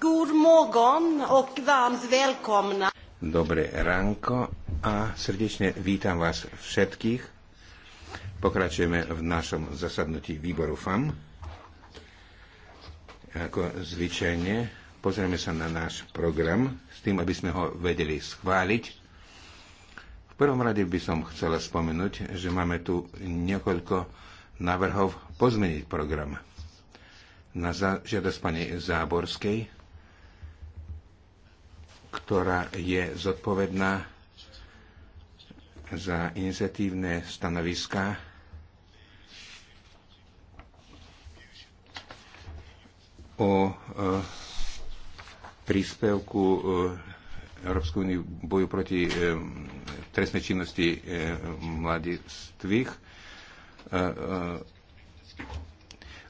God morgon och varmt välkomna. Dobré ránko a srdečne vítam vás všetkých. Pokračujeme v našom zasadnutí výboru FAM. Ako zvyčajne, pozrieme sa na náš program s tým, aby sme ho vedeli schváliť. V prvom rade by som chcela spomenúť, že máme tu niekoľko návrhov pozmeniť program. Na žiadosť pani Záborskej ktorá je zodpovedná za iniciatívne stanoviská. o e, príspevku e, Európskej únie v boju proti e, trestnej činnosti mladistvých.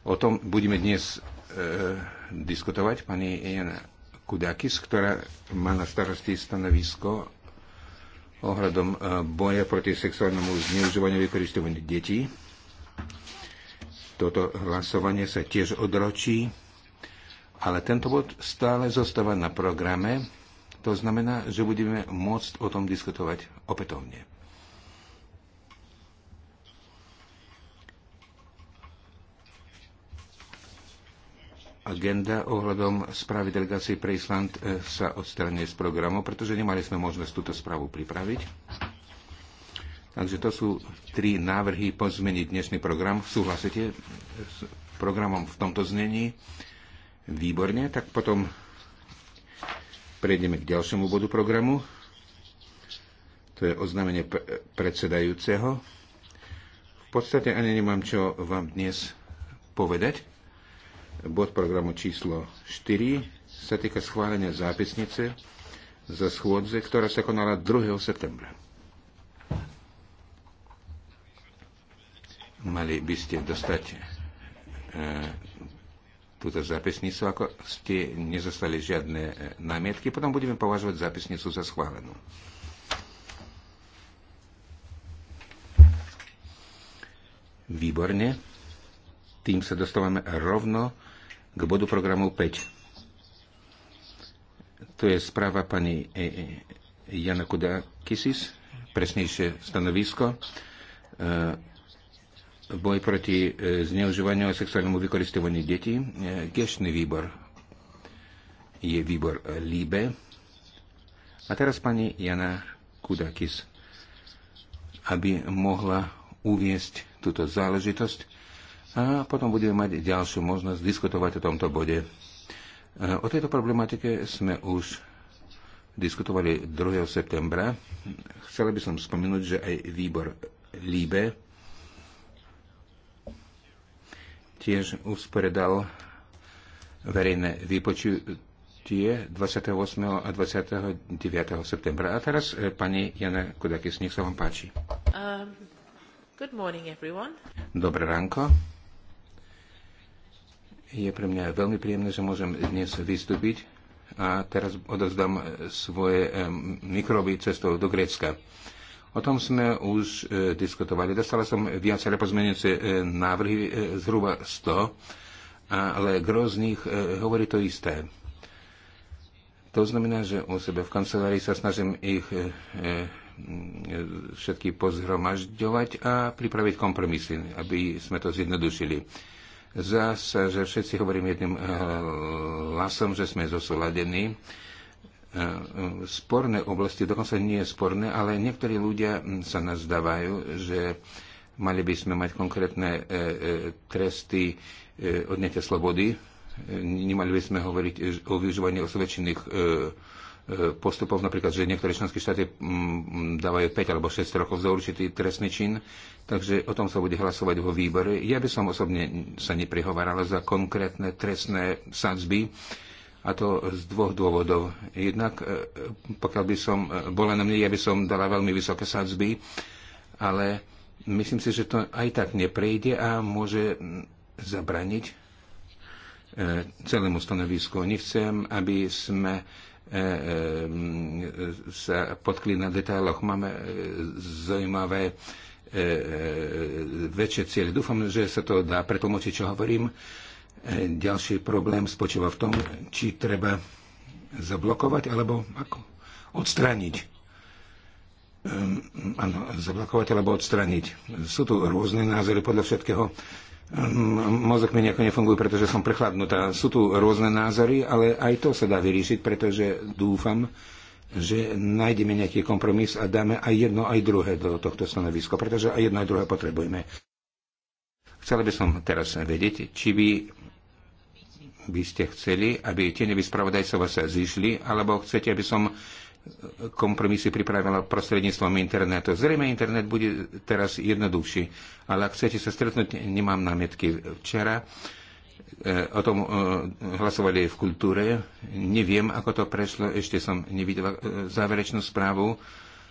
O tom budeme dnes diskutovať. Pani Jana Kudakis, ktorá má na starosti stanovisko ohľadom e, boja proti sexuálnemu zneužívaniu a vykoristovaniu detí. Toto hlasovanie sa tiež odročí, ale tento bod stále zostáva na programe. To znamená, že budeme môcť o tom diskutovať opätovne. agenda ohľadom správy delegácie pre Island e, sa odstranie z programu, pretože nemali sme možnosť túto správu pripraviť. Takže to sú tri návrhy pozmeniť dnešný program. Súhlasíte s programom v tomto znení? Výborne, tak potom prejdeme k ďalšiemu bodu programu. To je oznámenie predsedajúceho. V podstate ani nemám čo vám dnes povedať. Bod programu číslo 4 sa týka schválenia zápisnice za schôdze, ktorá sa konala 2. septembra. Mali by ste dostať e, túto zápisnicu, ako ste nezostali žiadne e, námietky, potom budeme považovať zápisnicu za schválenú. Výborne. Tým sa dostávame rovno k bodu programu 5. To je správa pani e, e, Jana Kudakisis, presnejšie stanovisko e, boj proti zneužívaniu a sexuálnemu vykoristovaniu detí. Gešný výbor je výbor LIBE. A teraz pani Jana Kudakis, aby mohla uviesť túto záležitosť a potom budeme mať ďalšiu možnosť diskutovať o tomto bode. E, o tejto problematike sme už diskutovali 2. septembra. Chcela by som spomenúť, že aj výbor LIBE tiež usporedal verejné vypočutie 28. a 29. septembra. A teraz e, pani Jana Kudakis, nech sa vám páči. Um, good morning, everyone. Dobré ránko. Je pre mňa veľmi príjemné, že môžem dnes vystúpiť a teraz odozdám svoje mikroby cestou do Grécka. O tom sme už e, diskutovali. Dostala som viaceré pozmenujúce e, návrhy, e, zhruba 100, ale gro z nich hovorí to isté. To znamená, že u sebe v kancelárii sa snažím ich všetky pozhromažďovať a pripraviť kompromisy, aby sme to zjednodušili zase, že všetci hovoríme jedným eh, hlasom, že sme zosúladení. Eh, sporné oblasti dokonca nie je sporné, ale niektorí ľudia hm, sa nazdávajú, že mali by sme mať konkrétne eh, tresty odnete slobody, nemali by sme hovoriť o využívaní osvedčených postupov, napríklad, že niektoré členské štáty mm, dávajú 5 alebo 6 rokov za určitý trestný čin, takže o tom sa bude hlasovať vo výbore. Ja by som osobne sa neprihovaral za konkrétne trestné sadzby, a to z dvoch dôvodov. Jednak, e, pokiaľ by som e, bola na mne, ja by som dala veľmi vysoké sadzby, ale myslím si, že to aj tak neprejde a môže zabraniť e, celému stanovisku. Nechcem, aby sme E, e, sa potkli na detailoch. Máme e, zaujímavé väčšie cieľe. Dúfam, že sa to dá pretlmočiť, čo hovorím. Ďalší problém spočíva v tom, či treba zablokovať alebo ako odstrániť. Ehm, áno, zablokovať alebo odstrániť. Sú tu rôzne názory podľa všetkého. Hm, mozog mi nejako nefunguje, pretože som prechladnutá. Sú tu rôzne názory, ale aj to sa dá vyriešiť, pretože dúfam, že nájdeme nejaký kompromis a dáme aj jedno, aj druhé do tohto stanoviska, pretože aj jedno, aj druhé potrebujeme. Chcela by som teraz vedieť, či by, by ste chceli, aby tie nevyspravodajcova sa zišli, alebo chcete, aby som kompromisy pripravila prostredníctvom internetu. Zrejme internet bude teraz jednoduchší, ale ak chcete sa stretnúť, nemám námietky. Včera e, o tom e, hlasovali v kultúre. Neviem, ako to prešlo, ešte som nevidel e, záverečnú správu,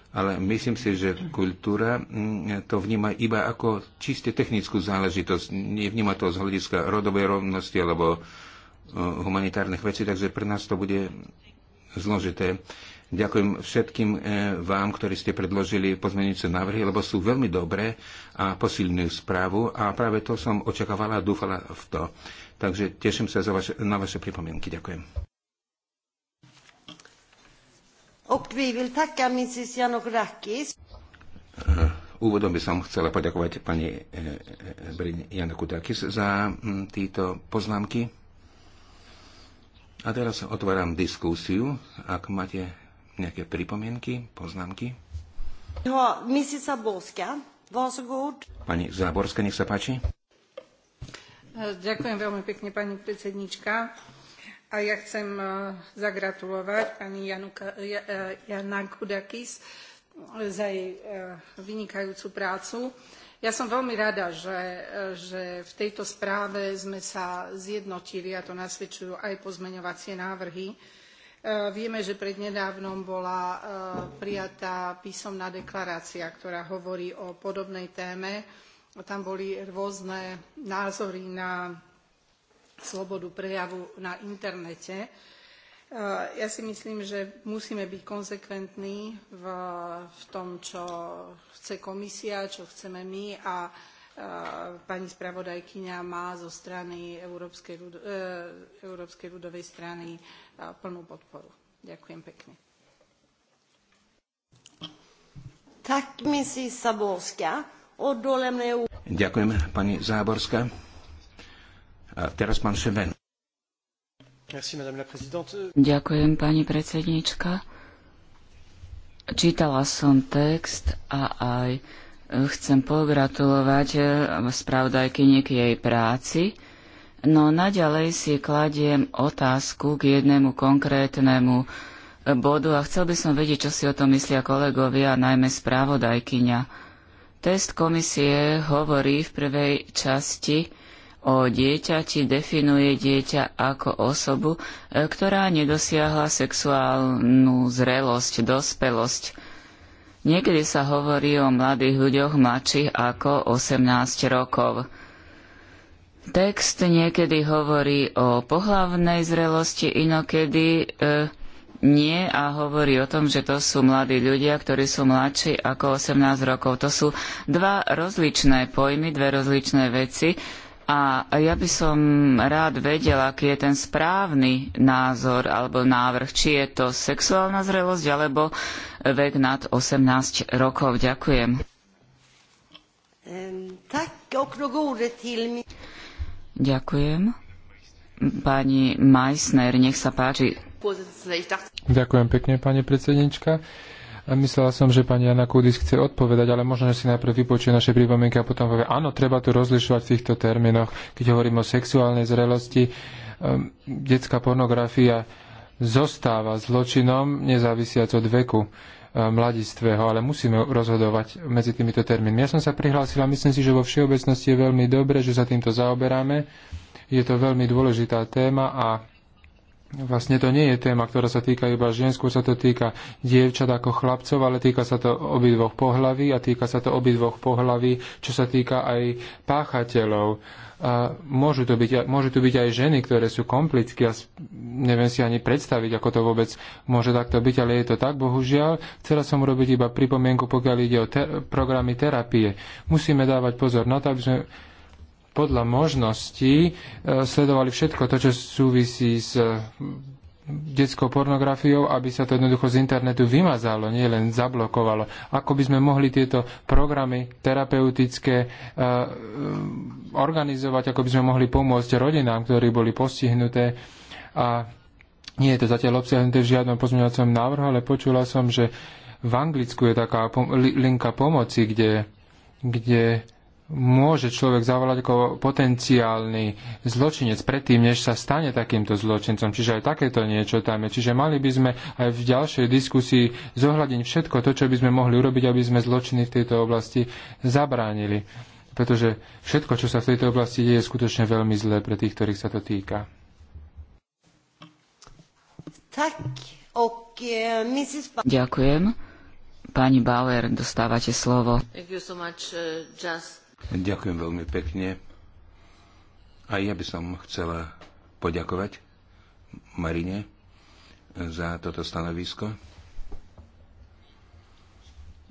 ale myslím si, že kultúra mm, to vníma iba ako čiste technickú záležitosť. Nevníma to z hľadiska rodovej rovnosti alebo humanitárnych vecí, takže pre nás to bude zložité. Ďakujem všetkým eh, vám, ktorí ste predložili pozmeňujúce návrhy, lebo sú veľmi dobré a posilňujú správu a práve to som očakávala a dúfala v to. Takže teším sa za vaše, na vaše pripomienky. Ďakujem. Eh, úvodom by som chcela poďakovať pani Brin eh, Jana Kudakis za hm, tieto poznámky. A teraz otváram diskusiu. Ak máte Nejaké pripomienky, poznámky? No, Zaborska, Pani Záborská, nech sa páči. E, ďakujem veľmi pekne, pani predsednička. A ja chcem e, zagratulovať pani Januka, e, Jana Kudakis za jej vynikajúcu prácu. Ja som veľmi rada, že, že v tejto správe sme sa zjednotili, a to nasvedčujú aj pozmeňovacie návrhy, E, vieme, že prednedávnom bola e, prijatá písomná deklarácia, ktorá hovorí o podobnej téme. Tam boli rôzne názory na slobodu prejavu na internete. E, ja si myslím, že musíme byť konzekventní v, v, tom, čo chce komisia, čo chceme my a pani spravodajkyňa má zo strany Európskej, e, Európskej ľudovej strany e, plnú podporu. Ďakujem pekne. Tak, misi Saborská. Odoleme... Ďakujem, pani Záborská. A teraz pán Ševen. Ďakujem, pani predsednička. Čítala som text a aj Chcem pogratulovať eh, spravodajkyni k jej práci, no naďalej si kladiem otázku k jednému konkrétnemu eh, bodu a chcel by som vedieť, čo si o tom myslia kolegovia, najmä spravodajkyňa. Test komisie hovorí v prvej časti o dieťati, definuje dieťa ako osobu, eh, ktorá nedosiahla sexuálnu zrelosť, dospelosť. Niekedy sa hovorí o mladých ľuďoch mladších ako 18 rokov. Text niekedy hovorí o pohlavnej zrelosti, inokedy e, nie a hovorí o tom, že to sú mladí ľudia, ktorí sú mladší ako 18 rokov. To sú dva rozličné pojmy, dve rozličné veci a ja by som rád vedel, aký je ten správny názor alebo návrh, či je to sexuálna zrelosť alebo vek nad 18 rokov. Ďakujem. Ďakujem. Pani Meissner, nech sa páči. Ďakujem pekne, pani predsednička. Myslela som, že pani Jana Kudis chce odpovedať, ale možno, že si najprv vypočuje naše pripomienky a potom povie, áno, treba tu rozlišovať v týchto termínoch, keď hovorím o sexuálnej zrelosti. Um, detská pornografia zostáva zločinom nezávisiac od veku ehm, mladistvého, ale musíme rozhodovať medzi týmito termínmi. Ja som sa prihlásila, myslím si, že vo všeobecnosti je veľmi dobre, že sa týmto zaoberáme. Je to veľmi dôležitá téma a Vlastne to nie je téma, ktorá sa týka iba žien, skôr sa to týka dievčat ako chlapcov, ale týka sa to obidvoch pohlaví a týka sa to obidvoch pohlaví, čo sa týka aj páchateľov. A môžu, to byť, môžu tu byť aj ženy, ktoré sú komplicky a neviem si ani predstaviť, ako to vôbec môže takto byť, ale je to tak, bohužiaľ. Chcela som urobiť iba pripomienku, pokiaľ ide o te- programy terapie. Musíme dávať pozor na to, aby sme podľa možností e, sledovali všetko to, čo súvisí s e, detskou pornografiou, aby sa to jednoducho z internetu vymazalo, nie len zablokovalo. Ako by sme mohli tieto programy terapeutické e, organizovať, ako by sme mohli pomôcť rodinám, ktorí boli postihnuté. A nie je to zatiaľ obsiahnuté v žiadnom pozmeňovacom návrhu, ale počula som, že v Anglicku je taká pom- linka pomoci, kde, kde môže človek zavolať ako potenciálny zločinec predtým, než sa stane takýmto zločincom. Čiže aj takéto niečo tam je. Čiže mali by sme aj v ďalšej diskusii zohľadiť všetko to, čo by sme mohli urobiť, aby sme zločiny v tejto oblasti zabránili. Pretože všetko, čo sa v tejto oblasti deje, je skutočne veľmi zlé pre tých, ktorých sa to týka. Tak, ok, Mrs. Ďakujem. Pani Bauer, dostávate slovo. Thank you so much, uh, just Ďakujem veľmi pekne. A ja by som chcela poďakovať Marine za toto stanovisko.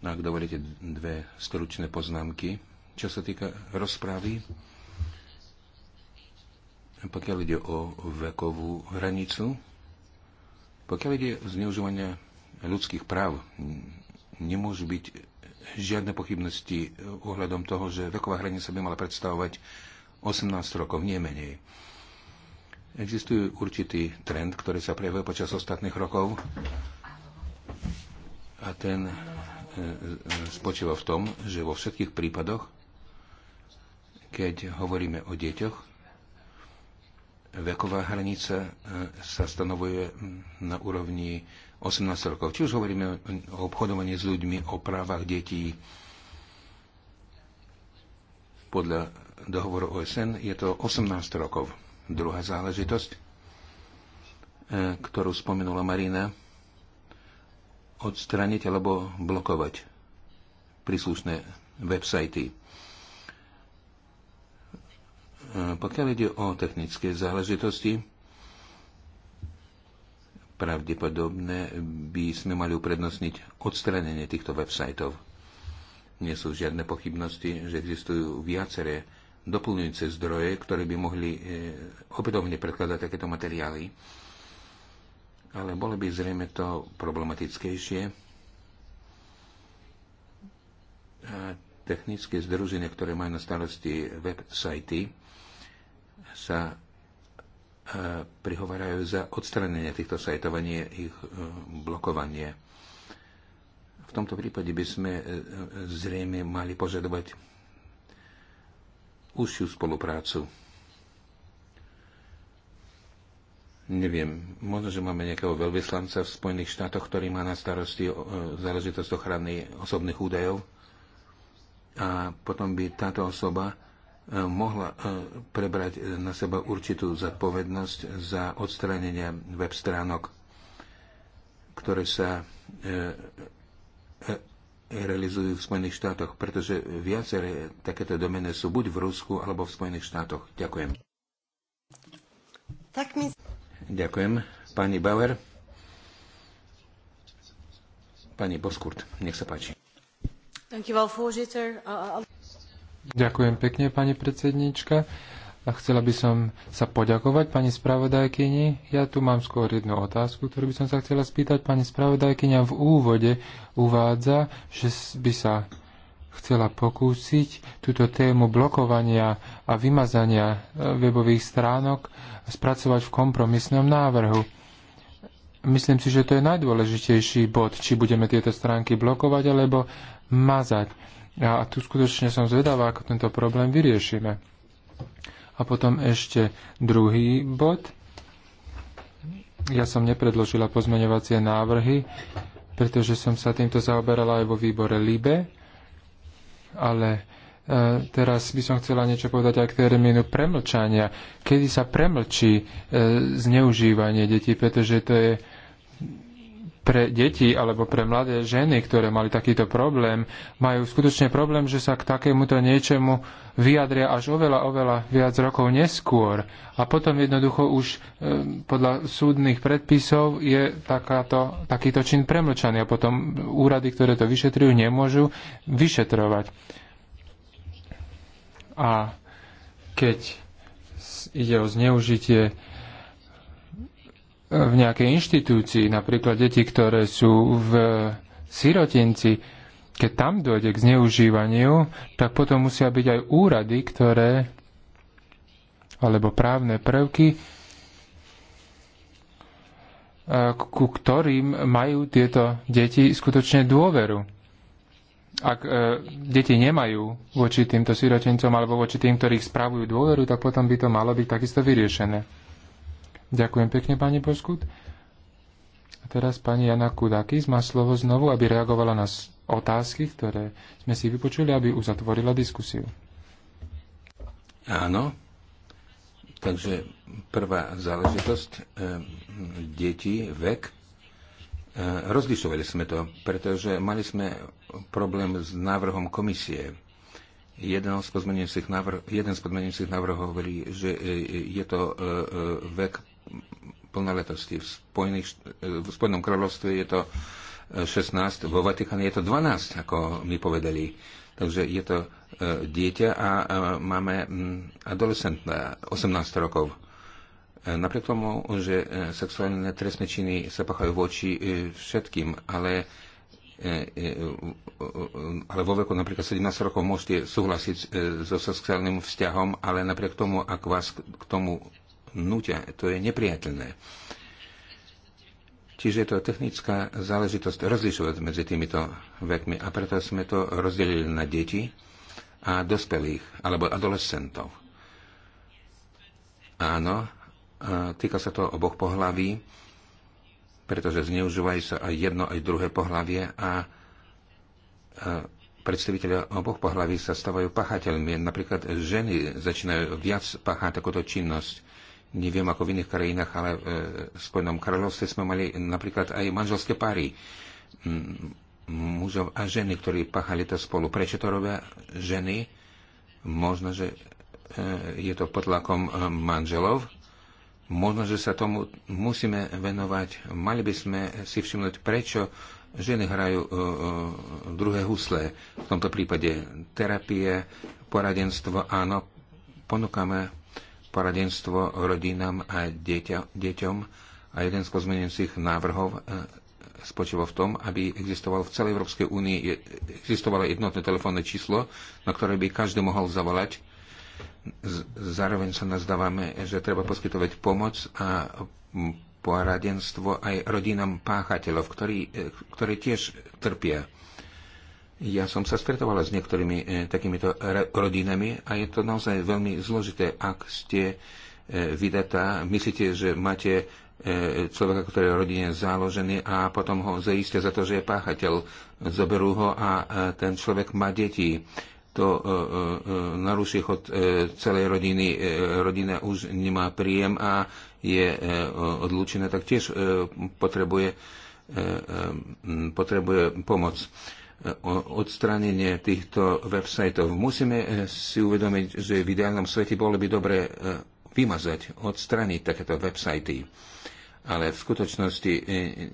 Ak dovolíte dve stručné poznámky. Čo sa týka rozprávy, pokiaľ ide o vekovú hranicu, pokiaľ ide o zneužívanie ľudských práv, nemôžu byť žiadne pochybnosti ohľadom toho, že veková hranica by mala predstavovať 18 rokov, nie menej. Existuje určitý trend, ktorý sa prejavil počas ostatných rokov a ten e, e, spočíva v tom, že vo všetkých prípadoch, keď hovoríme o deťoch, veková hranica e, sa stanovuje na úrovni 18 rokov. Či už hovoríme o obchodovaní s ľuďmi, o právach detí, podľa dohovoru OSN je to 18 rokov. Druhá záležitosť, e, ktorú spomenula Marina, odstraniť alebo blokovať príslušné websajty. E, pokiaľ ide o technické záležitosti, pravdepodobné by sme mali uprednostniť odstranenie týchto websajtov. Nie sú žiadne pochybnosti, že existujú viaceré doplňujúce zdroje, ktoré by mohli e, opätovne predkladať takéto materiály. Ale bolo by zrejme to problematickejšie. A technické združenia, ktoré majú na starosti websajty, sa E, prihovarajú za odstranenie týchto sajtovanie, ich e, blokovanie. V tomto prípade by sme e, zrejme mali požadovať užšiu spoluprácu. Neviem, možno, že máme nejakého veľvyslanca v Spojených štátoch, ktorý má na starosti záležitosť ochrany osobných údajov a potom by táto osoba mohla e, prebrať e, na seba určitú zodpovednosť za odstránenie web stránok, ktoré sa e, realizujú v Spojených štátoch, pretože viaceré takéto domene sú buď v Rusku alebo v Spojených štátoch. Ďakujem. Tak my... Ďakujem. Pani Bauer. Pani Boskurt, nech sa páči. Dank u wel, voorzitter. Uh, Ďakujem pekne, pani predsednička. A chcela by som sa poďakovať pani spravodajkyni. Ja tu mám skôr jednu otázku, ktorú by som sa chcela spýtať. Pani spravodajkyňa v úvode uvádza, že by sa chcela pokúsiť túto tému blokovania a vymazania e, webových stránok spracovať v kompromisnom návrhu. Myslím si, že to je najdôležitejší bod, či budeme tieto stránky blokovať alebo mazať a tu skutočne som zvedavá, ako tento problém vyriešime. A potom ešte druhý bod. Ja som nepredložila pozmeňovacie návrhy, pretože som sa týmto zaoberala aj vo výbore LIBE, ale e, teraz by som chcela niečo povedať aj k termínu premlčania. Kedy sa premlčí e, zneužívanie detí, pretože to je pre deti alebo pre mladé ženy, ktoré mali takýto problém, majú skutočne problém, že sa k takémuto niečemu vyjadria až oveľa, oveľa viac rokov neskôr. A potom jednoducho už e, podľa súdnych predpisov je takáto, takýto čin premlčaný a potom úrady, ktoré to vyšetrujú, nemôžu vyšetrovať. A keď ide o zneužitie v nejakej inštitúcii, napríklad deti, ktoré sú v sirotinci, keď tam dojde k zneužívaniu, tak potom musia byť aj úrady, ktoré alebo právne prvky, e, ku ktorým majú tieto deti skutočne dôveru. Ak e, deti nemajú voči týmto sirotencom alebo voči tým, ktorých spravujú dôveru, tak potom by to malo byť takisto vyriešené. Ďakujem pekne, pani poskut. A teraz pani Jana Kudakis má slovo znovu, aby reagovala na otázky, ktoré sme si vypočuli, aby uzatvorila diskusiu. Áno. Takže prvá záležitosť, eh, deti, vek. Eh, rozlišovali sme to, pretože mali sme problém s návrhom komisie. Jeden z pozmenujúcich návrhov hovorí, že eh, je to vek plnoletosti. V, Spojených, eh, v Spojenom kráľovstve je to 16, eh, vo Vatikáne je to 12, ako mi povedali. Takže je to eh, dieťa a máme mm, na 18 rokov. Napriek tomu, že sexuálne trestné činy sa pachajú voči všetkým, ale, ale vo veku napríklad 17 rokov môžete súhlasiť so sexuálnym vzťahom, ale napriek tomu, ak vás k tomu nutia, To je nepriateľné. Čiže je to technická záležitosť rozlišovať medzi týmito vekmi a preto sme to rozdelili na deti a dospelých alebo adolescentov. Áno, týka sa to oboch pohlaví, pretože zneužívajú sa aj jedno, aj druhé pohlavie a predstaviteľe oboch pohlaví sa stávajú pachateľmi. Napríklad ženy začínajú viac pachať takúto činnosť Neviem ako v iných krajinách, ale e, v Spojenom kráľovstve sme mali napríklad aj manželské páry mužov a ženy, ktorí pachali to spolu. Prečo to robia ženy? Možno, že e, je to pod tlakom e, manželov. Možno, že sa tomu musíme venovať. Mali by sme si všimnúť, prečo ženy hrajú druhé husle. V tomto prípade terapie, poradenstvo, áno, ponúkame poradenstvo rodinám a dieťa, deťom a jeden z pozmenujúcich návrhov e, spočíva v tom, aby existoval v celej Európskej únii existovalo jednotné telefónne číslo, na ktoré by každý mohol zavolať. Zároveň sa nazdávame, že treba poskytovať pomoc a poradenstvo aj rodinám páchateľov, ktorí, e, ktorí tiež trpia ja som sa stretovala s niektorými e, takýmito rodinami a je to naozaj veľmi zložité, ak ste e, vydatá. Myslíte, že máte e, človeka, ktorý je rodine záložený a potom ho zaistia za to, že je páchateľ. Zoberú ho a ten človek má deti. To naruší chod celej rodiny. Rodina už nemá príjem a je odlúčená, tak tiež potrebuje, potrebuje pomoc odstránenie týchto websajtov. Musíme eh, si uvedomiť, že v ideálnom svete bolo by dobre eh, vymazať, odstrániť takéto websajty. Ale v skutočnosti eh,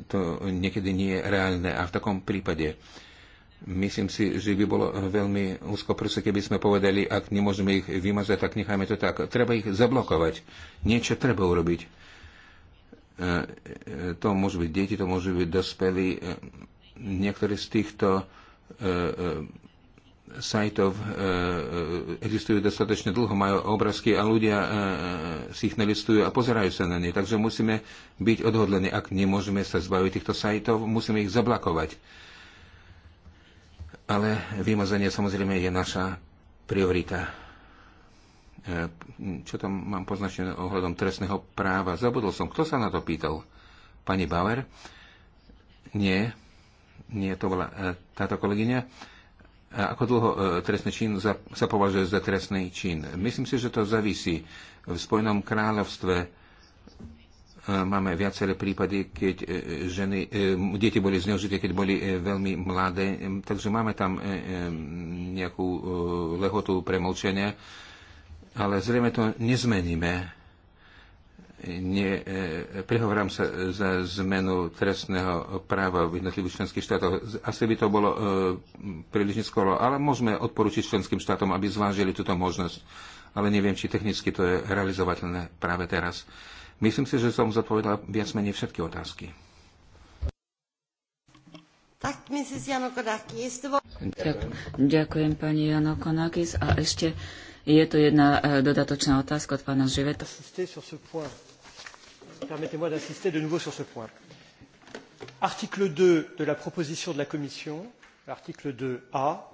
to niekedy nie je reálne a v takom prípade myslím si, že by bolo veľmi úzko prsa, keby sme povedali, ak nemôžeme ich vymazať, tak necháme to tak. Treba ich zablokovať. Niečo treba urobiť. To môžu byť deti, to môžu byť dospelí niektoré z týchto e, e, sajtov e, existujú dostatočne dlho, majú obrázky a ľudia si ich nelistujú a pozerajú sa na ne. Takže musíme byť odhodlení. Ak nemôžeme sa zbaviť týchto sajtov, musíme ich zablakovať. Ale vymazanie samozrejme je naša priorita. Čo tam mám poznačené ohľadom trestného práva? Zabudol som. Kto sa na to pýtal? Pani Bauer? Nie nie to bola e, táto kolegyňa. E, ako dlho e, trestný čin za, sa považuje za trestný čin? Myslím si, že to zavisí. V Spojenom kráľovstve máme viaceré prípady, keď ženy, deti boli zneužité, keď boli veľmi mladé. Takže máme tam nejakú lehotu premlčenia, ale zrejme to nezmeníme ne, e, prehovorám sa za zmenu trestného práva v jednotlivých členských štátoch. Asi by to bolo e, príliš neskoro, ale môžeme odporučiť členským štátom, aby zvážili túto možnosť. Ale neviem, či technicky to je realizovateľné práve teraz. Myslím si, že som zodpovedala viac menej všetky otázky. Tak, Ďakujem, ďakujem pani Janokonakis. A ešte je tu jedna e, dodatočná otázka od pána Živeta. Permettez-moi d'insister de nouveau sur ce point. Article deux de la proposition de la Commission, l'article deux a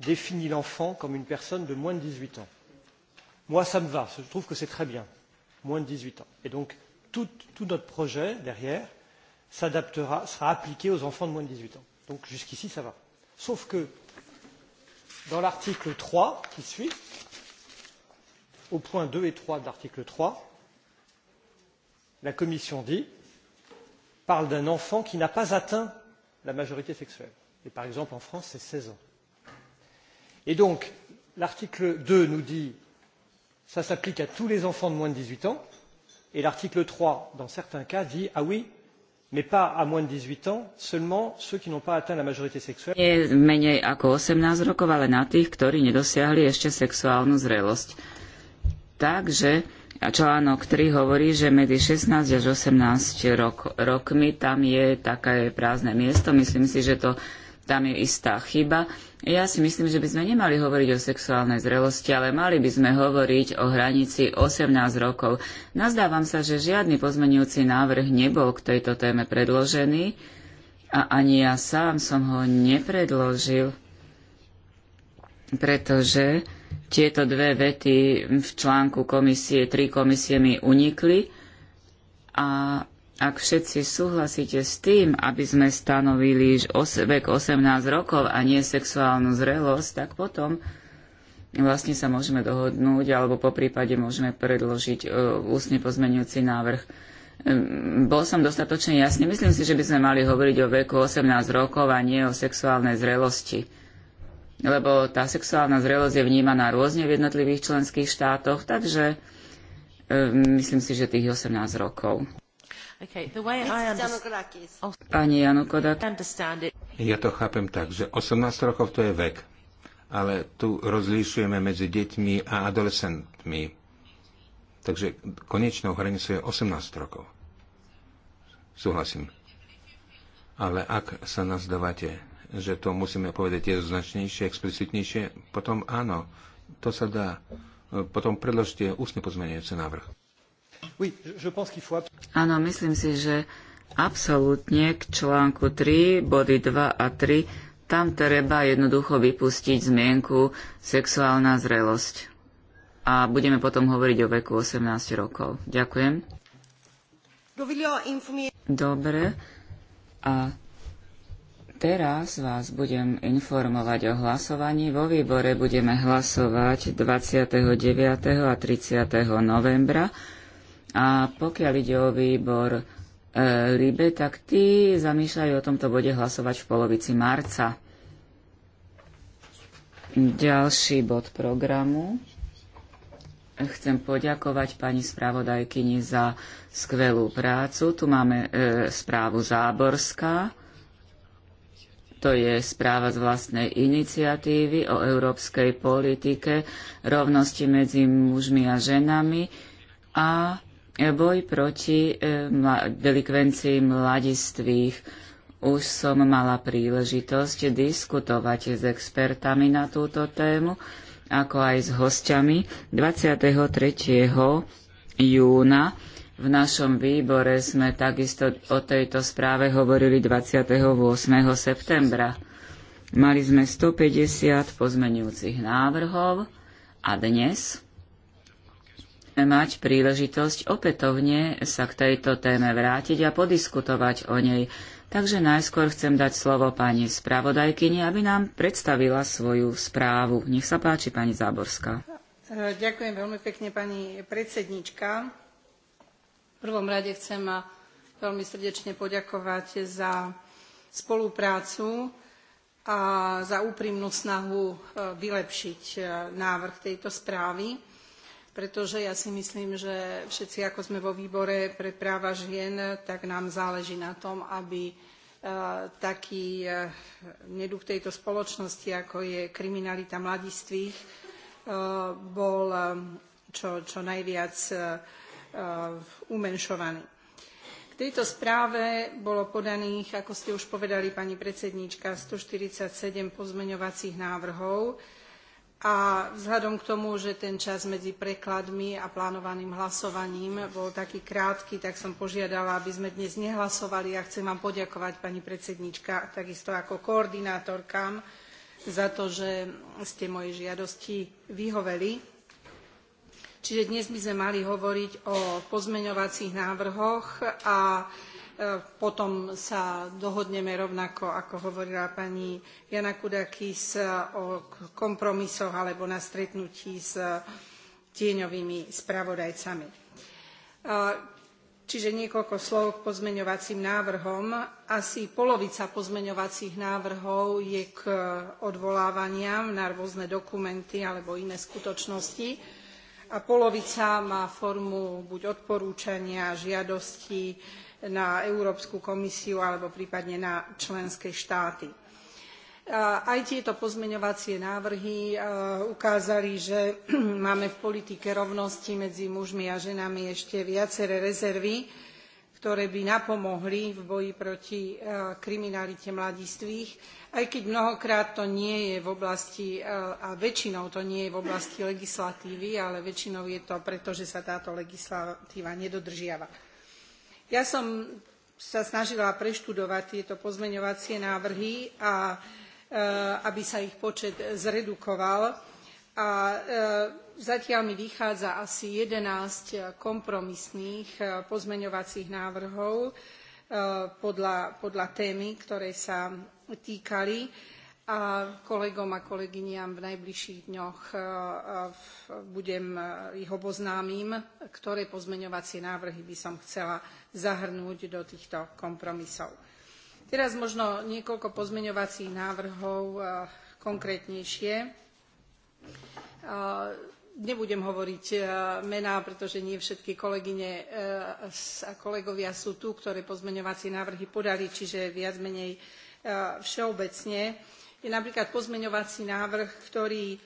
définit l'enfant comme une personne de moins de dix huit ans. Moi, ça me va. Je trouve que c'est très bien. Moins de dix huit ans. Et donc, tout, tout notre projet derrière s'adaptera, sera appliqué aux enfants de moins de dix huit ans. Donc, jusqu'ici, ça va. Sauf que, dans l'article trois qui suit, au point deux et trois de l'article trois la commission dit parle d'un enfant qui n'a pas atteint la majorité sexuelle et par exemple en france c'est seize ans. et donc l'article deux nous dit ça s'applique à tous les enfants de moins de dix huit ans et l'article trois dans certains cas dit ah oui mais pas à moins de 18 ans, seulement ceux qui n'ont pas atteint la majorité sexuelle. Nie menej ako 18 rokov, ale na tých, ktorí nedosiahli ešte sexuálnu zrelosť. Takže a článok 3 hovorí, že medzi 16 až 18 rok, rokmi tam je také prázdne miesto. Myslím si, že to tam je istá chyba. Ja si myslím, že by sme nemali hovoriť o sexuálnej zrelosti, ale mali by sme hovoriť o hranici 18 rokov. Nazdávam sa, že žiadny pozmenujúci návrh nebol k tejto téme predložený a ani ja sám som ho nepredložil, pretože tieto dve vety v článku komisie, tri komisie mi unikli a ak všetci súhlasíte s tým, aby sme stanovili vek 18 rokov a nie sexuálnu zrelosť, tak potom vlastne sa môžeme dohodnúť alebo po prípade môžeme predložiť e, ústne pozmenujúci návrh bol som dostatočne jasný. Myslím si, že by sme mali hovoriť o veku 18 rokov a nie o sexuálnej zrelosti lebo tá sexuálna zrelosť je vnímaná rôzne v jednotlivých členských štátoch, takže e, myslím si, že tých 18 rokov. Oh. Pani Janu Kodak. Ja to chápem tak, že 18 rokov to je vek, ale tu rozlišujeme medzi deťmi a adolescentmi. Takže konečnou hranicou je 18 rokov. Súhlasím. Ale ak sa nazdávate že to musíme povedať jednoznačnejšie, explicitnejšie, potom áno, to sa dá. Potom predložte ústne pozmeniajúce návrh. Áno, myslím si, že absolútne k článku 3, body 2 a 3, tam treba jednoducho vypustiť zmienku sexuálna zrelosť. A budeme potom hovoriť o veku 18 rokov. Ďakujem. Dobre. A Teraz vás budem informovať o hlasovaní. Vo výbore budeme hlasovať 29. a 30. novembra. A pokiaľ ide o výbor e, Libe, tak tí zamýšľajú o tomto bode hlasovať v polovici marca. Ďalší bod programu. Chcem poďakovať pani spravodajkyni za skvelú prácu. Tu máme e, správu Záborská to je správa z vlastnej iniciatívy o európskej politike rovnosti medzi mužmi a ženami a boj proti eh, delikvencii mladistvých. Už som mala príležitosť diskutovať s expertami na túto tému, ako aj s hostiami 23. júna v našom výbore sme takisto o tejto správe hovorili 28. septembra. Mali sme 150 pozmenujúcich návrhov a dnes mať príležitosť opätovne sa k tejto téme vrátiť a podiskutovať o nej. Takže najskôr chcem dať slovo pani spravodajkyni, aby nám predstavila svoju správu. Nech sa páči, pani Záborská. Ďakujem veľmi pekne, pani predsednička prvom rade chcem veľmi srdečne poďakovať za spoluprácu a za úprimnú snahu e, vylepšiť e, návrh tejto správy pretože ja si myslím, že všetci, ako sme vo výbore pre práva žien, tak nám záleží na tom, aby e, taký neduch tejto spoločnosti, ako je kriminalita mladistvých, bol čo, čo najviac Eh, umenšovaný. K tejto správe bolo podaných, ako ste už povedali, pani predsedníčka, 147 pozmeňovacích návrhov a vzhľadom k tomu, že ten čas medzi prekladmi a plánovaným hlasovaním bol taký krátky, tak som požiadala, aby sme dnes nehlasovali a chcem vám poďakovať, pani predsedníčka, takisto ako koordinátorkám za to, že ste mojej žiadosti vyhoveli. Čiže dnes by sme mali hovoriť o pozmeňovacích návrhoch a e, potom sa dohodneme rovnako, ako hovorila pani Jana Kudakis e, o kompromisoch alebo na stretnutí s e, tieňovými spravodajcami. Čiže niekoľko slov k pozmeňovacím návrhom. Asi polovica pozmeňovacích návrhov je k odvolávaniam na rôzne dokumenty alebo iné skutočnosti a polovica má formu buď odporúčania, žiadosti na Európsku komisiu alebo prípadne na členské štáty. Aj tieto pozmeňovacie návrhy ukázali, že máme v politike rovnosti medzi mužmi a ženami ešte viaceré rezervy ktoré by napomohli v boji proti e, kriminalite mladistvých aj keď mnohokrát to nie je v oblasti e, a väčšinou to nie je v oblasti legislatívy ale väčšinou je to preto že sa táto legislatíva nedodržiava. ja som sa snažila preštudovať tieto pozmeňovacie návrhy a e, aby sa ich počet zredukoval a e, zatiaľ mi vychádza asi eleven e, kompromisných e, pozmeňovacích návrhov podľa, podľa témy, ktoré sa týkali a kolegom a kolegyniam v najbližších dňoch budem ich oboznámim, ktoré pozmeňovacie návrhy by som chcela zahrnúť do týchto kompromisov. Teraz možno niekoľko pozmeňovacích návrhov konkrétnejšie Nebudem hovoriť e, mená, pretože nie všetky kolegyne e, a kolegovia sú tu, ktoré pozmeňovacie návrhy podali, čiže viac menej e, všeobecne. Je napríklad pozmeňovací návrh, ktorý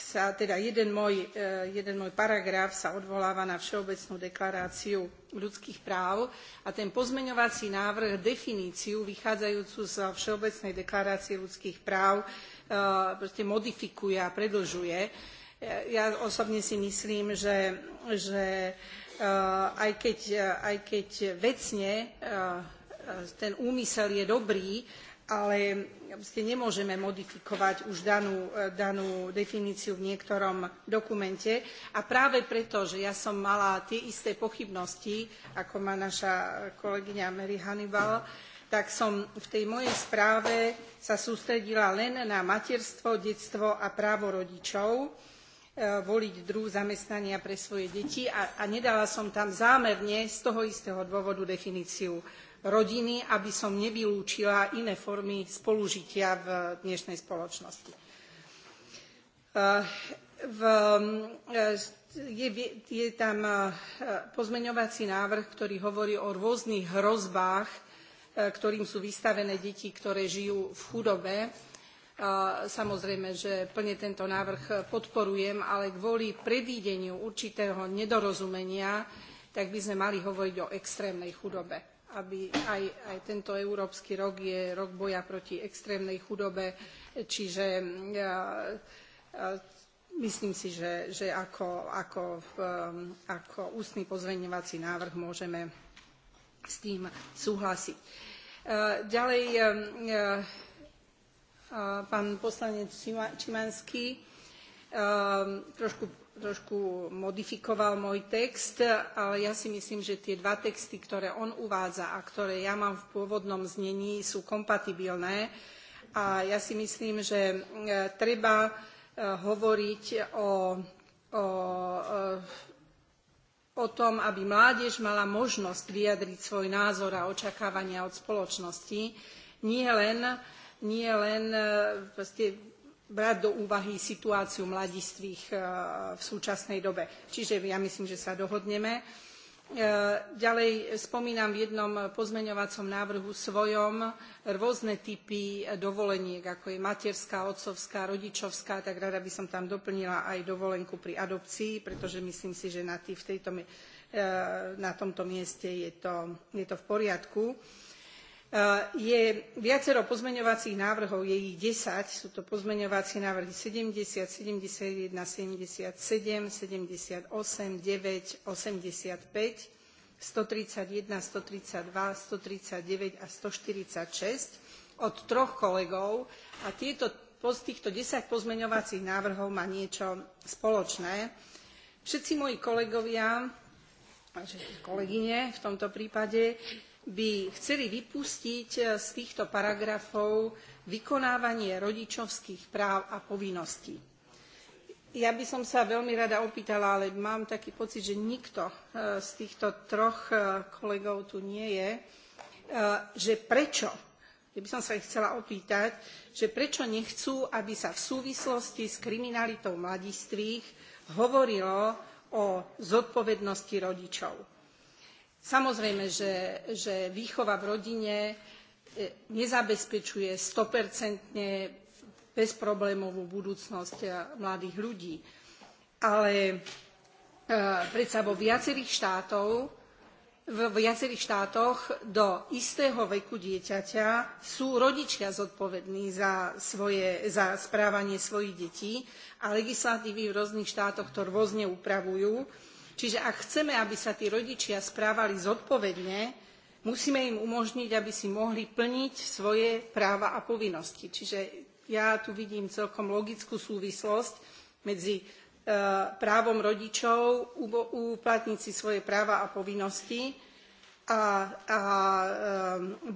sa teda jeden môj, e, jeden môj paragraf sa odvoláva na Všeobecnú deklaráciu ľudských práv a ten pozmeňovací návrh definíciu vychádzajúcu z Všeobecnej deklarácie ľudských práv e, proste modifikuje a predlžuje. E, ja osobne si myslím, že, že aj, keď, aj keď vecne ten úmysel je dobrý, ale nemôžeme modifikovať už danú, e, danú definíciu v niektorom dokumente a práve preto že ja som mala tie isté pochybnosti ako má naša kolegyňa mary hannibal tak som v tej mojej správe sa sústredila len na materstvo detstvo a právo rodičov e, voliť druh zamestnania pre svoje deti a, a nedala som tam zámerne z toho istého dôvodu definíciu rodiny, aby som nevylúčila iné formy spolužitia v dnešnej spoločnosti. Eh, v, eh, je, je tam eh, pozmeňovací návrh, ktorý hovorí o rôznych hrozbách, ktorým sú vystavené deti, ktoré žijú v chudobe. Samozrejme, že plne tento návrh podporujem, ale kvôli predídeniu určitého nedorozumenia, tak by sme mali hovoriť o extrémnej chudobe aby aj, aj tento Európsky rok je rok boja proti extrémnej chudobe, čiže mm, ja, myslím si, že, že ako, ako, mm, ako ústny pozmeňovací návrh môžeme s tým súhlasiť. E, ďalej e, e, pán poslanec Čimanský trošku trošku modifikoval môj text, ale ja si myslím, že tie dva texty, ktoré on uvádza a ktoré ja mám v pôvodnom znení, sú kompatibilné. A ja si myslím, že e, treba e, hovoriť o, o, e, o tom, aby mládež mala možnosť vyjadriť svoj názor a očakávania od spoločnosti, nie len, nie len proste, brať do úvahy situáciu mladistvých eh, v súčasnej dobe. Čiže ja myslím, že sa dohodneme. Eh, ďalej spomínam v jednom pozmeňovacom návrhu svojom rôzne typy dovoleniek, ako je materská, otcovská, rodičovská, tak rada by som tam doplnila aj dovolenku pri adopcii, pretože myslím si, že na, tý, v tejto, eh, na tomto mieste je to, je to v poriadku. Eh, je viacero pozmeňovacích návrhov je ich ten sú to pozmeňovacie návrhy seventy seventy one seventy seven seventy eight nine eighty five one thirty one one thirty two one thirty nine a one hundred and forty six od troch kolegov a tieto, z týchto desať pozmeňovacích návrhov má niečo spoločné. Všetci moji kolegovia, kolegyne v tomto prípade, by chceli vypustiť eh, z týchto paragrafov vykonávanie rodičovských práv a povinností. Ja by som sa veľmi rada opýtala, ale mám taký pocit, že nikto eh, z týchto troch eh, kolegov tu nie je, že prečo, ja by som sa ich chcela opýtať, že prečo nechcú, aby sa v súvislosti s kriminalitou mladistvých hovorilo o zodpovednosti rodičov Samozrejme, že, výchova v rodine e, nezabezpečuje stopercentne bezproblémovú budúcnosť e, mladých ľudí. Ale e, predsa vo viacerých štátoch viacerých štátoch do istého veku dieťaťa sú rodičia zodpovední za, svoje, za správanie svojich detí a legislatívy v rôznych štátoch to rôzne upravujú Čiže ak chceme, aby sa tí rodičia správali zodpovedne, musíme im umožniť, aby si mohli plniť svoje práva a povinnosti. Čiže ja tu vidím celkom logickú súvislosť medzi e, právom rodičov uplatniť si svoje práva a povinnosti a, a e,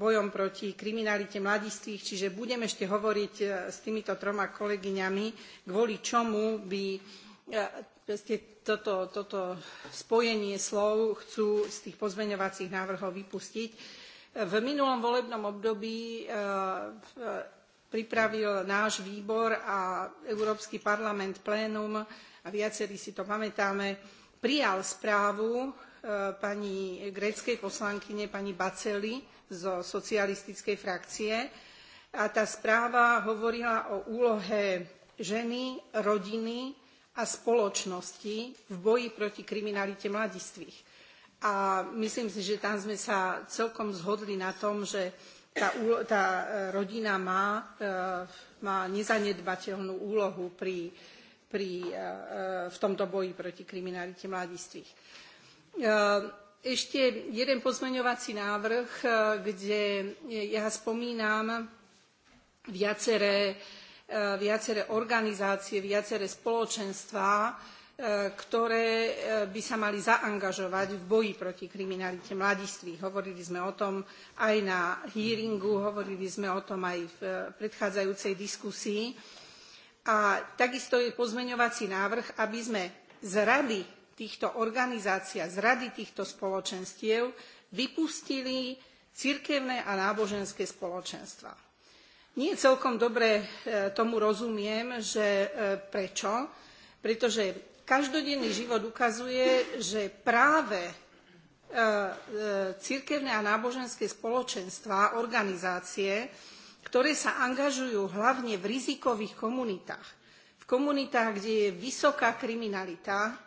bojom proti kriminalite mladistvých. Čiže budem ešte hovoriť e, s týmito troma kolegyňami, kvôli čomu by presne toto, toto spojenie slov chcú z tých pozmeňovacích návrhov vypustiť. V minulom volebnom období e, e, pripravil náš výbor a Európsky parlament plénum, a viacerí si to pamätáme, prijal správu e, pani gréckej poslankyne pani Baceli zo socialistickej frakcie a tá správa hovorila o úlohe ženy, rodiny a spoločnosti v boji proti kriminalite mladistvých. A myslím si, že tam sme sa celkom zhodli na tom, že tá, tá e, rodina má, e, má nezanedbateľnú úlohu pri, pri, e, v tomto boji proti kriminalite mladistvých. Ešte jeden pozmeňovací návrh, kde ja spomínam viaceré E, viaceré organizácie, viaceré spoločenstvá, e, ktoré e, by sa mali zaangažovať v boji proti kriminalite mladistvých. Hovorili sme o tom aj na hearingu, hovorili sme o tom aj v predchádzajúcej diskusii. A takisto je pozmeňovací návrh, aby sme z rady týchto organizácií a z rady týchto spoločenstiev vypustili cirkevné a náboženské spoločenstvá nie celkom dobre e, tomu rozumiem, že e, prečo, pretože každodenný život ukazuje, že práve e, cirkevné a náboženské spoločenstvá, organizácie, ktoré sa angažujú hlavne v rizikových komunitách, v komunitách, kde je vysoká kriminalita,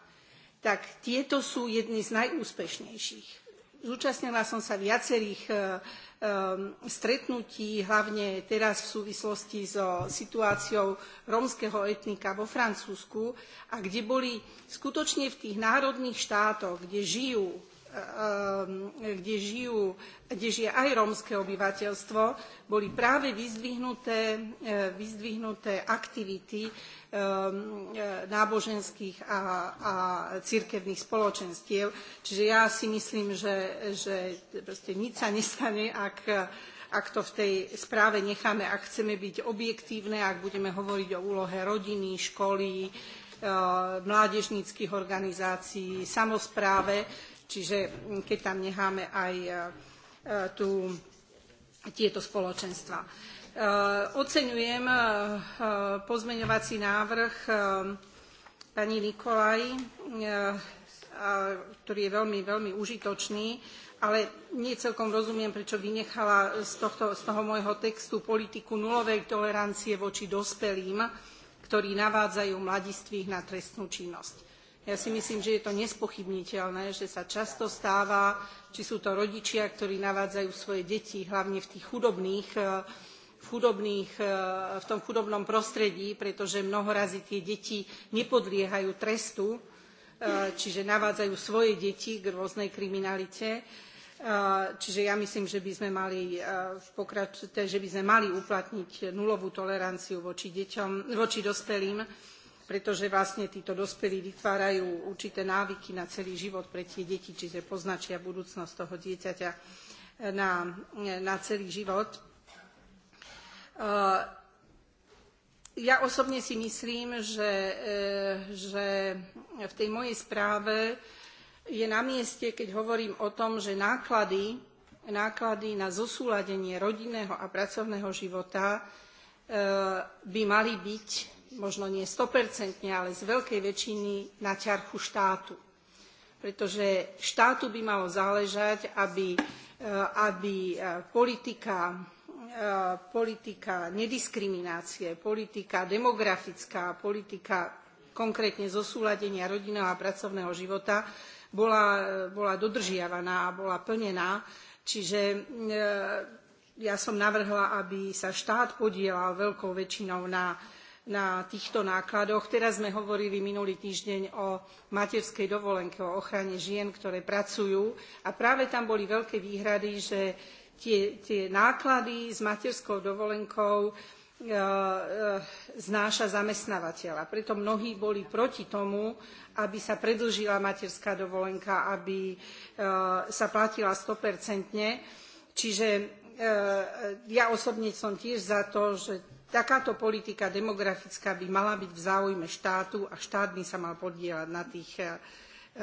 tak tieto sú jedny z najúspešnejších Zúčastnila som sa viacerých eh, eh, stretnutí, hlavne teraz v súvislosti so situáciou rómskeho etnika vo Francúzsku, a kde boli skutočne v tých národných štátoch, kde žijú Um, kde, žijú, kde žije aj rómske obyvateľstvo, boli práve vyzdvihnuté, e, vyzdvihnuté aktivity um, e, náboženských a, a cirkevných spoločenstiev. Čiže ja si myslím, že, že proste nič sa nestane, ak, ak to v tej správe necháme, ak chceme byť objektívne, ak budeme hovoriť o úlohe rodiny, školy, e, mládežníckych organizácií, samozpráve, Čiže mm, keď tam necháme aj e, e, tú, tieto spoločenstva. E, oceňujem pozmeňovací návrh pani Nikolaj, ktorý je veľmi, veľmi užitočný, ale nie celkom rozumiem, prečo vynechala z, tohto, z toho môjho textu politiku nulovej tolerancie voči dospelým, ktorí navádzajú mladistvých na trestnú činnosť ja si myslím, že je to nespochybniteľné, že sa často stáva, či sú to rodičia, ktorí navádzajú svoje deti, hlavne v tých chudobných, eh, chudobných, eh, v tom chudobnom prostredí, pretože mnohorazy tie deti nepodliehajú trestu, eh, čiže navádzajú svoje deti k rôznej kriminalite. Čiže ja myslím, že by sme mali, že by sme mali uplatniť nulovú toleranciu voči, deťom, voči dospelým pretože vlastne títo dospelí vytvárajú určité návyky na celý život pre tie deti, čiže poznačia budúcnosť toho dieťaťa eh, na, eh, na celý život. Eh, ja osobne si myslím, že, že v tej mojej správe je na mieste, keď hovorím o tom, že náklady, náklady na zosúladenie rodinného a pracovného života by mali byť možno nie stopercentne, ale z veľkej väčšiny na ťarchu štátu. Pretože štátu by malo záležať, aby, e, aby e, politika, e, politika nediskriminácie, politika demografická, politika konkrétne zosúladenia rodinného a pracovného života bola, bola dodržiavaná a bola plnená. Čiže ja som navrhla, aby sa štát podielal veľkou väčšinou na na týchto nákladoch. Teraz sme hovorili minulý týždeň o materskej dovolenke, o ochrane žien, ktoré pracujú a práve tam boli veľké výhrady, že tie, tie náklady s materskou dovolenkou e, e, znáša zamestnávateľ. A preto mnohí boli proti tomu, aby sa predĺžila materská dovolenka, aby e, sa platila 100%. Čiže ja osobne som tiež za to, že Takáto politika demografická by mala byť v záujme štátu a štát by sa mal podieľať na, tých, eh, eh,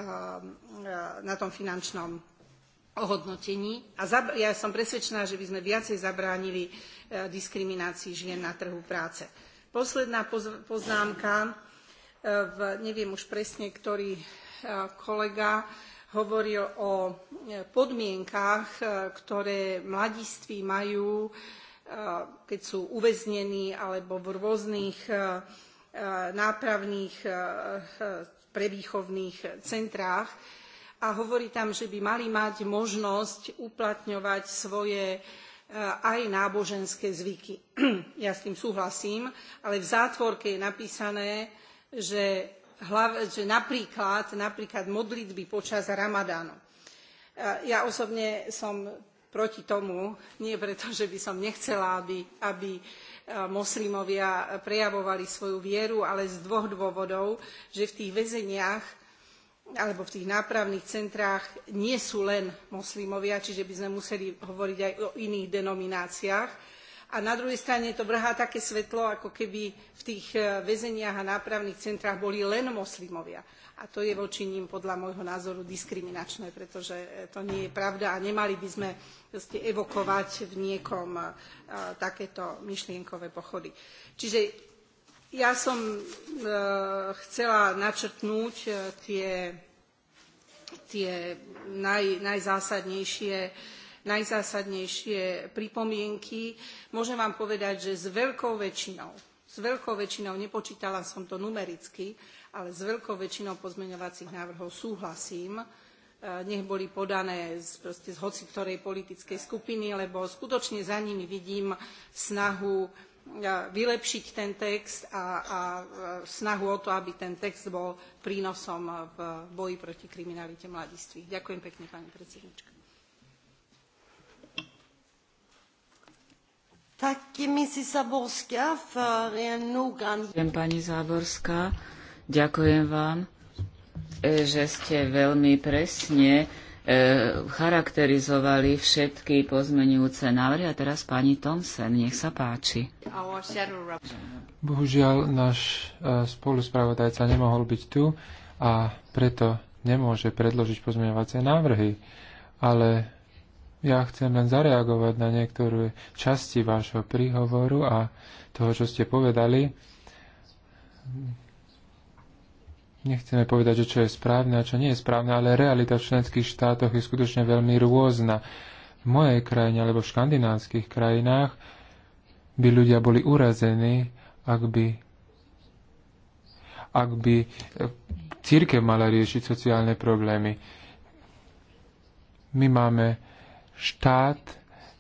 na tom finančnom ohodnotení. A ja som presvedčená, že by sme viacej zabránili eh, diskriminácii žien na trhu práce. Posledná poznámka, v, neviem už presne, ktorý kolega hovoril o podmienkach, ktoré mladiství majú Eh, keď sú uväznení alebo v rôznych eh, eh, nápravných prevýchovných centrách a hovorí tam, že by mali mať možnosť uplatňovať svoje aj náboženské zvyky. Ja s tým súhlasím, ale v zátvorke je napísané, že, hlav, že napríklad, napríklad modlitby počas ramadánu. Ja osobne som proti tomu, nie preto, že by som nechcela, aby, aby e, moslimovia prejavovali svoju vieru, ale z dvoch dôvodov, že v tých väzeniach alebo v tých nápravných centrách nie sú len moslimovia, čiže by sme museli hovoriť aj o iných denomináciách, a na druhej strane to vrhá také svetlo, ako keby v tých e, väzeniach a nápravných centrách boli len moslimovia. A to je voči ním podľa môjho názoru diskriminačné, pretože e, to nie je pravda a nemali by sme proste evokovať v niekom e, takéto myšlienkové pochody. Čiže ja som chcela načrtnúť tie, tie naj, najzásadnejšie najzásadnejšie pripomienky. Môžem vám povedať, že s veľkou väčšinou, s veľkou väčšinou, nepočítala som to numericky, ale s veľkou väčšinou pozmeňovacích návrhov súhlasím e, nech boli podané z, proste z hoci ktorej politickej skupiny, lebo skutočne za nimi vidím snahu e, vylepšiť ten text a, a e, snahu o to, aby ten text bol prínosom v boji proti kriminalite mladistvých. Ďakujem pekne, pani predsednička. Ďakujem pani Záborská, ďakujem vám, e, že ste veľmi presne e, charakterizovali všetky pozmenujúce návrhy. A teraz pani Tomsen, nech sa páči. Bohužiaľ, náš e, spoluspravodajca nemohol byť tu a preto nemôže predložiť pozmeňovacie návrhy. Ale ja chcem len zareagovať na niektoré časti vášho príhovoru a toho, čo ste povedali. Nechceme povedať, že čo je správne a čo nie je správne, ale realita v členských štátoch je skutočne veľmi rôzna. V mojej krajine alebo v škandinávskych krajinách by ľudia boli urazení, ak by, ak by e, církev mala riešiť sociálne problémy. My máme štát,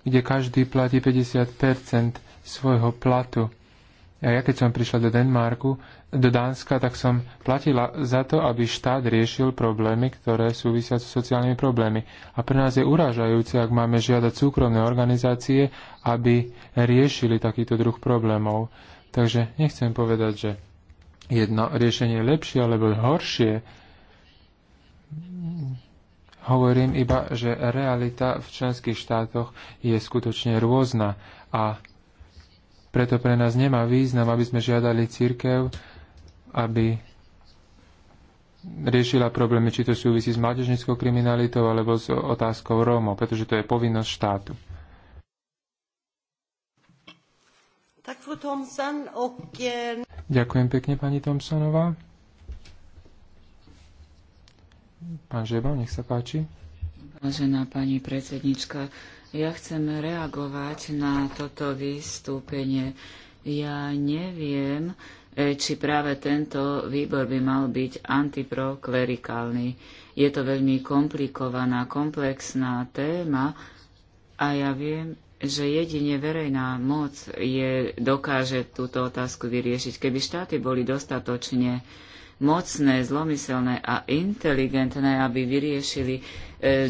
kde každý platí 50 svojho platu. A ja keď som prišla do Denmarku, do Dánska, tak som platila za to, aby štát riešil problémy, ktoré súvisia s sociálnymi problémy. A pre nás je uražajúce, ak máme žiadať súkromné organizácie, aby riešili takýto druh problémov. Takže nechcem povedať, že jedno riešenie je lepšie alebo horšie. Hovorím iba, že realita v členských štátoch je skutočne rôzna a preto pre nás nemá význam, aby sme žiadali církev, aby riešila problémy, či to súvisí s mládežnickou kriminalitou alebo s otázkou Rómov, pretože to je povinnosť štátu. Eh, Ďakujem pekne, pani Thompsonová. Pán Žeba, nech sa páči. Vážená pani predsednička, ja chcem reagovať na toto vystúpenie. Ja neviem, e, či práve tento výbor by mal byť antiproklerikálny. Je to veľmi komplikovaná, komplexná téma a ja viem, že jedine verejná moc je, dokáže túto otázku vyriešiť. Keby štáty boli dostatočne mocné, zlomyselné a inteligentné, aby vyriešili e,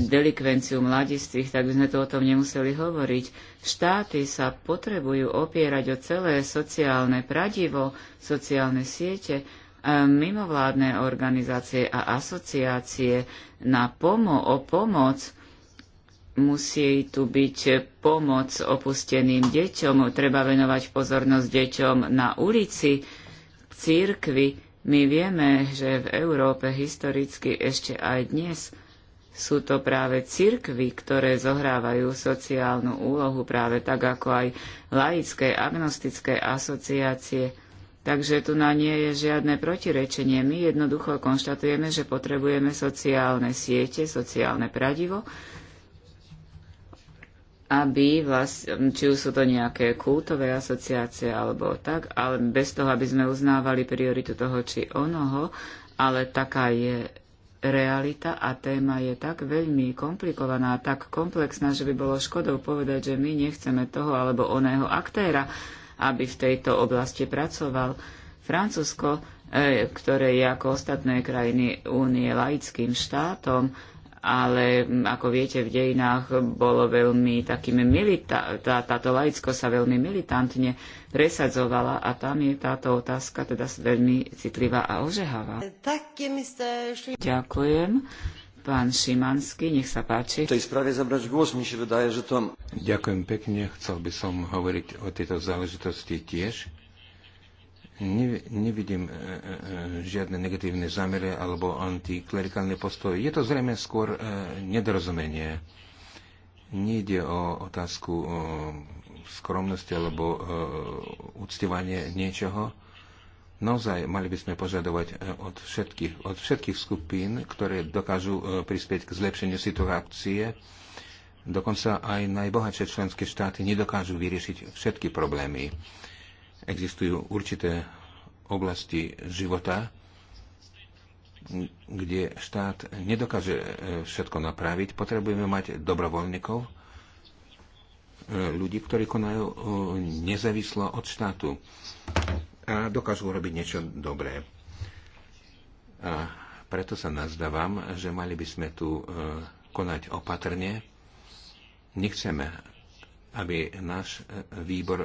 delikvenciu mladistvých, tak by sme tu o tom nemuseli hovoriť. Štáty sa potrebujú opierať o celé sociálne pradivo, sociálne siete, e, mimovládne organizácie a asociácie na pomo- o pomoc musí tu byť pomoc opusteným deťom, treba venovať pozornosť deťom na ulici, v církvi, my vieme, že v Európe historicky ešte aj dnes sú to práve cirkvy, ktoré zohrávajú sociálnu úlohu práve tak ako aj laické, agnostické asociácie. Takže tu na nie je žiadne protirečenie. My jednoducho konštatujeme, že potrebujeme sociálne siete, sociálne pradivo, aby vlastne, či už sú to nejaké kultové asociácie alebo tak, ale bez toho, aby sme uznávali prioritu toho či onoho, ale taká je realita a téma je tak veľmi komplikovaná tak komplexná, že by bolo škodou povedať, že my nechceme toho alebo oného aktéra, aby v tejto oblasti pracoval. Francúzsko, eh, ktoré je ako ostatné krajiny únie laickým štátom, ale mm, ako viete, v dejinách bolo veľmi takým milita- tá, táto laicko sa veľmi militantne presadzovala a tam je táto otázka teda veľmi citlivá a ožehavá. Ďakujem. Pán Šimanský, nech sa páči. V tej správe zabrať głos, mi si vydaje, že to... Ďakujem pekne, chcel by som hovoriť o tejto záležitosti tiež Nevidím e, e, e, žiadne negatívne zámery alebo antiklerikálne postoje. Je to zrejme skôr nedorozumenie. Nejde o otázku o skromnosti alebo uctievanie niečoho. Naozaj mali by sme požadovať od všetkých, od všetkých skupín, ktoré dokážu prispieť k zlepšeniu situácie. Dokonca aj najbohatšie členské štáty nedokážu vyriešiť všetky problémy Existujú určité oblasti života, kde štát nedokáže e, všetko napraviť. Potrebujeme mať dobrovoľníkov, e, ľudí, ktorí konajú e, nezávislo od štátu a dokážu urobiť niečo dobré. A preto sa nazdávam, že mali by sme tu konať opatrne. Nechceme, aby náš výbor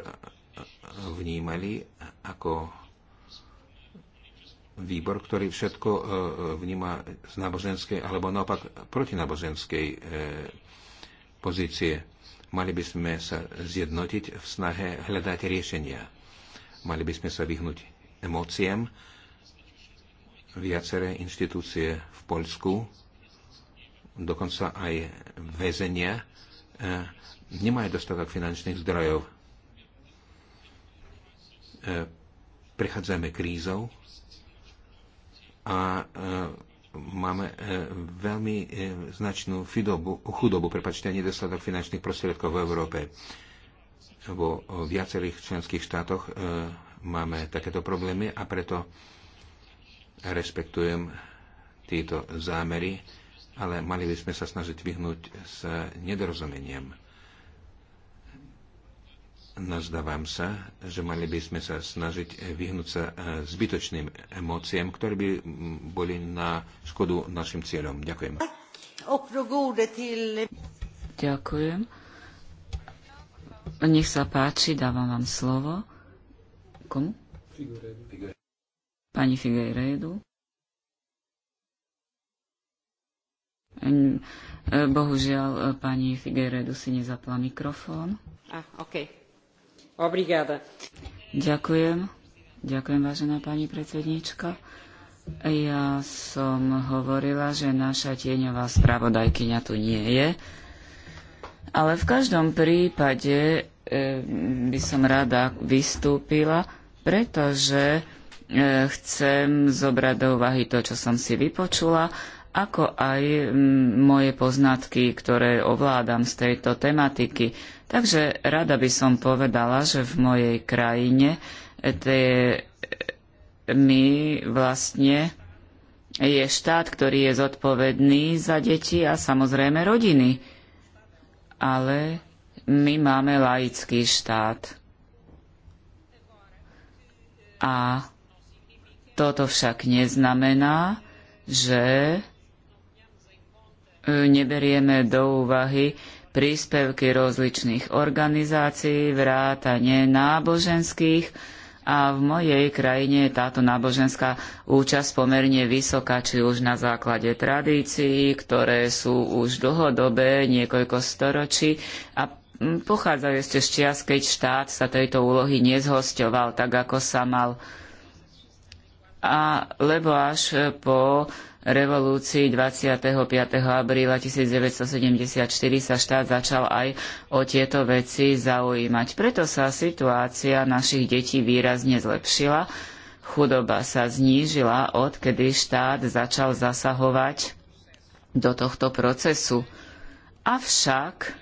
vnímali ako výbor, ktorý všetko e, vníma z náboženskej alebo naopak protináboženskej e, pozície. Mali by sme sa zjednotiť v snahe hľadať riešenia. Mali by sme sa vyhnúť emóciám. Viaceré inštitúcie v Poľsku, dokonca aj väzenia, e, nemajú dostatok finančných zdrojov E, prechádzame krízou a e, máme e, veľmi značnú fidobu, chudobu, prepačte, nedostatok finančných prostriedkov v Európe. Vo viacerých členských štátoch máme takéto problémy a preto respektujem tieto zámery, ale mali by sme sa snažiť vyhnúť s nedorozumeniem nazdávam sa, že mali by sme sa snažiť eh, vyhnúť sa eh, zbytočným emóciám, ktoré by mm, boli na škodu našim cieľom. Ďakujem. Ďakujem. Nech sa páči, dávam vám slovo. Komu? Pani Figueiredu. Eh, bohužiaľ, pani Figueiredu si nezapla mikrofón. Ah, okay. Obrigada. Ďakujem. Ďakujem, vážená pani predsedníčka. Ja som hovorila, že naša tieňová spravodajkyňa tu nie je, ale v každom prípade e, by som rada vystúpila, pretože e, chcem zobrať do úvahy to, čo som si vypočula, ako aj m, mm, moje poznatky, ktoré ovládam z tejto tematiky. Takže rada by som povedala, že v mojej krajine tie, my vlastne je štát, ktorý je zodpovedný za deti a samozrejme rodiny. Ale my máme laický štát. A toto však neznamená, že e, neberieme do úvahy príspevky rozličných organizácií, vrátane náboženských a v mojej krajine je táto náboženská účasť pomerne vysoká, či už na základe tradícií, ktoré sú už dlhodobé, niekoľko storočí a pochádzajú ešte z čias, keď štát sa tejto úlohy nezhosťoval tak, ako sa mal. A lebo až po revolúcii 25. apríla 1974 sa štát začal aj o tieto veci zaujímať. Preto sa situácia našich detí výrazne zlepšila, chudoba sa znížila, odkedy štát začal zasahovať do tohto procesu. Avšak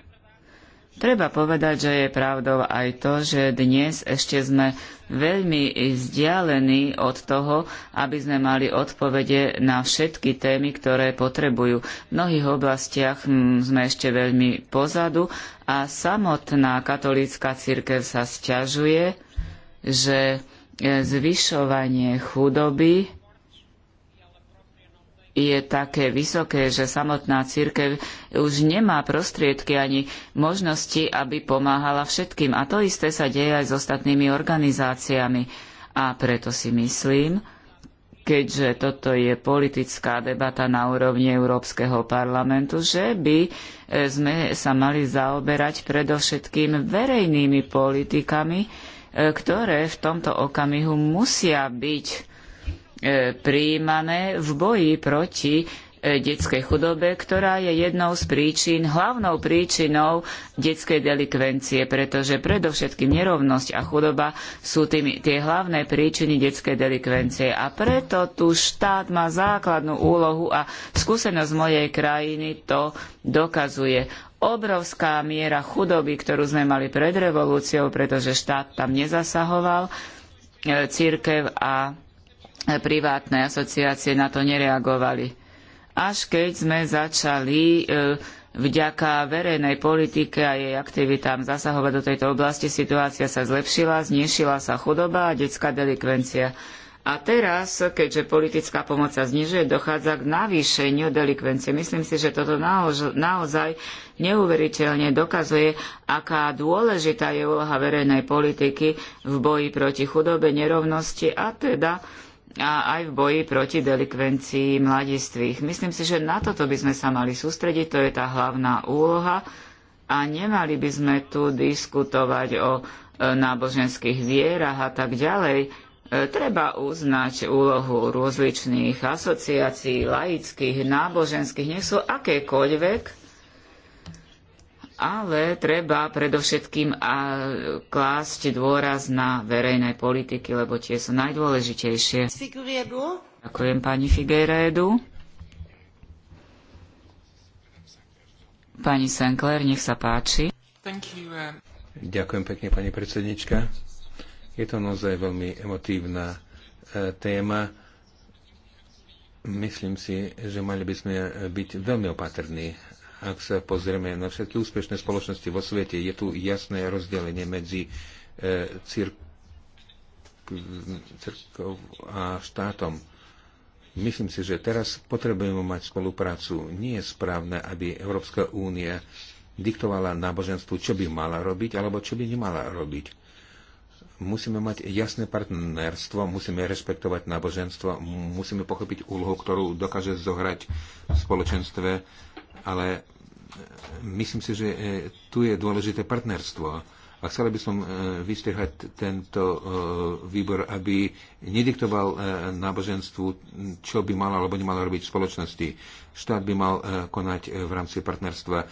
Treba povedať, že je pravdou aj to, že dnes ešte sme veľmi vzdialení od toho, aby sme mali odpovede na všetky témy, ktoré potrebujú. V mnohých oblastiach mm, sme ešte veľmi pozadu a samotná katolícka cirkev sa sťažuje, že e, zvyšovanie chudoby je také vysoké, že samotná církev už nemá prostriedky ani možnosti, aby pomáhala všetkým. A to isté sa deje aj s ostatnými organizáciami. A preto si myslím, keďže toto je politická debata na úrovni Európskeho parlamentu, že by e, sme sa mali zaoberať predovšetkým verejnými politikami, e, ktoré v tomto okamihu musia byť E, prijímané v boji proti e, detskej chudobe, ktorá je jednou z príčin, hlavnou príčinou detskej delikvencie, pretože predovšetkým nerovnosť a chudoba sú tými, tie hlavné príčiny detskej delikvencie. A preto tu štát má základnú úlohu a skúsenosť mojej krajiny to dokazuje. Obrovská miera chudoby, ktorú sme mali pred revolúciou, pretože štát tam nezasahoval, e, církev a privátne asociácie na to nereagovali. Až keď sme začali e, vďaka verejnej politike a jej aktivitám zasahovať do tejto oblasti, situácia sa zlepšila, znišila sa chudoba a detská delikvencia. A teraz, keďže politická pomoc sa znižuje, dochádza k navýšeniu delikvencie. Myslím si, že toto naozaj neuveriteľne dokazuje, aká dôležitá je úloha verejnej politiky v boji proti chudobe, nerovnosti a teda a aj v boji proti delikvencii mladistvých. Myslím si, že na toto by sme sa mali sústrediť, to je tá hlavná úloha a nemali by sme tu diskutovať o e, náboženských vierach a tak ďalej. E, treba uznať úlohu rozličných asociácií, laických, náboženských, nech sú akékoľvek, ale treba predovšetkým a klásť dôraz na verejné politiky, lebo tie sú najdôležitejšie. Ďakujem pani Figueiredu. Pani Sinclair, nech sa páči. Uh, Ďakujem pekne, pani predsednička. Je to naozaj veľmi emotívna uh, téma. Myslím si, že mali by sme byť veľmi opatrní ak sa pozrieme na všetky úspešné spoločnosti vo svete, je tu jasné rozdelenie medzi e, cir- církov a štátom. Myslím si, že teraz potrebujeme mať spoluprácu. Nie je správne, aby Európska únia diktovala náboženstvu, čo by mala robiť alebo čo by nemala robiť. Musíme mať jasné partnerstvo, musíme rešpektovať náboženstvo, musíme pochopiť úlohu, ktorú dokáže zohrať v spoločenstve ale e, myslím si, že e, tu je dôležité partnerstvo. A chcela by som e, vystriehať tento výbor, aby nediktoval náboženstvu, čo by malo alebo nemalo robiť v spoločnosti. Štát by mal konať v rámci partnerstva.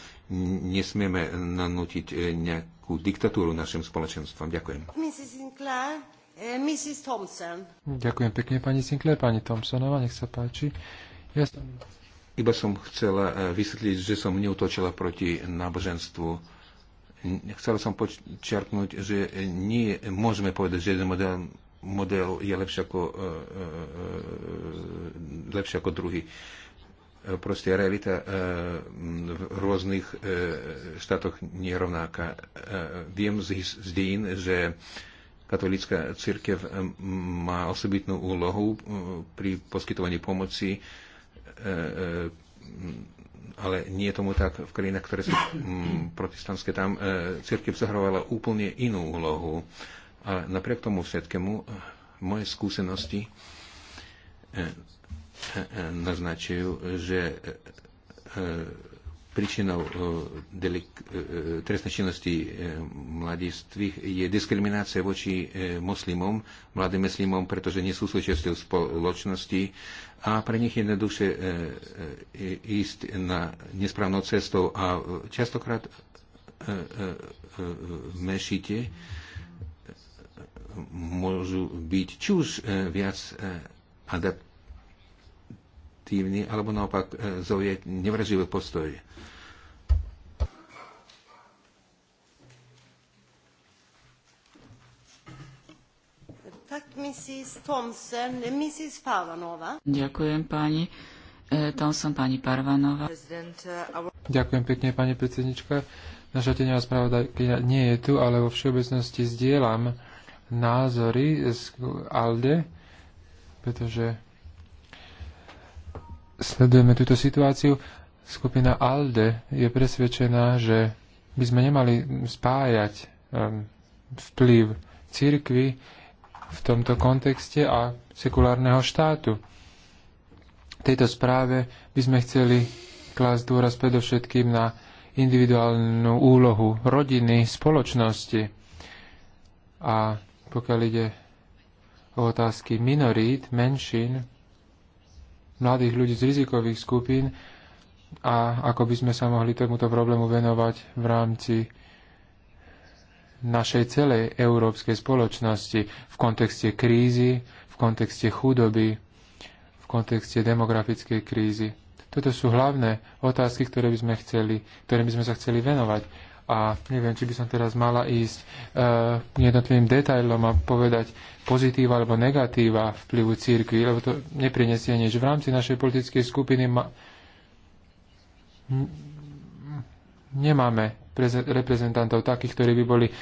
Nesmieme nanútiť nejakú diktatúru našim spoločenstvom. Ďakujem. Ďakujem pekne, pani Sinclair. Pani Thompsonová, nech sa páči. Ja som... Iba som chcela e, vysvetliť, že som neutočila proti náboženstvu. Chcela som počiarknúť, že nie môžeme povedať, že jeden model, model je lepší ako, e, e, lepší ako druhý proste realita v rôznych štátoch nie je rovnaká. Viem z, z dejín, že katolická církev má osobitnú úlohu pri poskytovaní pomoci E, e, ale nie je tomu tak v krajinách, ktoré sú mm, protestantské. Tam e, církev zahrovala úplne inú úlohu. Ale napriek tomu všetkému moje skúsenosti naznačujú, že príčinou trestnej činnosti mladistvých je diskriminácia voči moslimom, mladým moslimom, pretože nie sú súčasťou spoločnosti, a pre nich je jednoduchšie e, e, ísť na nesprávnou cestou a častokrát e, v mešite môžu byť či už viac adaptívni, alebo naopak zaujať nevraživý postoj. Tak, Mrs. Thompson, Mrs. Parvanova. Ďakujem pani. E, Thompson, pani Parvanova. E, Ďakujem pekne, pani predsednička. Naša teňová správa nie je tu, ale vo všeobecnosti zdieľam názory z ALDE, pretože sledujeme túto situáciu. Skupina ALDE je presvedčená, že by sme nemali spájať e, vplyv církvy v tomto kontexte a sekulárneho štátu. V tejto správe by sme chceli klásť dôraz predovšetkým na individuálnu úlohu rodiny, spoločnosti. A pokiaľ ide o otázky minorít, menšín, mladých ľudí z rizikových skupín a ako by sme sa mohli tomuto problému venovať v rámci našej celej európskej spoločnosti v kontexte krízy, v kontexte chudoby, v kontexte demografickej krízy. Toto sú hlavné otázky, ktoré by sme chceli, ktoré by sme sa chceli venovať. A neviem, či by som teraz mala ísť k eh, jednotlivým detailom a povedať pozitíva alebo negatíva vplyvu církvy, lebo to neprinesie nič. V rámci našej politickej skupiny ma... nemáme reprezentantov takých, ktorí by boli e,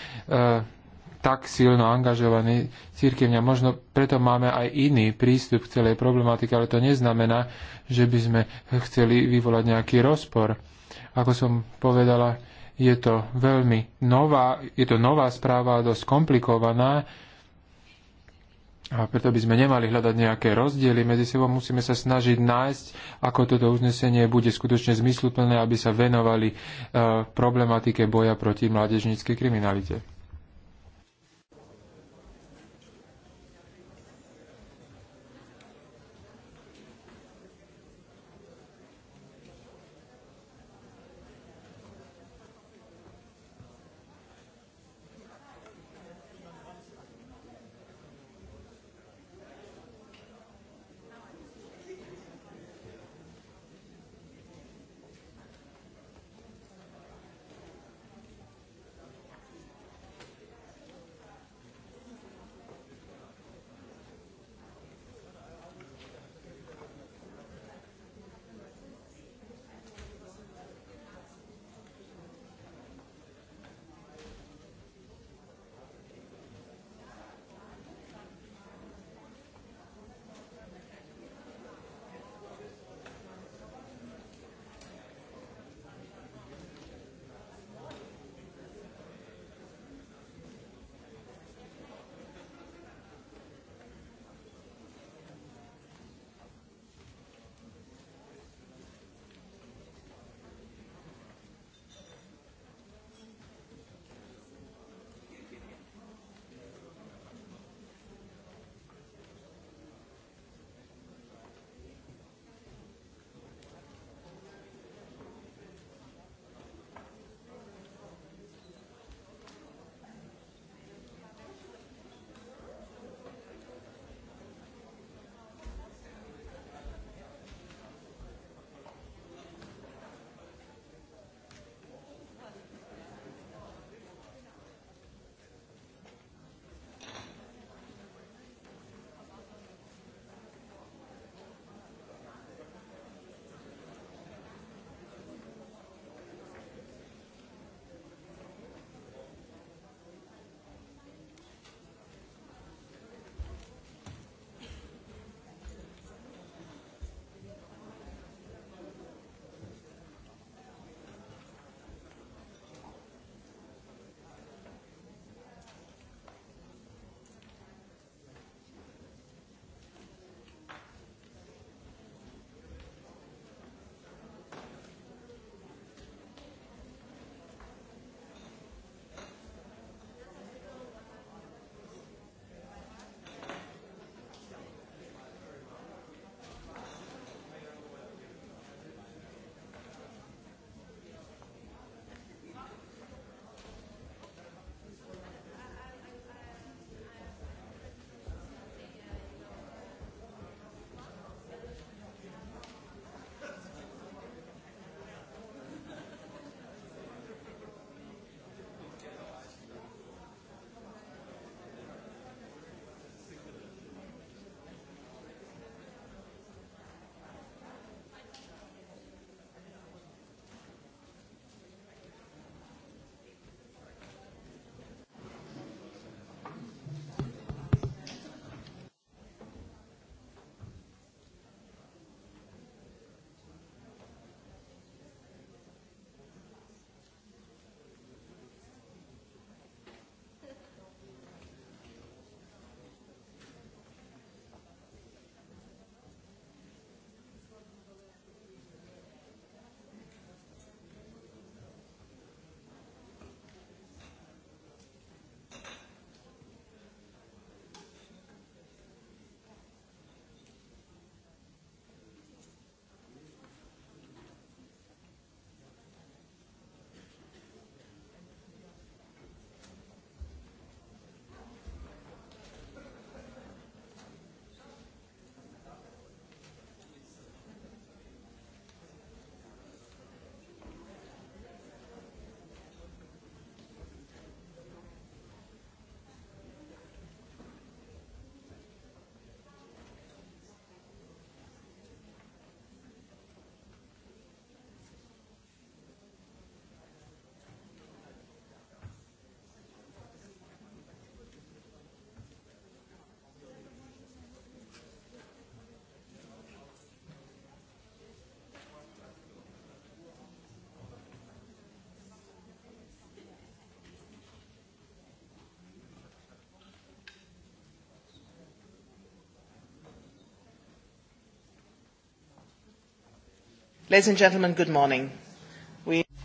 tak silno angažovaní církevňa. Možno preto máme aj iný prístup k celej problematike, ale to neznamená, že by sme chceli vyvolať nejaký rozpor. Ako som povedala, je to veľmi nová, je to nová správa, dosť komplikovaná a preto by sme nemali hľadať nejaké rozdiely medzi sebou, musíme sa snažiť nájsť, ako toto uznesenie bude skutočne zmysluplné, aby sa venovali e, problematike boja proti mládežníckej kriminalite.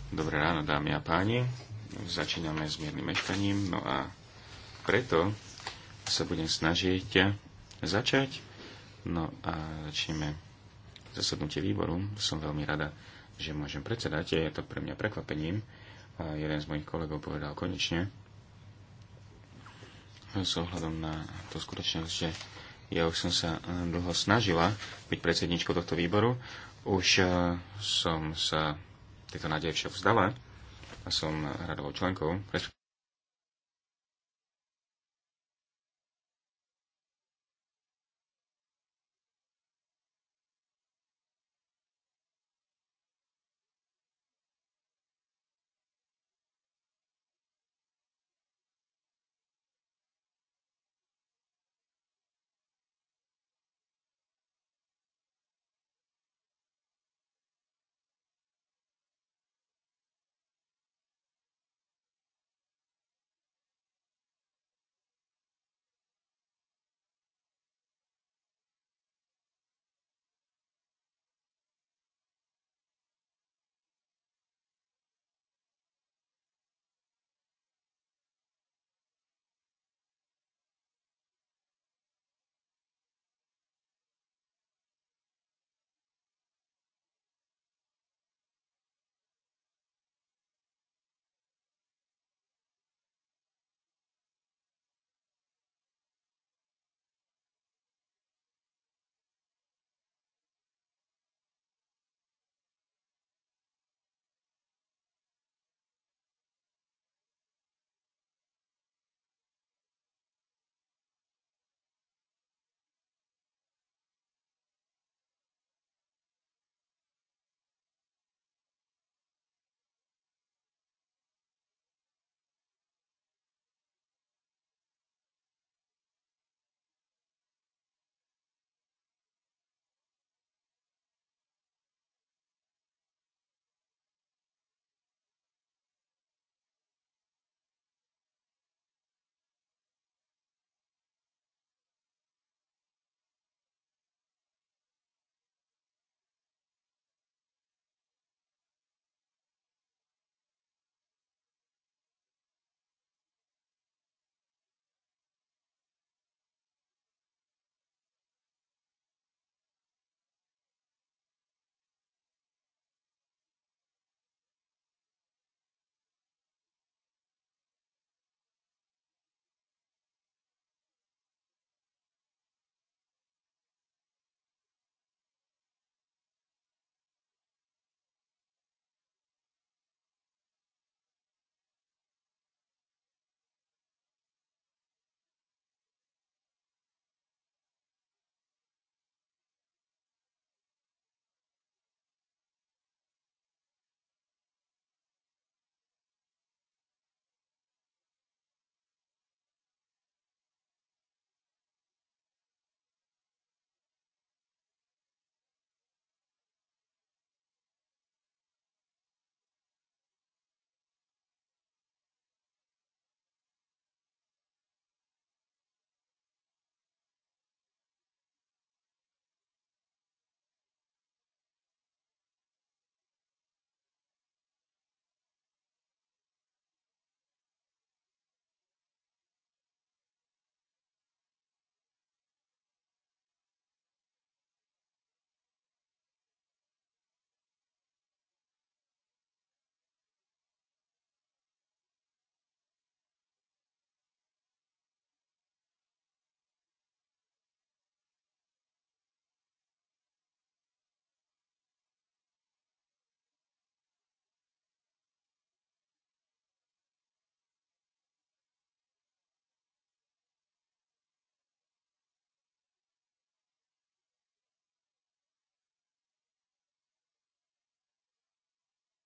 Dobré ráno, dámy a páni. Začíname s miernym meškaním, no a preto sa budem snažiť začať. No a začneme zasadnutie výboru. Som veľmi rada, že môžem predsedať. Je to pre mňa prekvapením. A jeden z mojich kolegov povedal konečne s ohľadom na to skutočnosť, že ja už som sa eh, dlho snažila byť predsedničkou tohto výboru. Už eh, som sa tieto nádeje však vzdala a som eh, radovou členkou.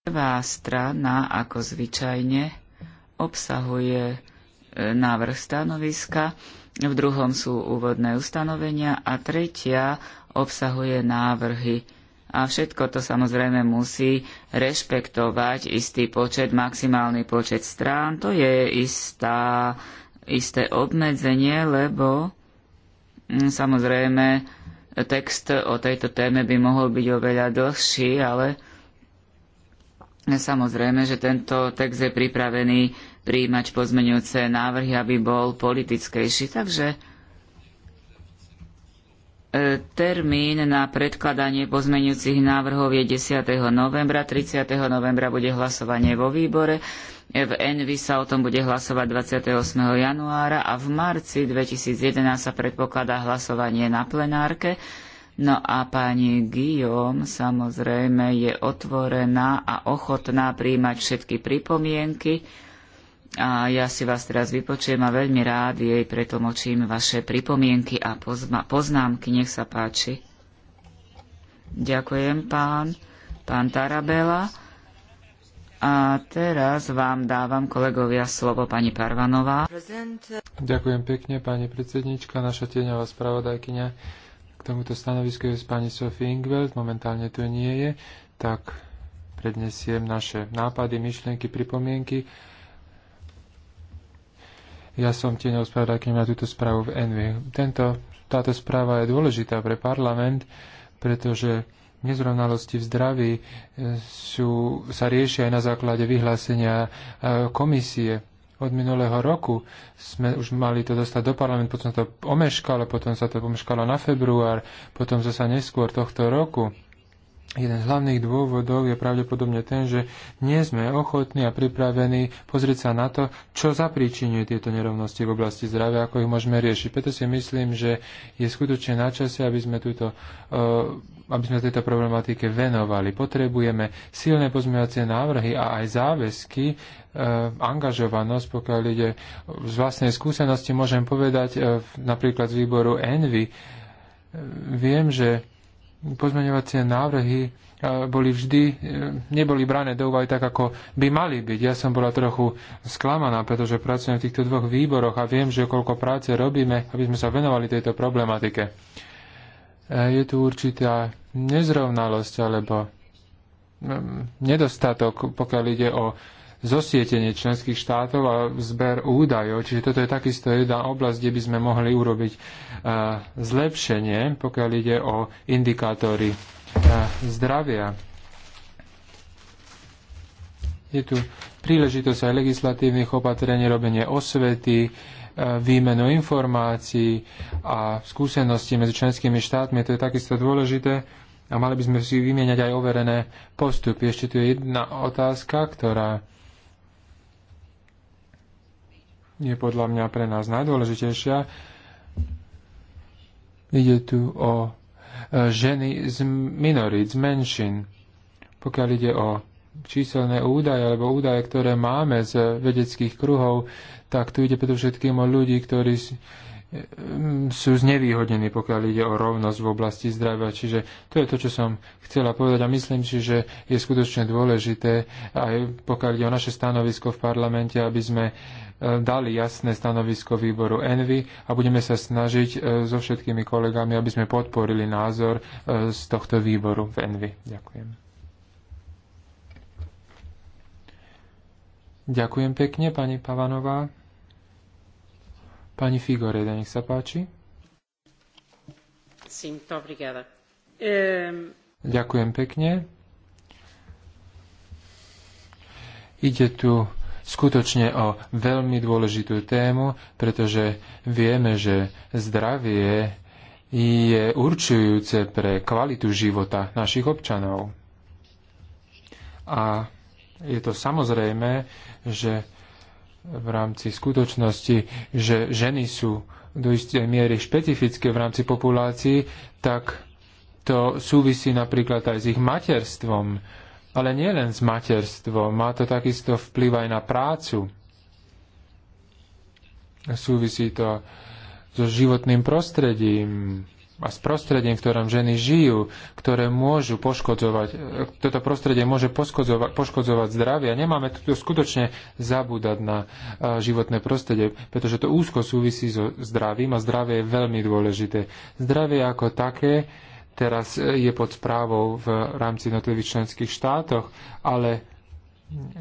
Prvá strana, ako zvyčajne, obsahuje e, návrh stanoviska, v druhom sú úvodné ustanovenia a tretia obsahuje návrhy. A všetko to samozrejme musí rešpektovať istý počet, maximálny počet strán. To je istá, isté obmedzenie, lebo mm, samozrejme text o tejto téme by mohol byť oveľa dlhší, ale Samozrejme, že tento text je pripravený príjmať pozmeňujúce návrhy, aby bol politickejší. Takže e, termín na predkladanie pozmeňujúcich návrhov je 10. novembra. 30. novembra bude hlasovanie vo výbore. V Envy sa o tom bude hlasovať 28. januára a v marci 2011 sa predpokladá hlasovanie na plenárke. No a pani Guillaume samozrejme je otvorená a ochotná príjmať všetky pripomienky a ja si vás teraz vypočujem a veľmi rád jej pretlmočím vaše pripomienky a poznámky. Nech sa páči. Ďakujem, pán, pán Tarabela. A teraz vám dávam, kolegovia, slovo pani Parvanová. Ďakujem pekne, pani predsednička, naša tieňová spravodajkyňa tomuto stanovisku je pani Sophie Ingveld, momentálne tu nie je, tak prednesiem naše nápady, myšlienky, pripomienky. Ja som tieňou spravodajkým na túto správu v Envy. Tento, táto správa je dôležitá pre parlament, pretože nezrovnalosti v zdraví eh, sú, sa riešia aj na základe vyhlásenia eh, komisie od minulého roku sme už mali to dostať do parlamentu, potom sa to omeškalo, potom sa to omeškalo na február, potom zase neskôr tohto roku. Jeden z hlavných dôvodov je pravdepodobne ten, že nie sme ochotní a pripravení pozrieť sa na to, čo zapríčinuje tieto nerovnosti v oblasti zdravia, ako ich môžeme riešiť. Preto si myslím, že je skutočne na čase, aby sme, túto, e, aby sme tejto problematike venovali. Potrebujeme silné pozmeňovacie návrhy a aj záväzky, e, angažovanosť, pokiaľ ide z vlastnej skúsenosti, môžem povedať e, napríklad z výboru Envy. Viem, že pozmeňovacie návrhy e, boli vždy, e, neboli brané do úvahy tak, ako by mali byť. Ja som bola trochu sklamaná, pretože pracujem v týchto dvoch výboroch a viem, že koľko práce robíme, aby sme sa venovali tejto problematike. E, je tu určitá nezrovnalosť alebo mm, nedostatok, pokiaľ ide o zosietenie členských štátov a zber údajov. Čiže toto je takisto jedna oblasť, kde by sme mohli urobiť e, zlepšenie, pokiaľ ide o indikátory e, zdravia. Je tu príležitosť aj legislatívnych opatrení, robenie osvety, e, výmenu informácií a skúseností medzi členskými štátmi. To je takisto dôležité a mali by sme si vymieňať aj overené postupy. Ešte tu je jedna otázka, ktorá je podľa mňa pre nás najdôležitejšia. Ide tu o e, ženy z minorít, z menšin. Pokiaľ ide o číselné údaje alebo údaje, ktoré máme z vedeckých kruhov, tak tu ide predovšetkým o ľudí, ktorí Ehm, sú znevýhodnení, pokiaľ ide o rovnosť v oblasti zdravia. Čiže to je to, čo som chcela povedať a myslím si, že je skutočne dôležité, aj pokiaľ ide o naše stanovisko v parlamente, aby sme e, dali jasné stanovisko výboru Envy a budeme sa snažiť e, so všetkými kolegami, aby sme podporili názor e, z tohto výboru v Envy. Ďakujem. Ďakujem pekne, pani Pavanová. Pani Figoreda, nech sa páči. Ehm, Ďakujem pekne. Ide tu skutočne o veľmi dôležitú tému, pretože vieme, že zdravie je určujúce pre kvalitu života našich občanov. A je to samozrejme, že v rámci skutočnosti, že ženy sú do istej miery špecifické v rámci populácií, tak to súvisí napríklad aj s ich materstvom. Ale nie len s materstvom, má to takisto vplyv aj na prácu. Súvisí to so životným prostredím, a s prostredím, v ktorom ženy žijú, ktoré môžu poškodzovať, toto prostredie môže poškodzovať, poškodzovať zdravie. A nemáme tu skutočne zabúdať na e, životné prostredie, pretože to úzko súvisí so zdravím a zdravie je veľmi dôležité. Zdravie ako také teraz e, je pod správou v rámci jednotlivých členských štátoch, ale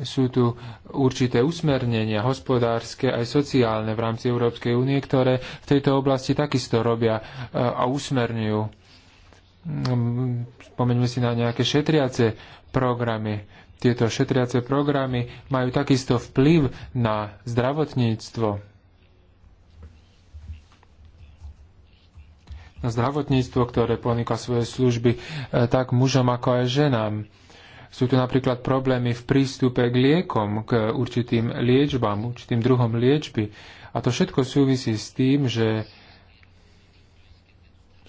sú tu určité usmernenia hospodárske aj sociálne v rámci Európskej únie, ktoré v tejto oblasti takisto robia e, a usmerňujú. Mm, spomeňme si na nejaké šetriace programy. Tieto šetriace programy majú takisto vplyv na zdravotníctvo, na zdravotníctvo, ktoré ponúka svoje služby e, tak mužom ako aj ženám. Sú tu napríklad problémy v prístupe k liekom, k určitým liečbám, určitým druhom liečby. A to všetko súvisí s tým, že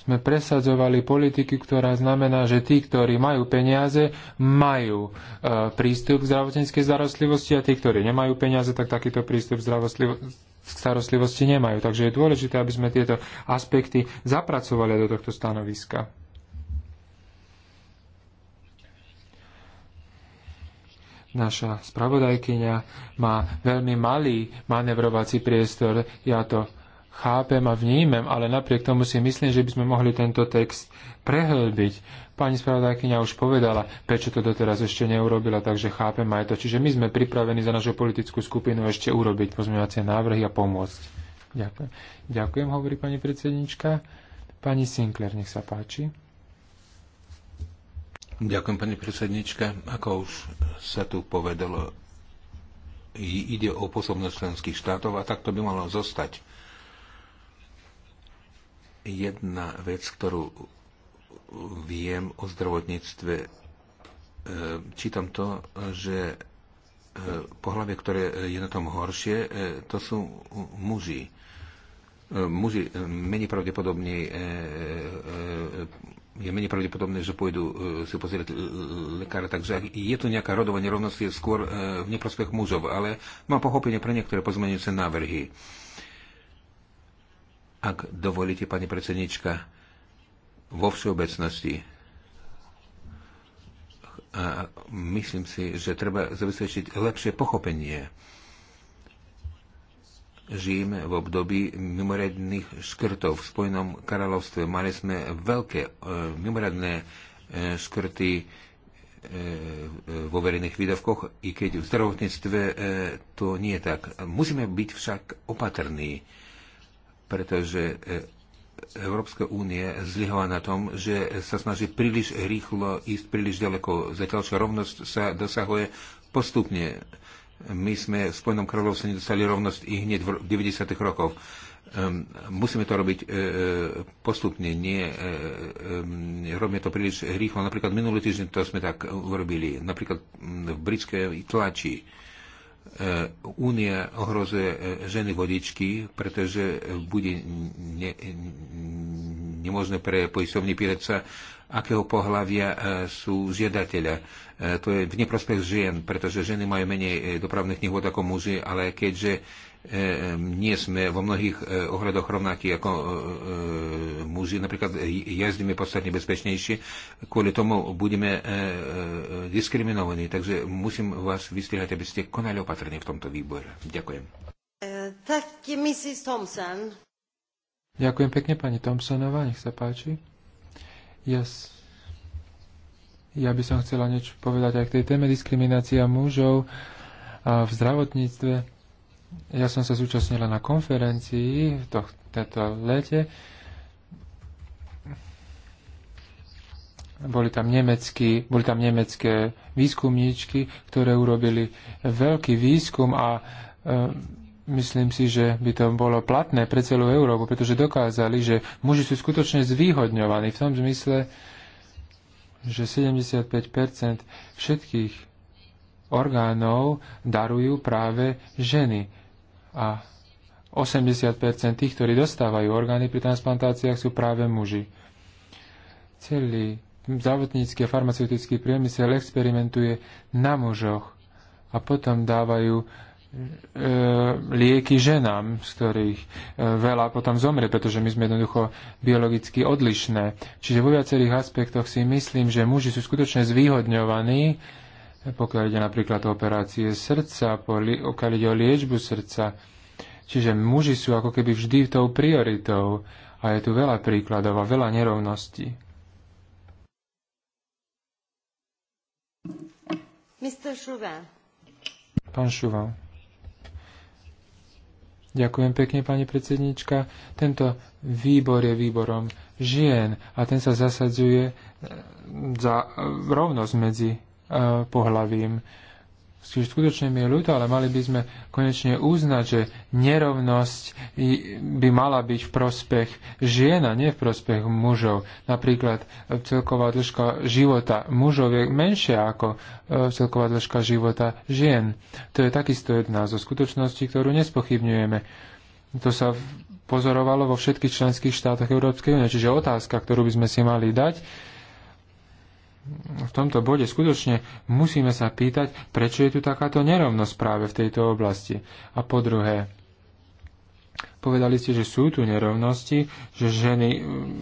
sme presadzovali politiky, ktorá znamená, že tí, ktorí majú peniaze, majú e, prístup k zdravotníckej starostlivosti a tí, ktorí nemajú peniaze, tak takýto prístup k starostlivosti nemajú. Takže je dôležité, aby sme tieto aspekty zapracovali do tohto stanoviska. naša spravodajkyňa má veľmi malý manevrovací priestor. Ja to chápem a vnímem, ale napriek tomu si myslím, že by sme mohli tento text prehlbiť. Pani spravodajkyňa už povedala, prečo to doteraz ešte neurobila, takže chápem aj to. Čiže my sme pripravení za našu politickú skupinu ešte urobiť pozmeňovacie návrhy a pomôcť. Ďakujem. Ďakujem, hovorí pani predsednička. Pani Sinclair, nech sa páči. Ďakujem, pani predsednička. Ako už sa tu povedalo, ide o pôsobnosť členských štátov a tak to by malo zostať. Jedna vec, ktorú viem o zdravotníctve, e, čítam to, že e, pohľavie, ktoré je na tom horšie, e, to sú muži. Muži menej pravdepodobne je menej pravdepodobné, že pôjdu e, si pozrieť e, lekára. Takže je tu nejaká rodová nerovnosť, je skôr e, v neprospech mužov, ale mám pochopenie pre niektoré pozmeňujúce návrhy. Ak dovolíte, pani predsednička, vo všeobecnosti a myslím si, že treba zabezpečiť lepšie pochopenie žijeme v období mimoriadných škrtov. V Spojenom kráľovstve mali sme veľké e, mimoriadné e, škrty e, vo verejných výdavkoch, i keď v zdravotníctve to nie je tak. Musíme byť však opatrní, pretože Európska únie zlyhala na tom, že sa snaží príliš rýchlo ísť príliš ďaleko, zatiaľ čo rovnosť sa dosahuje postupne. My sme v Spojenom kráľovstve nedostali rovnosť i hneď v 90. rokoch. Um, Musíme to robiť e, e postupne, nie e, e, e, robíme to príliš rýchlo. Napríklad minulý týždeň to sme tak urobili. Napríklad mm, v britskej tlači E, Únia ohrozuje e, ženy vodičky, pretože bude ne, nemožné pre poistovní pýtať sa, akého pohľavia e, sú žiadateľa. To je v neprospech žien, pretože ženy majú menej dopravných nehôd ako muži, ale keďže E, nie sme vo mnohých e, ohľadoch rovnakí ako e, muži. Napríklad jazdíme podstatne bezpečnejšie. Kvôli tomu budeme diskriminovaní. Takže musím vás vystriehať, aby ste konali opatrne v tomto výbore. Ďakujem. Tak, Mrs. Thompson. Ďakujem pekne, pani Thompsonová. Nech sa páči. Yes. Ja by som chcela niečo povedať aj k tej téme diskriminácia mužov v zdravotníctve ja som sa zúčastnila na konferencii v tejto lete. Boli tam, nemecky, boli tam nemecké výskumníčky, ktoré urobili veľký výskum a e, myslím si, že by to bolo platné pre celú Európu, pretože dokázali, že muži sú skutočne zvýhodňovaní v tom zmysle, že 75 všetkých orgánov darujú práve ženy a 80 tých, ktorí dostávajú orgány pri transplantáciách, sú práve muži. Celý zdravotnícky a farmaceutický priemysel experimentuje na mužoch a potom dávajú e, lieky ženám, z ktorých e, veľa potom zomrie, pretože my sme jednoducho biologicky odlišné. Čiže vo viacerých aspektoch si myslím, že muži sú skutočne zvýhodňovaní pokiaľ ide napríklad o operácie srdca, pokiaľ ide o liečbu srdca. Čiže muži sú ako keby vždy tou prioritou a je tu veľa príkladov a veľa nerovností. Mr. Chauvin. Pán Šuval. Ďakujem pekne, pani predsednička. Tento výbor je výborom žien a ten sa zasadzuje eh, za rovnosť medzi pohlavím. Čiže skutočne mi je ľúto, ale mali by sme konečne uznať, že nerovnosť by mala byť v prospech žien a nie v prospech mužov. Napríklad e, celková dĺžka života mužov je menšia ako e, celková dĺžka života žien. To je takisto jedna zo skutočností, ktorú nespochybňujeme. To sa pozorovalo vo všetkých členských štátoch Európskej únie. Čiže otázka, ktorú by sme si mali dať, v tomto bode skutočne musíme sa pýtať, prečo je tu takáto nerovnosť práve v tejto oblasti. A po druhé, povedali ste, že sú tu nerovnosti, že, ženy,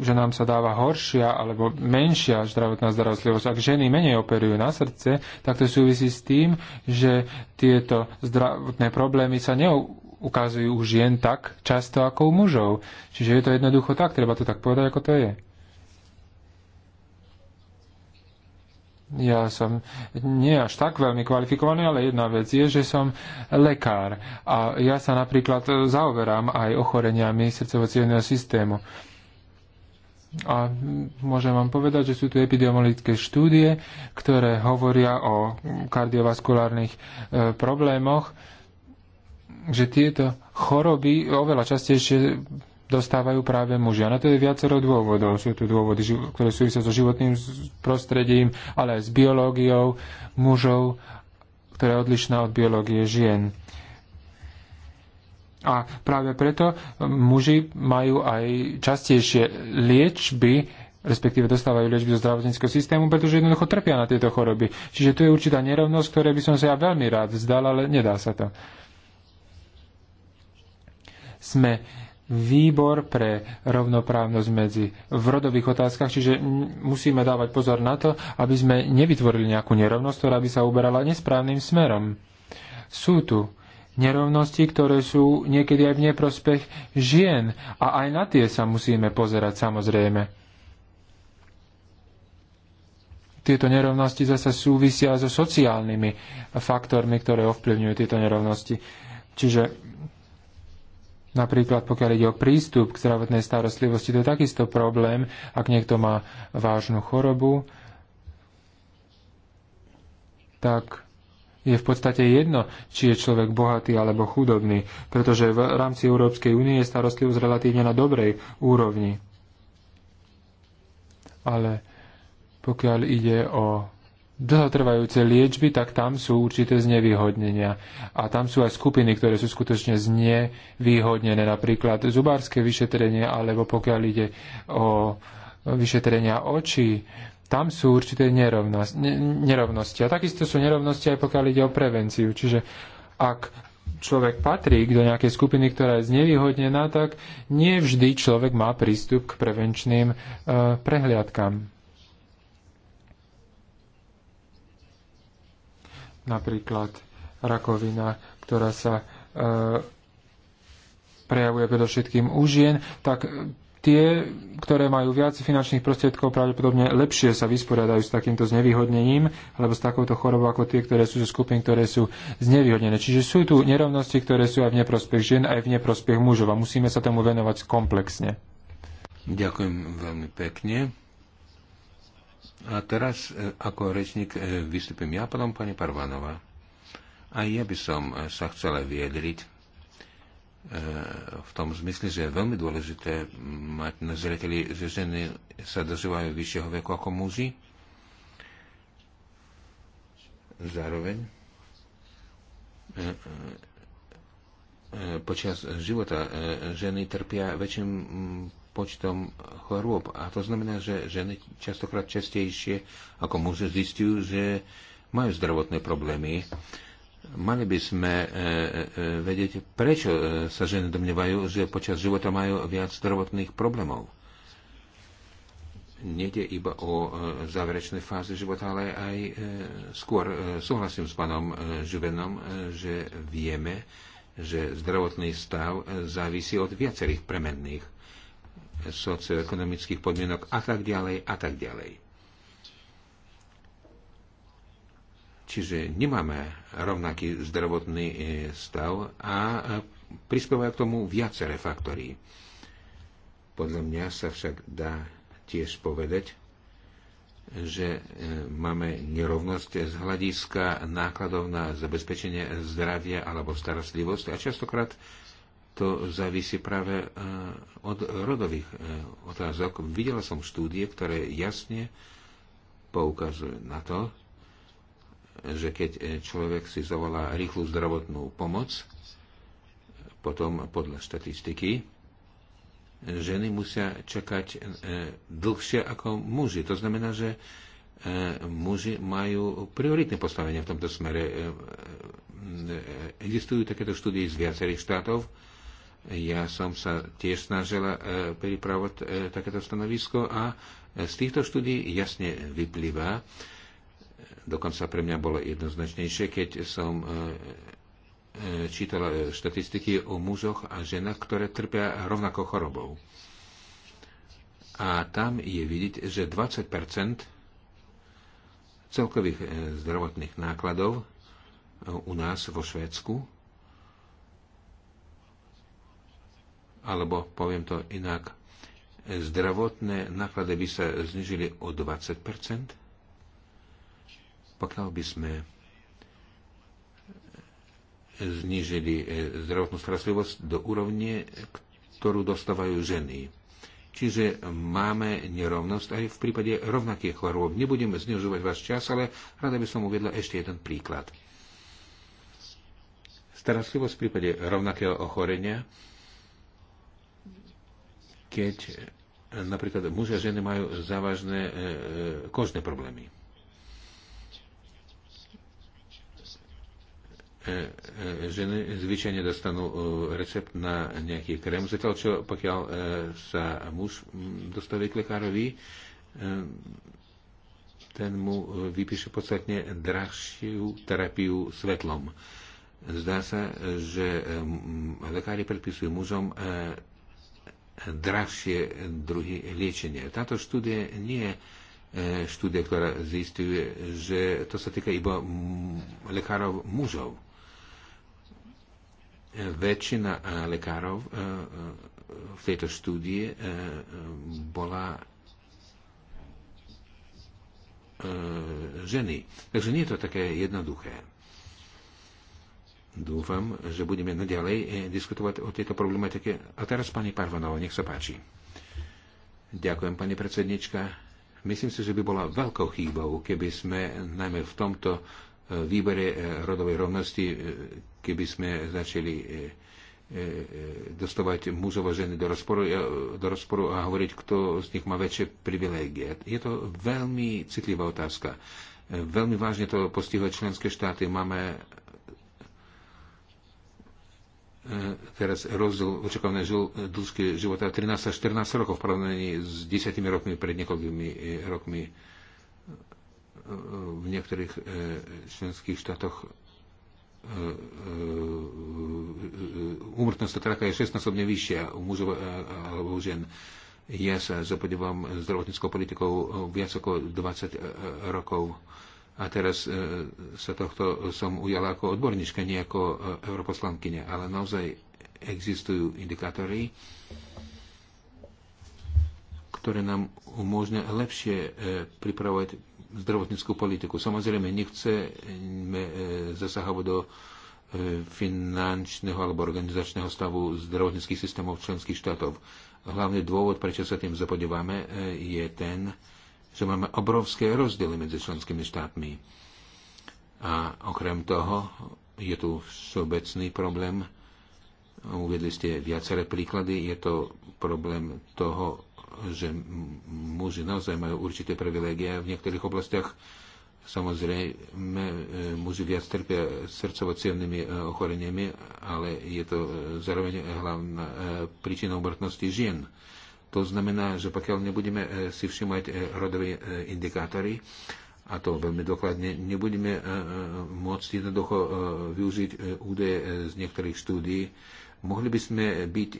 že nám sa dáva horšia alebo menšia zdravotná starostlivosť. Ak ženy menej operujú na srdce, tak to súvisí s tým, že tieto zdravotné problémy sa neukazujú u žien tak často ako u mužov. Čiže je to jednoducho tak, treba to tak povedať, ako to je. ja som nie až tak veľmi kvalifikovaný, ale jedna vec je, že som lekár a ja sa napríklad zaoberám aj ochoreniami srdcovo systému. A môžem vám povedať, že sú tu epidemiologické štúdie, ktoré hovoria o kardiovaskulárnych e, problémoch, že tieto choroby oveľa častejšie dostávajú práve muži. A na to je viacero dôvodov. Sú tu dôvody, ktoré súvisia so životným prostredím, ale aj s biológiou mužov, ktorá je odlišná od biológie žien. A práve preto muži majú aj častejšie liečby, respektíve dostávajú liečby zo zdravotníckého systému, pretože jednoducho trpia na tieto choroby. Čiže tu je určitá nerovnosť, ktoré by som sa ja veľmi rád vzdal, ale nedá sa to. Sme výbor pre rovnoprávnosť medzi v rodových otázkach, čiže musíme dávať pozor na to, aby sme nevytvorili nejakú nerovnosť, ktorá by sa uberala nesprávnym smerom. Sú tu nerovnosti, ktoré sú niekedy aj v neprospech žien a aj na tie sa musíme pozerať samozrejme. Tieto nerovnosti zase súvisia so sociálnymi faktormi, ktoré ovplyvňujú tieto nerovnosti. Čiže Napríklad pokiaľ ide o prístup k zdravotnej starostlivosti, to je takisto problém, ak niekto má vážnu chorobu, tak je v podstate jedno, či je človek bohatý alebo chudobný, pretože v rámci Európskej únie je starostlivosť relatívne na dobrej úrovni. Ale pokiaľ ide o dlhotrvajúce liečby, tak tam sú určité znevýhodnenia. A tam sú aj skupiny, ktoré sú skutočne znevýhodnené, napríklad zubárske vyšetrenie, alebo pokiaľ ide o vyšetrenia očí, tam sú určité nerovnosti, A takisto sú nerovnosti aj pokiaľ ide o prevenciu. Čiže ak človek patrí do nejakej skupiny, ktorá je znevýhodnená, tak nie vždy človek má prístup k prevenčným e, napríklad rakovina, ktorá sa e, prejavuje predovšetkým u žien, tak e, tie, ktoré majú viac finančných prostriedkov, pravdepodobne lepšie sa vysporiadajú s takýmto znevýhodnením, alebo s takouto chorobou ako tie, ktoré sú zo skupín, ktoré sú znevýhodnené. Čiže sú tu nerovnosti, ktoré sú aj v neprospech žien, aj v neprospech mužov a musíme sa tomu venovať komplexne. Ďakujem veľmi pekne. A teraz e, ako rečník e, vystúpim ja, potom pani Parvanova. A ja by som e, sa chcela vyjadriť v tom zmysle, že je veľmi dôležité mať na zreteli, že ženy sa dožívajú vyššieho veku ako muži. Zároveň počas života ženy trpia väčším počtom chorôb. A to znamená, že ženy častokrát častejšie ako muži zistujú, že majú zdravotné problémy. Mali by sme e, e, e vedieť, prečo e, sa ženy domnievajú, že počas života majú viac zdravotných problémov. Nede iba o e, záverečnej fáze života, ale aj e, skôr. E, súhlasím s pánom e, Žuvenom, e, že vieme, že zdravotný stav závisí od viacerých premenných socioekonomických podmienok a tak ďalej a tak ďalej. Čiže nemáme rovnaký zdravotný e, stav a e, prispievajú k tomu viaceré faktory. Podľa mňa sa však dá tiež povedať, že e, máme nerovnosť z hľadiska nákladov na zabezpečenie zdravia alebo starostlivosť a častokrát to závisí práve eh, od rodových eh, otázok. Videla som štúdie, ktoré jasne poukazujú na to, že keď eh, človek si zavolá rýchlu zdravotnú pomoc, potom podľa štatistiky, ženy musia čakať dlhšie ako muži. To znamená, že muži majú prioritné postavenie v tomto smere. Existujú takéto štúdie z viacerých štátov ja som sa tiež snažila e, pripravovať e, takéto stanovisko a e, z týchto štúdí jasne vyplýva, dokonca pre mňa bolo jednoznačnejšie, keď som čítala štatistiky o mužoch a ženách, ktoré trpia rovnako chorobou. A tam je vidieť, že 20 celkových zdravotných nákladov u nás vo Švédsku alebo poviem to inak, zdravotné náklady by sa znižili o 20 pokiaľ by sme znižili eh, zdravotnú starostlivosť do úrovne, ktorú dostávajú ženy. Čiže máme nerovnosť aj v prípade rovnakých chorôb. Nebudeme znižovať váš čas, ale rada by som uviedla ešte jeden príklad. Starostlivosť v prípade rovnakého ochorenia keď e, napríklad muži a ženy majú závažné e, e, kožné problémy. ženy zvyčajne dostanú recept na nejaký krém, zatiaľ čo pokiaľ sa muž dostaví k lekárovi, ten mu vypíše podstatne drahšiu terapiu svetlom. Zdá sa, že lekári predpisujú mužom drahšie druhy liečenia. Táto štúdia nie je e, štúdia, ktorá zistuje, že to sa týka iba lekárov mužov. Väčšina e, lekárov e, v tejto štúdie bola ženy. Takže nie je to také jednoduché. Dúfam, že budeme naďalej eh, diskutovať o tejto problematike. A teraz pani Parvanova, nech sa páči. Ďakujem, pani predsednička. Myslím si, že by bola veľkou chýbou, keby sme najmä v tomto eh, výbere eh, rodovej rovnosti, keby sme začali dostávať mužov a ženy do rozporu, do rozporu a hovoriť, kto z nich má väčšie privilégie. Je to veľmi citlivá otázka. Veľmi vážne to postihuje členské štáty. Máme E, teraz rozdiel očakávanej dĺžky života 13 až 14 rokov v porovnaní s 10 rokmi pred niekoľkými e, rokmi e, v niektorých členských štátoch umrtnosť traka teda je 6 násobne vyššia u mužov alebo u žien. Ja sa zapodívam zdravotníckou politikou viac ako 20 rokov. E, a teraz e, sa tohto som ujala ako odborníčka, nie ako e, europoslankyňa, ale naozaj existujú indikátory, ktoré nám umožňa lepšie e, pripravovať zdravotníckú politiku. Samozrejme, nechceme zasahovať do finančného alebo organizačného stavu zdravotníckých systémov členských štátov. Hlavný dôvod, prečo sa tým zapodívame, je ten, že máme obrovské rozdiely medzi členskými štátmi. A okrem toho je tu všeobecný problém. Uvedli ste viaceré príklady. Je to problém toho, že muži naozaj majú určité privilégie v niektorých oblastiach. Samozrejme, muži viac trpia srdcovo e, ochoreniami, ale je to zároveň hlavná e, príčina umrtnosti žien. To znamená, že pokiaľ nebudeme e, si všimať e, rodové e, indikátory, a to veľmi dokladne, nebudeme môcť jednoducho využiť údaje z niektorých štúdií, mohli by sme byť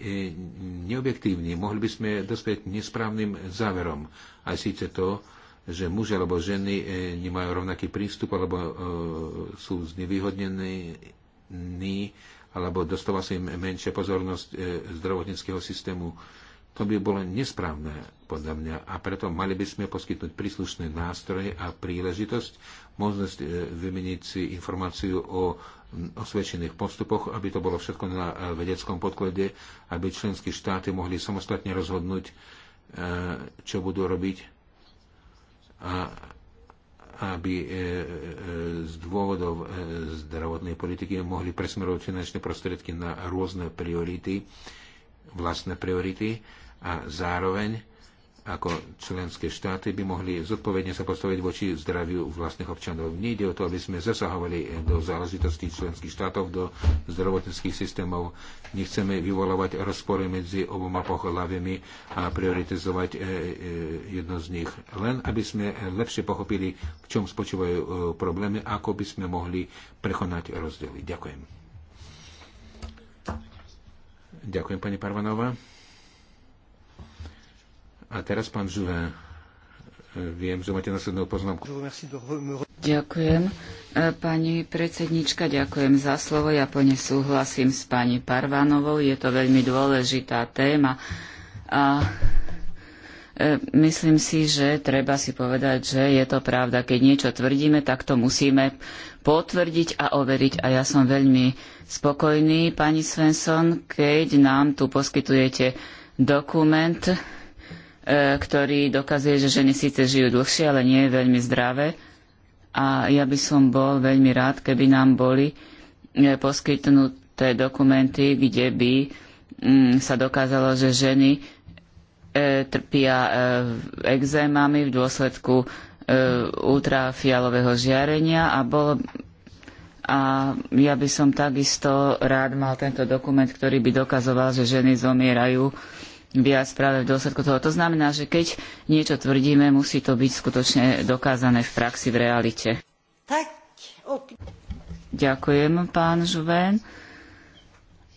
neobjektívni, mohli by sme dospieť nesprávnym záverom. aj síce to, že muži alebo ženy nemajú rovnaký prístup, alebo sú znevýhodnení, alebo dostáva sa im menšia pozornosť zdravotníckého systému to by bolo nesprávne, podľa mňa, a preto mali by sme poskytnúť príslušné nástroje a príležitosť, možnosť e, vymeniť si informáciu o osvedčených postupoch, aby to bolo všetko na e, vedeckom podklade, aby členské štáty mohli samostatne rozhodnúť, e, čo budú robiť a aby z dôvodov zdravotnej politiky mohli presmerovať finančné prostriedky na rôzne priority, vlastné priority a zároveň ako členské štáty by mohli zodpovedne sa postaviť voči zdraviu vlastných občanov. Nejde o to, aby sme zasahovali do záležitostí členských štátov, do zdravotníckých systémov. Nechceme vyvolávať rozpory medzi oboma pohľavami a prioritizovať e, e, jedno z nich. Len aby sme lepšie pochopili, v čom spočívajú e, problémy, ako by sme mohli prekonať rozdiely. Ďakujem. Ďakujem, pani Parvanová. A teraz pán Žuhe, Viem, že máte následnú poznámku. Ďakujem. E, pani predsednička, ďakujem za slovo. Ja plne súhlasím s pani Parvanovou. Je to veľmi dôležitá téma. A e, myslím si, že treba si povedať, že je to pravda. Keď niečo tvrdíme, tak to musíme potvrdiť a overiť. A ja som veľmi spokojný, pani Svensson, keď nám tu poskytujete dokument, E, ktorý dokazuje, že ženy síce žijú dlhšie, ale nie je veľmi zdravé. A ja by som bol veľmi rád, keby nám boli e, poskytnuté dokumenty, kde by mm, sa dokázalo, že ženy e, trpia exémami v dôsledku ultrafialového žiarenia a bolo a ja by som takisto rád mal tento dokument, ktorý by dokazoval, že ženy zomierajú viac práve v dôsledku toho. To znamená, že keď niečo tvrdíme, musí to byť skutočne dokázané v praxi, v realite. Ďakujem, pán Žuven.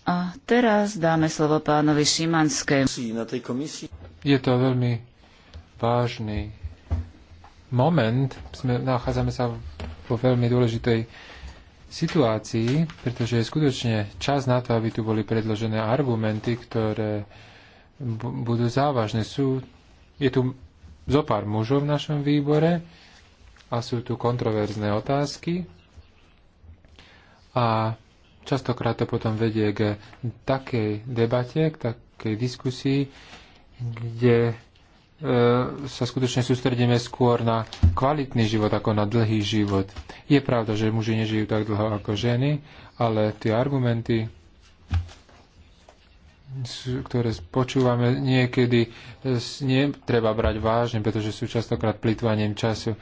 A teraz dáme slovo pánovi Šimanskému. Je to veľmi vážny moment. Sme, nachádzame sa vo veľmi dôležitej situácii, pretože je skutočne čas na to, aby tu boli predložené argumenty, ktoré budú závažné. Sú, je tu zo pár mužov v našom výbore a sú tu kontroverzné otázky a častokrát to potom vedie k takej debate, k takej diskusii, kde e, sa skutočne sústredíme skôr na kvalitný život ako na dlhý život. Je pravda, že muži nežijú tak dlho ako ženy, ale tie argumenty ktoré počúvame niekedy, e, nie treba brať vážne, pretože sú častokrát plitvaním času.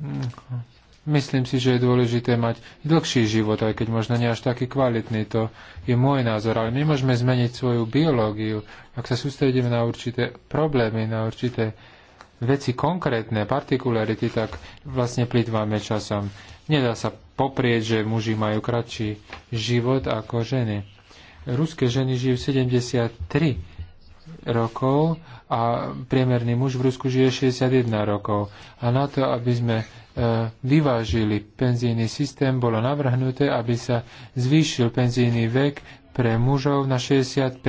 Mm. Myslím si, že je dôležité mať dlhší život, aj keď možno nie až taký kvalitný. To je môj názor, ale my môžeme zmeniť svoju biológiu. Ak sa sústredíme na určité problémy, na určité veci konkrétne, partikularity, tak vlastne plýtváme časom. Nedá sa poprieť, že muži majú kratší život ako ženy ruské ženy žijú 73 rokov a priemerný muž v Rusku žije 61 rokov. A na to, aby sme e, vyvážili penzijný systém, bolo navrhnuté, aby sa zvýšil penzijný vek pre mužov na 65.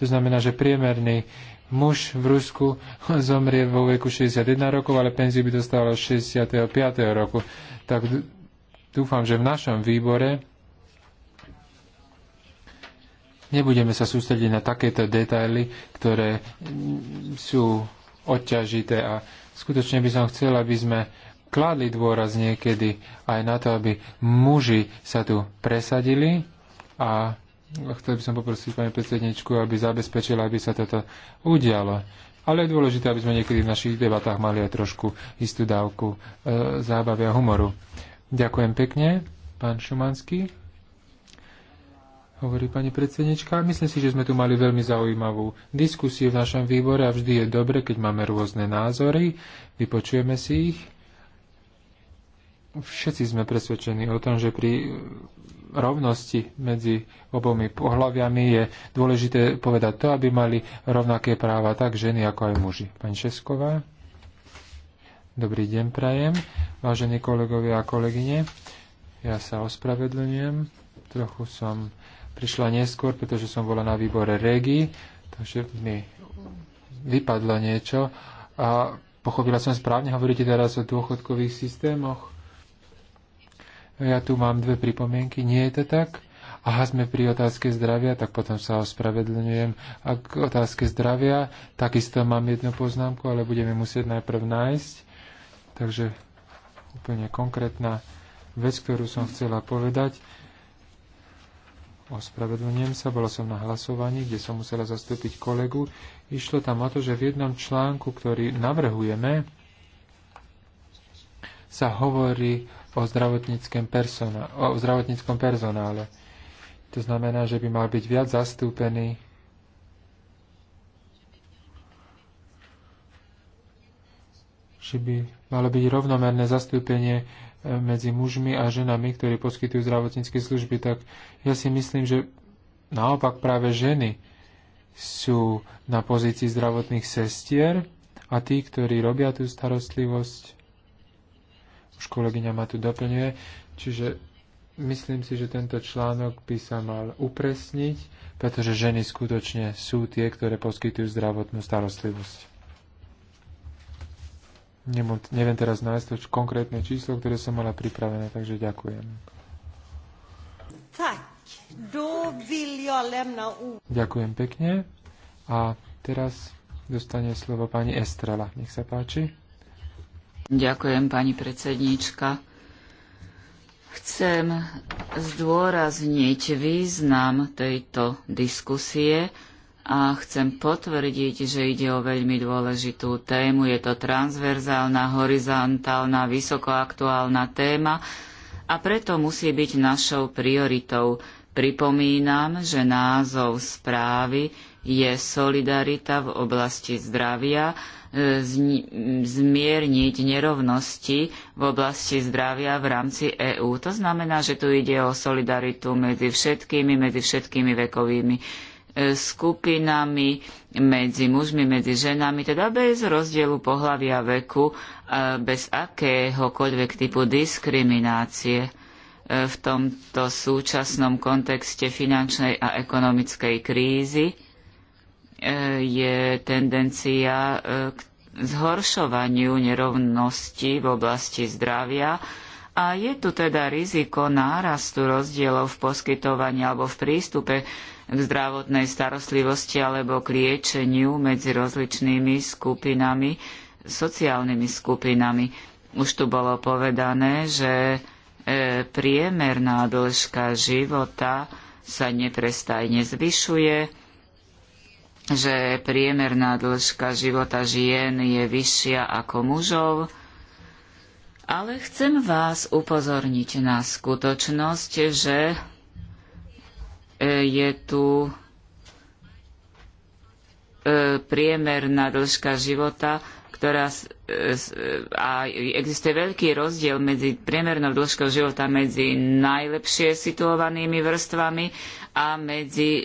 To znamená, že priemerný muž v Rusku zomrie vo veku 61 rokov, ale penziu by dostal 65. roku. Tak dúfam, že v našom výbore Nebudeme sa sústrediť na takéto detaily, ktoré sú odťažité a skutočne by som chcel, aby sme kladli dôraz niekedy aj na to, aby muži sa tu presadili a chcel by som poprosiť pani predsedničku, aby zabezpečila, aby sa toto udialo. Ale je dôležité, aby sme niekedy v našich debatách mali aj trošku istú dávku e, zábavy a humoru. Ďakujem pekne, pán Šumanský hovorí pani predsednička. Myslím si, že sme tu mali veľmi zaujímavú diskusiu v našom výbore a vždy je dobre, keď máme rôzne názory, vypočujeme si ich. Všetci sme presvedčení o tom, že pri rovnosti medzi obomi pohľaviami je dôležité povedať to, aby mali rovnaké práva tak ženy ako aj muži. Pani Česková. Dobrý deň prajem, vážení kolegovia a kolegyne. Ja sa ospravedlňujem, trochu som prišla neskôr, pretože som bola na výbore REGI, takže mi vypadlo niečo. A pochopila som správne, hovoríte teraz o dôchodkových systémoch. Ja tu mám dve pripomienky, nie je to tak? aha, sme pri otázke zdravia, tak potom sa ospravedlňujem. Ak otázke zdravia takisto mám jednu poznámku, ale budeme musieť najprv nájsť. Takže úplne konkrétna vec, ktorú som chcela povedať. Ospravedlňujem sa, bola som na hlasovaní, kde som musela zastúpiť kolegu. Išlo tam o to, že v jednom článku, ktorý navrhujeme, sa hovorí o zdravotníckom, o zdravotníckom personále. To znamená, že by mal byť viac zastúpený že by malo byť rovnomerné zastúpenie medzi mužmi a ženami, ktorí poskytujú zdravotnícke služby, tak ja si myslím, že naopak práve ženy sú na pozícii zdravotných sestier a tí, ktorí robia tú starostlivosť, už kolegyňa ma tu doplňuje, čiže myslím si, že tento článok by sa mal upresniť, pretože ženy skutočne sú tie, ktoré poskytujú zdravotnú starostlivosť. Nemám, neviem teraz nájsť to konkrétne číslo, ktoré som mala pripravené, takže ďakujem. Tak, do lemna u... Ďakujem pekne. A teraz dostane slovo pani Estrela. Nech sa páči. Ďakujem, pani predsednička. Chcem zdôrazniť význam tejto diskusie, a chcem potvrdiť, že ide o veľmi dôležitú tému. Je to transverzálna, horizontálna, vysokoaktuálna téma a preto musí byť našou prioritou. Pripomínam, že názov správy je Solidarita v oblasti zdravia, e, zmierniť nerovnosti v oblasti zdravia v rámci EÚ. To znamená, že tu ide o solidaritu medzi všetkými, medzi všetkými vekovými skupinami, medzi mužmi, medzi ženami, teda bez rozdielu pohľavia veku, e, bez akéhokoľvek typu diskriminácie e, v tomto súčasnom kontexte finančnej a ekonomickej krízy e, je tendencia k zhoršovaniu nerovnosti v oblasti zdravia a je tu teda riziko nárastu rozdielov v poskytovaní alebo v prístupe k zdravotnej starostlivosti alebo k liečeniu medzi rozličnými skupinami, sociálnymi skupinami. Už tu bolo povedané, že e, priemerná dĺžka života sa neprestajne zvyšuje, že priemerná dĺžka života žien je vyššia ako mužov, ale chcem vás upozorniť na skutočnosť, že je tu e, priemerná dĺžka života, ktorá e, e, a existuje veľký rozdiel medzi priemernou dĺžkou života medzi najlepšie situovanými vrstvami a medzi e,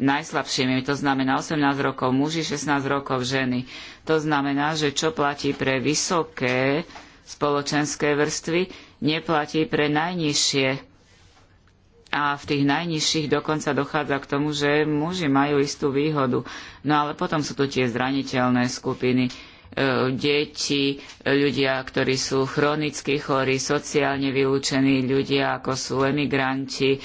najslabšími. To znamená 18 rokov muži, 16 rokov ženy. To znamená, že čo platí pre vysoké spoločenské vrstvy, neplatí pre najnižšie a v tých najnižších dokonca dochádza k tomu, že muži majú istú výhodu. No ale potom sú tu tie zraniteľné skupiny, e, deti, ľudia, ktorí sú chronicky chorí, sociálne vylúčení, ľudia ako sú emigranti, e,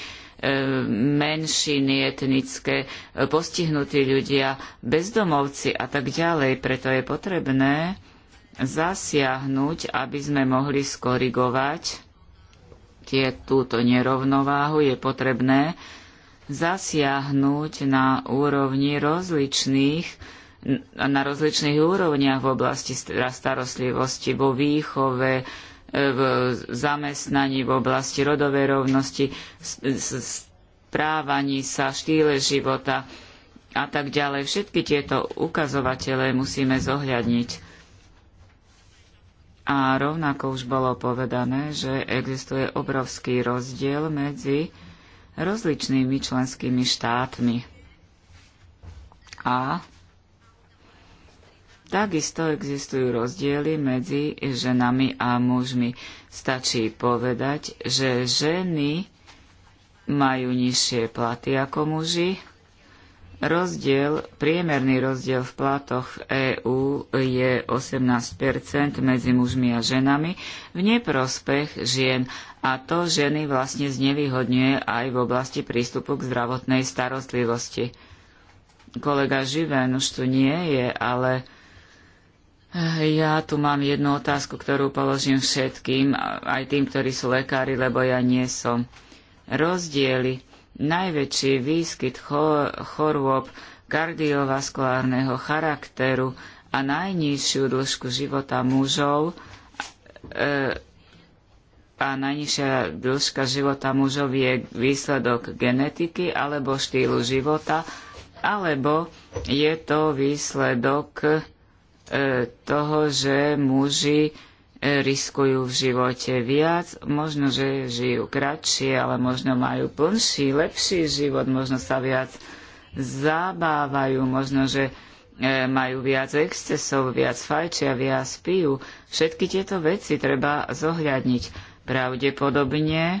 menšiny etnické, e, postihnutí ľudia, bezdomovci a tak ďalej. Preto je potrebné zasiahnuť, aby sme mohli skorigovať tie, túto nerovnováhu je potrebné zasiahnuť na úrovni rozličných na rozličných úrovniach v oblasti starostlivosti, vo výchove, e, v zamestnaní, v oblasti rodovej rovnosti, správaní sa, štýle života a tak ďalej. Všetky tieto ukazovatele musíme zohľadniť. A rovnako už bolo povedané, že existuje obrovský rozdiel medzi rozličnými členskými štátmi. A takisto existujú rozdiely medzi ženami a mužmi. Stačí povedať, že ženy majú nižšie platy ako muži, Rozdiel, priemerný rozdiel v platoch v EÚ je 18% medzi mužmi a ženami v neprospech žien a to ženy vlastne znevýhodňuje aj v oblasti prístupu k zdravotnej starostlivosti. Kolega Živen už tu nie je, ale eh, ja tu mám jednu otázku, ktorú položím všetkým, aj tým, ktorí sú lekári, lebo ja nie som. Rozdiely najväčší výskyt chorôb kardiovaskulárneho charakteru a najnižšiu dĺžku života mužov e, a najnižšia dĺžka života mužov je výsledok genetiky alebo štýlu života, alebo je to výsledok e, toho, že muži riskujú v živote viac, možno, že žijú kratšie, ale možno majú plnší, lepší život, možno sa viac zabávajú, možno, že e, majú viac excesov, viac fajčia, viac pijú. Všetky tieto veci treba zohľadniť. Pravdepodobne e,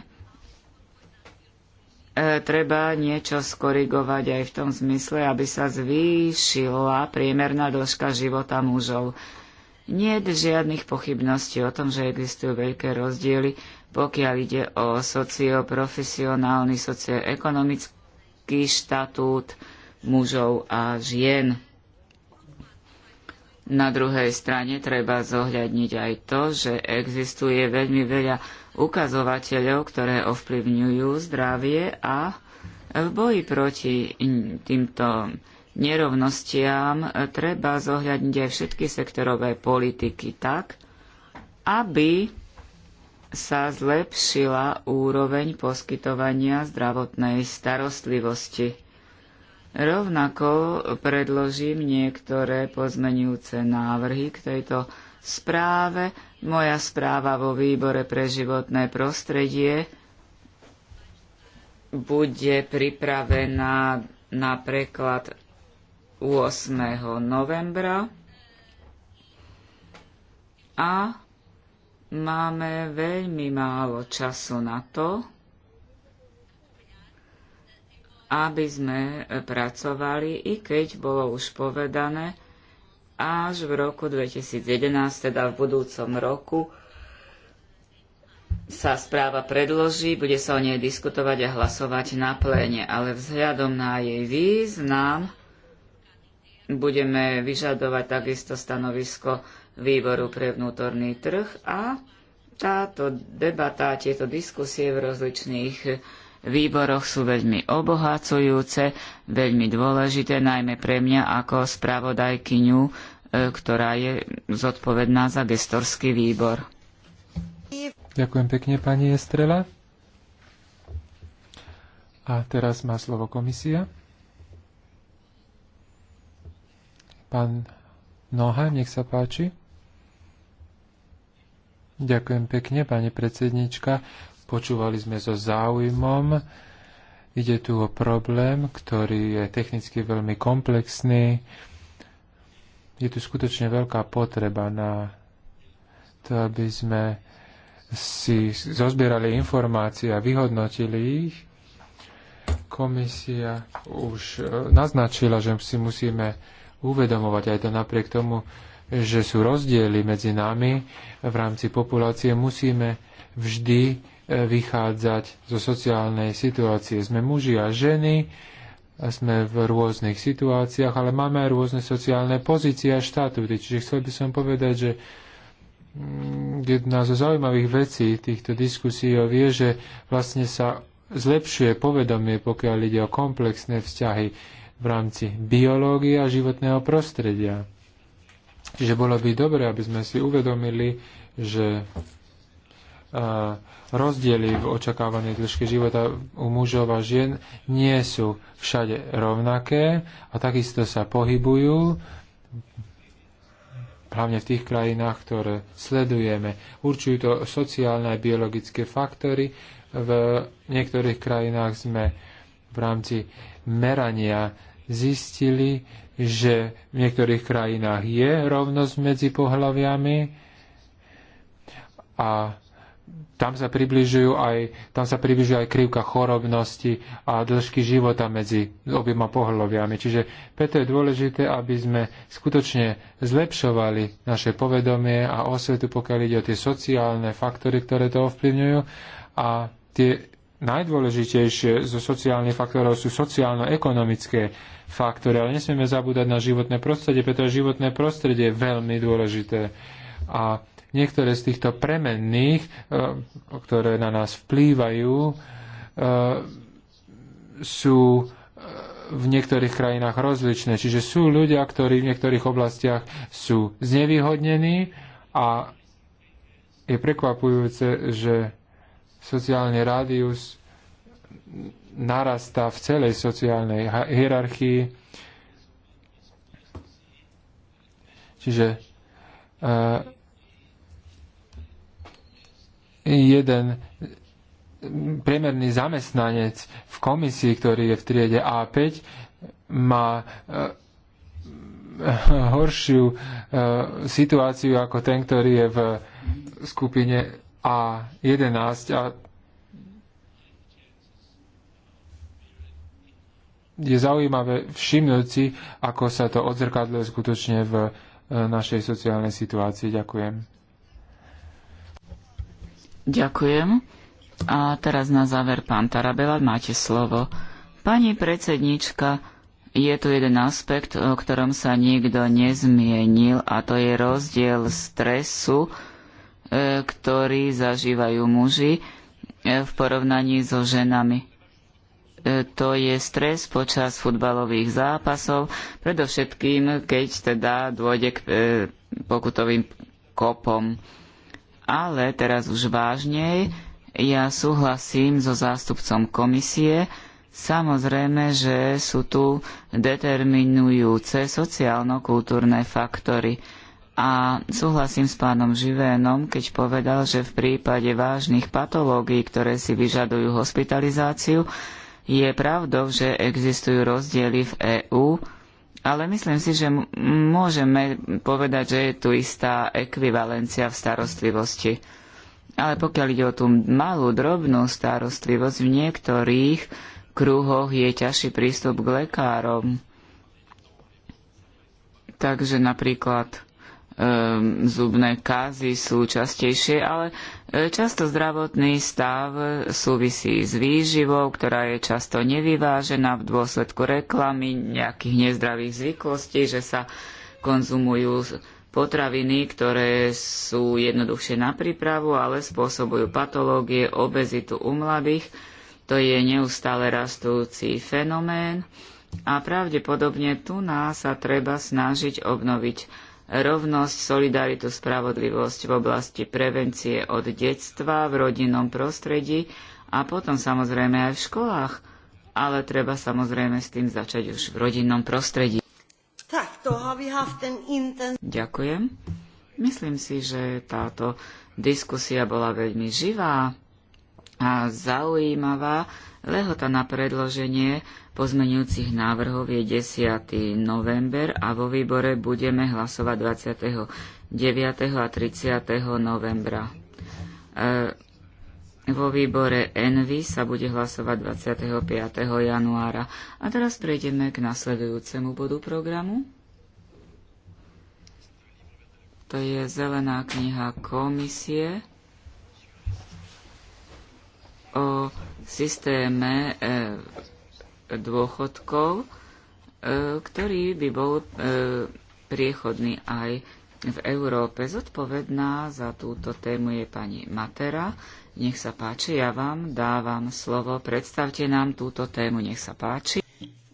treba niečo skorigovať aj v tom zmysle, aby sa zvýšila priemerná dĺžka života mužov. Nie je žiadnych pochybností o tom, že existujú veľké rozdiely, pokiaľ ide o socioprofesionálny, socioekonomický štatút mužov a žien. Na druhej strane treba zohľadniť aj to, že existuje veľmi veľa ukazovateľov, ktoré ovplyvňujú zdravie a v boji proti týmto nerovnostiam e, treba zohľadniť aj všetky sektorové politiky tak, aby sa zlepšila úroveň poskytovania zdravotnej starostlivosti. Rovnako predložím niektoré pozmenujúce návrhy k tejto správe. Moja správa vo výbore pre životné prostredie bude pripravená na preklad 8. novembra a máme veľmi málo času na to, aby sme pracovali, i keď bolo už povedané, až v roku 2011, teda v budúcom roku, sa správa predloží, bude sa o nej diskutovať a hlasovať na pléne, ale vzhľadom na jej význam budeme vyžadovať takisto stanovisko výboru pre vnútorný trh a táto debata, tieto diskusie v rozličných výboroch sú veľmi obohacujúce, veľmi dôležité, najmä pre mňa ako spravodajkyňu, e, ktorá je zodpovedná za gestorský výbor. Ďakujem pekne, pani Estrela. A teraz má slovo komisia. Pán Noheim, nech sa páči. Ďakujem pekne, pani predsednička. Počúvali sme so záujmom. Ide tu o problém, ktorý je technicky veľmi komplexný. Je tu skutočne veľká potreba na to, aby sme si zozbierali informácie a vyhodnotili ich. Komisia už eh, naznačila, že si musíme uvedomovať. Aj to napriek tomu, že sú rozdiely medzi nami v rámci populácie, musíme vždy e, vychádzať zo sociálnej situácie. Sme muži a ženy, a sme v rôznych situáciách, ale máme aj rôzne sociálne pozície a štatúty. Čiže chcel by som povedať, že mm, jedna zo zaujímavých vecí týchto diskusí je, že vlastne sa zlepšuje povedomie, pokiaľ ide o komplexné vzťahy v rámci biológie a životného prostredia. Čiže bolo by dobre, aby sme si uvedomili, že rozdiely v očakávanej dĺžke života u mužov a žien nie sú všade rovnaké a takisto sa pohybujú hlavne v tých krajinách, ktoré sledujeme. Určujú to sociálne a biologické faktory. V niektorých krajinách sme v rámci merania zistili, že v niektorých krajinách je rovnosť medzi pohľaviami a tam sa približujú aj, tam sa približuje aj krivka chorobnosti a dĺžky života medzi obyma pohľaviami. Čiže preto je dôležité, aby sme skutočne zlepšovali naše povedomie a osvetu, pokiaľ ide o tie sociálne faktory, ktoré to ovplyvňujú a tie najdôležitejšie zo sociálnych faktorov sú sociálno-ekonomické faktory, ale nesmieme zabúdať na životné prostredie, pretože životné prostredie je veľmi dôležité. A niektoré z týchto premenných, e, ktoré na nás vplývajú, e, sú e, v niektorých krajinách rozličné. Čiže sú ľudia, ktorí v niektorých oblastiach sú znevýhodnení a je prekvapujúce, že sociálny rádius narastá v celej sociálnej hierarchii. Čiže uh, jeden priemerný zamestnanec v komisii, ktorý je v triede A5, má uh, horšiu uh, situáciu ako ten, ktorý je v skupine a 11 a je zaujímavé všimnúť si, ako sa to odzrkadluje skutočne v e, našej sociálnej situácii. Ďakujem. Ďakujem. A teraz na záver pán Tarabela, máte slovo. Pani predsednička, je tu jeden aspekt, o ktorom sa nikto nezmienil a to je rozdiel stresu, E, ktorý zažívajú muži e, v porovnaní so ženami. E, to je stres počas futbalových zápasov, predovšetkým keď teda dôjde k pokutovým kopom. Ale teraz už vážnej, ja súhlasím so zástupcom komisie, Samozrejme, že sú tu determinujúce sociálno-kultúrne faktory. A súhlasím s pánom Živénom, keď povedal, že v prípade vážnych patológií, ktoré si vyžadujú hospitalizáciu, je pravdou, že existujú rozdiely v EÚ, ale myslím si, že môžeme povedať, že je tu istá ekvivalencia v starostlivosti. Ale pokiaľ ide o tú malú, drobnú starostlivosť, v niektorých kruhoch je ťažší prístup k lekárom. Takže napríklad Ehm, zubné kazy sú častejšie, ale e, často zdravotný stav súvisí s výživou, ktorá je často nevyvážená v dôsledku reklamy, nejakých nezdravých zvyklostí, že sa konzumujú potraviny, ktoré sú jednoduchšie na prípravu, ale spôsobujú patológie, obezitu u mladých. To je neustále rastúci fenomén a pravdepodobne tu nás sa treba snažiť obnoviť rovnosť, solidaritu, spravodlivosť v oblasti prevencie od detstva, v rodinnom prostredí a potom samozrejme aj v školách. Ale treba samozrejme s tým začať už v rodinnom prostredí. Ďakujem. Myslím si, že táto diskusia bola veľmi živá a zaujímavá. Lehota na predloženie pozmenujúcich návrhov je 10. november a vo výbore budeme hlasovať 29. a 30. novembra. E, vo výbore Envy sa bude hlasovať 25. januára. A teraz prejdeme k nasledujúcemu bodu programu. To je zelená kniha komisie o systéme e, dôchodkov, e, ktorý by bol e, priechodný aj v Európe. Zodpovedná za túto tému je pani Matera. Nech sa páči, ja vám dávam slovo. Predstavte nám túto tému, nech sa páči.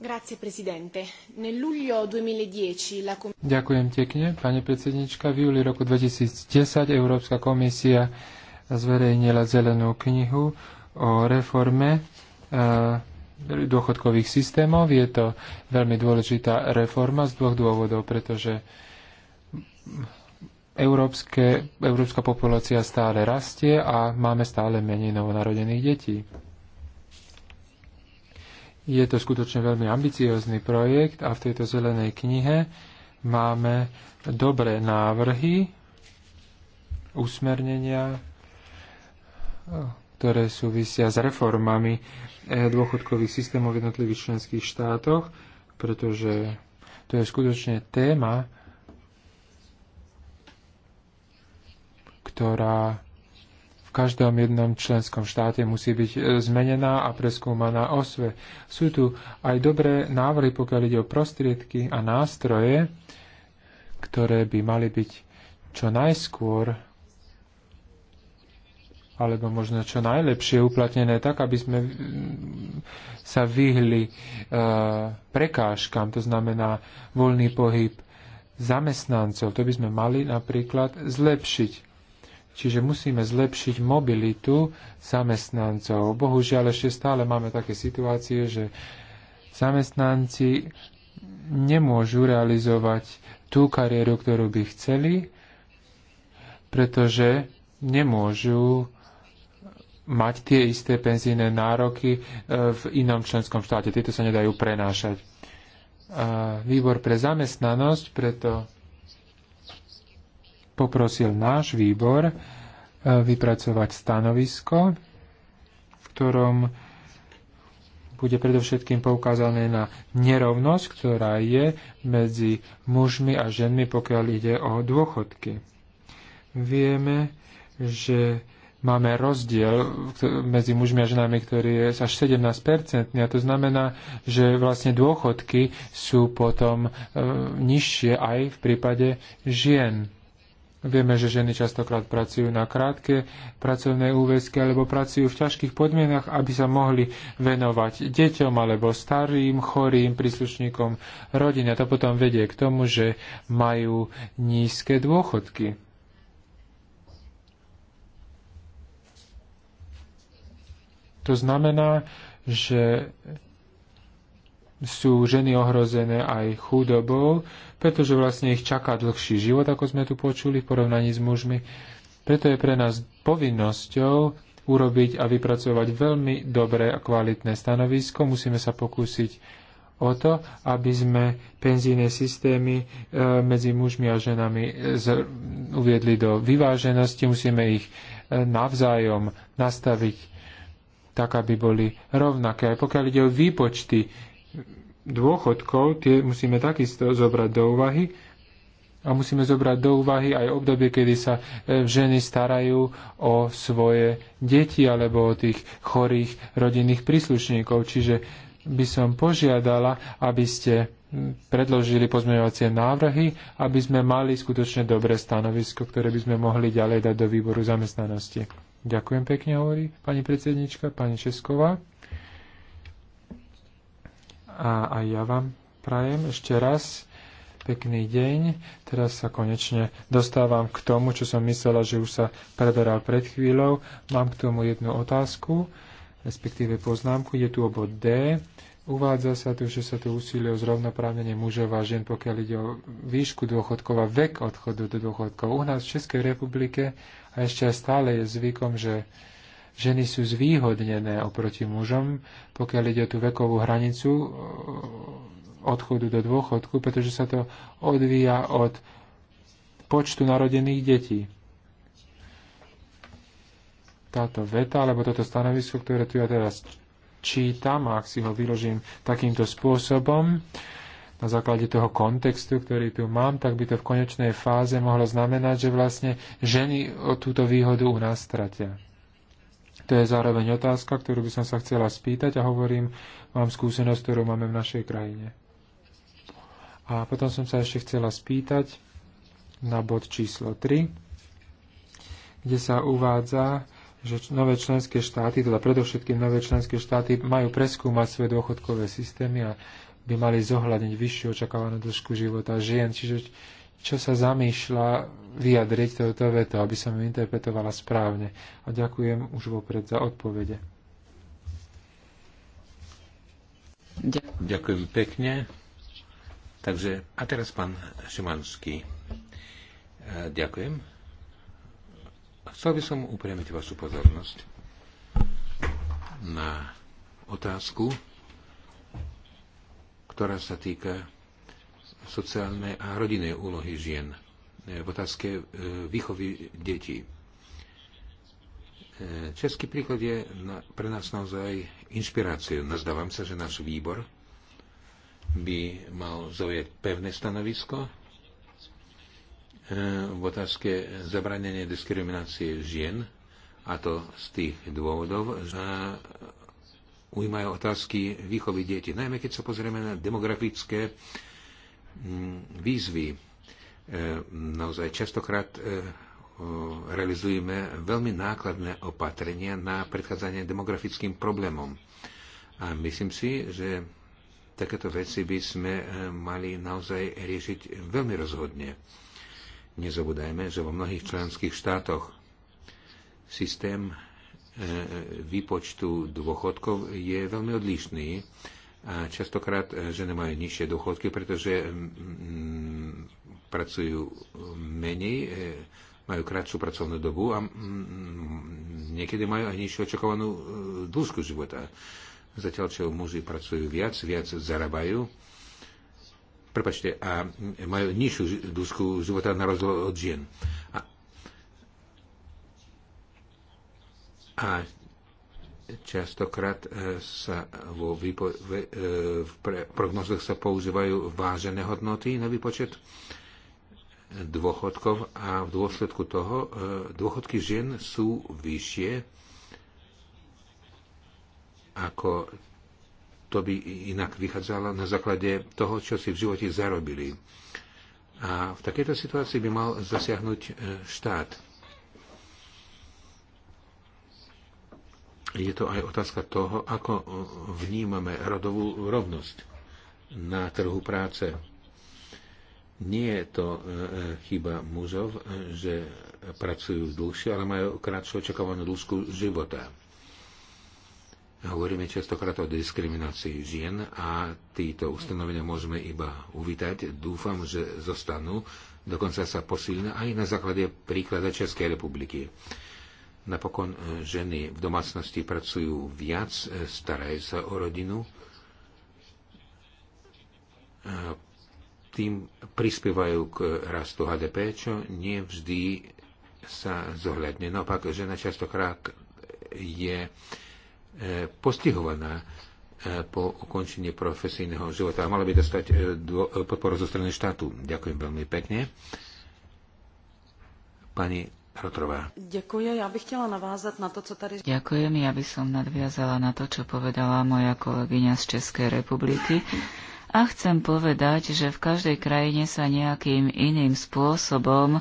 Grazie, presidente. Nel luglio 2010 la... Ďakujem pekne, pani predsednička. V júli roku 2010 Európska komisia zverejnila zelenú knihu o reforme e dôchodkových systémov. Je to veľmi dôležitá reforma z dvoch dôvodov, pretože európske, európska populácia stále rastie a máme stále menej novonarodených detí. Je to skutočne veľmi ambiciózny projekt a v tejto zelenej knihe máme dobré návrhy, usmernenia, ktoré súvisia s reformami dôchodkových systémov v jednotlivých členských štátoch, pretože to je skutočne téma, ktorá v každom jednom členskom štáte musí byť e, zmenená a preskúmaná osve. Sú tu aj dobré návrhy, pokiaľ ide o prostriedky a nástroje, ktoré by mali byť čo najskôr alebo možno čo najlepšie uplatnené tak, aby sme mm, sa vyhli e, prekážkam, to znamená voľný pohyb zamestnancov. To by sme mali napríklad zlepšiť. Čiže musíme zlepšiť mobilitu zamestnancov. Bohužiaľ ešte stále máme také situácie, že zamestnanci nemôžu realizovať tú kariéru, ktorú by chceli, pretože nemôžu mať tie isté penzíne nároky e, v inom členskom štáte. Tieto sa nedajú prenášať. E, výbor pre zamestnanosť preto poprosil náš výbor e, vypracovať stanovisko, v ktorom bude predovšetkým poukázané na nerovnosť, ktorá je medzi mužmi a ženmi, pokiaľ ide o dôchodky. Vieme, že máme rozdiel medzi mužmi a ženami, ktorý je až 17 A to znamená, že vlastne dôchodky sú potom e, nižšie aj v prípade žien. Vieme, že ženy častokrát pracujú na krátke pracovné úväzky alebo pracujú v ťažkých podmienkach, aby sa mohli venovať deťom alebo starým, chorým príslušníkom rodiny. A to potom vedie k tomu, že majú nízke dôchodky. To znamená, že sú ženy ohrozené aj chudobou, pretože vlastne ich čaká dlhší život, ako sme tu počuli v porovnaní s mužmi. Preto je pre nás povinnosťou urobiť a vypracovať veľmi dobré a kvalitné stanovisko. Musíme sa pokúsiť o to, aby sme penzíne systémy e, medzi mužmi a ženami e, uviedli do vyváženosti. Musíme ich e, navzájom nastaviť tak aby boli rovnaké. Aj pokiaľ ide o výpočty dôchodkov, tie musíme takisto zobrať do úvahy, a musíme zobrať do úvahy aj obdobie, kedy sa e, ženy starajú o svoje deti alebo o tých chorých rodinných príslušníkov. Čiže by som požiadala, aby ste predložili pozmeňovacie návrhy, aby sme mali skutočne dobré stanovisko, ktoré by sme mohli ďalej dať do výboru zamestnanosti. Ďakujem pekne, hovorí pani predsednička, pani Česková. A aj ja vám prajem ešte raz pekný deň. Teraz sa konečne dostávam k tomu, čo som myslela, že už sa preberal pred chvíľou. Mám k tomu jednu otázku, respektíve poznámku. Je tu obod D. Uvádza sa tu, že sa tu usilie o zrovnoprávnenie mužov a žien, pokiaľ ide o výšku dôchodkov a vek odchodu do dôchodkov. U nás v Českej republike a ešte stále je zvykom, že ženy sú zvýhodnené oproti mužom, pokiaľ ide o tú vekovú hranicu e, odchodu do dôchodku, pretože sa to odvíja od počtu narodených detí. Táto veta, alebo toto stanovisko, ktoré tu ja teraz čítam, ak si ho vyložím takýmto spôsobom, uh, na základe toho kontextu, ktorý tu mám, tak by to v konečnej fáze mohlo znamenať, že vlastne ženy o túto výhodu u nás stratia. To je zároveň otázka, ktorú by som sa chcela spýtať a hovorím vám skúsenosť, ktorú máme v našej krajine. A potom som sa ešte chcela spýtať na bod číslo 3, kde sa uvádza, že nové členské štáty, teda predovšetkým nové členské štáty, majú preskúmať svoje dôchodkové systémy a by mali zohľadniť vyššiu očakávanú dĺžku života žien. Čiže čo sa zamýšľa vyjadriť toto veto, aby som ju interpretovala správne. A ďakujem už vopred za odpovede. Ďakujem pekne. Takže, a teraz pán Šimanský. E, ďakujem. Chcel by som upriamiť vašu pozornosť na otázku, ktorá sa týka sociálnej a rodinnej úlohy žien e, v otázke e, výchovy detí. E, český príklad je pre nás naozaj inšpiráciou. Nazdávam sa, že náš výbor by mal zaujať pevné stanovisko v otázke zabranenia diskriminácie žien, a to z tých dôvodov, že ujímajú otázky výchovy detí. Najmä keď sa pozrieme na demografické mm, výzvy. E, naozaj častokrát e, realizujeme veľmi nákladné opatrenia na predchádzanie demografickým problémom. A myslím si, že takéto veci by sme e, mali naozaj riešiť veľmi rozhodne. Nezabúdajme, že vo mnohých členských štátoch systém E, výpočtu dôchodkov je veľmi odlišný. častokrát e, ženy majú nižšie dôchodky, pretože pracujú menej, e, majú kratšiu pracovnú dobu a niekedy majú aj nižšiu očakávanú dĺžku života. Zatiaľ, čo muži pracujú viac, viac zarábajú, prepačte, a majú nižšiu dĺžku života na rozdiel od žien. A častokrát e, sa vo výpo- v, e, v prognozoch sa používajú vážené hodnoty na výpočet dôchodkov a v dôsledku toho e, dôchodky žien sú vyššie ako to by inak vychádzalo na základe toho, čo si v živote zarobili. A v takejto situácii by mal zasiahnuť štát je to aj otázka toho, ako vnímame rodovú rovnosť na trhu práce. Nie je to e, e, chyba mužov, že pracujú dlhšie, ale majú krátšie očakávanú dĺžku života. Hovoríme častokrát o diskriminácii žien a títo ustanovenia môžeme iba uvítať. Dúfam, že zostanú, dokonca sa posilňujú aj na základe príklada Českej republiky. Napokon e, ženy v domácnosti pracujú viac, e, starajú sa o rodinu, e, tým prispievajú k rastu HDP, čo nie vždy sa zohľadne. Naopak, žena častokrát je postihovaná po ukončení profesijného života a mala by dostať podporu zo strany štátu. Ďakujem veľmi pekne. Pani Rotrová. Ďakujem, ja navázať na to, tady... Ďakujem, ja by som nadviazala na to, čo povedala moja kolegyňa z Českej republiky. A chcem povedať, že v každej krajine sa nejakým iným spôsobom e,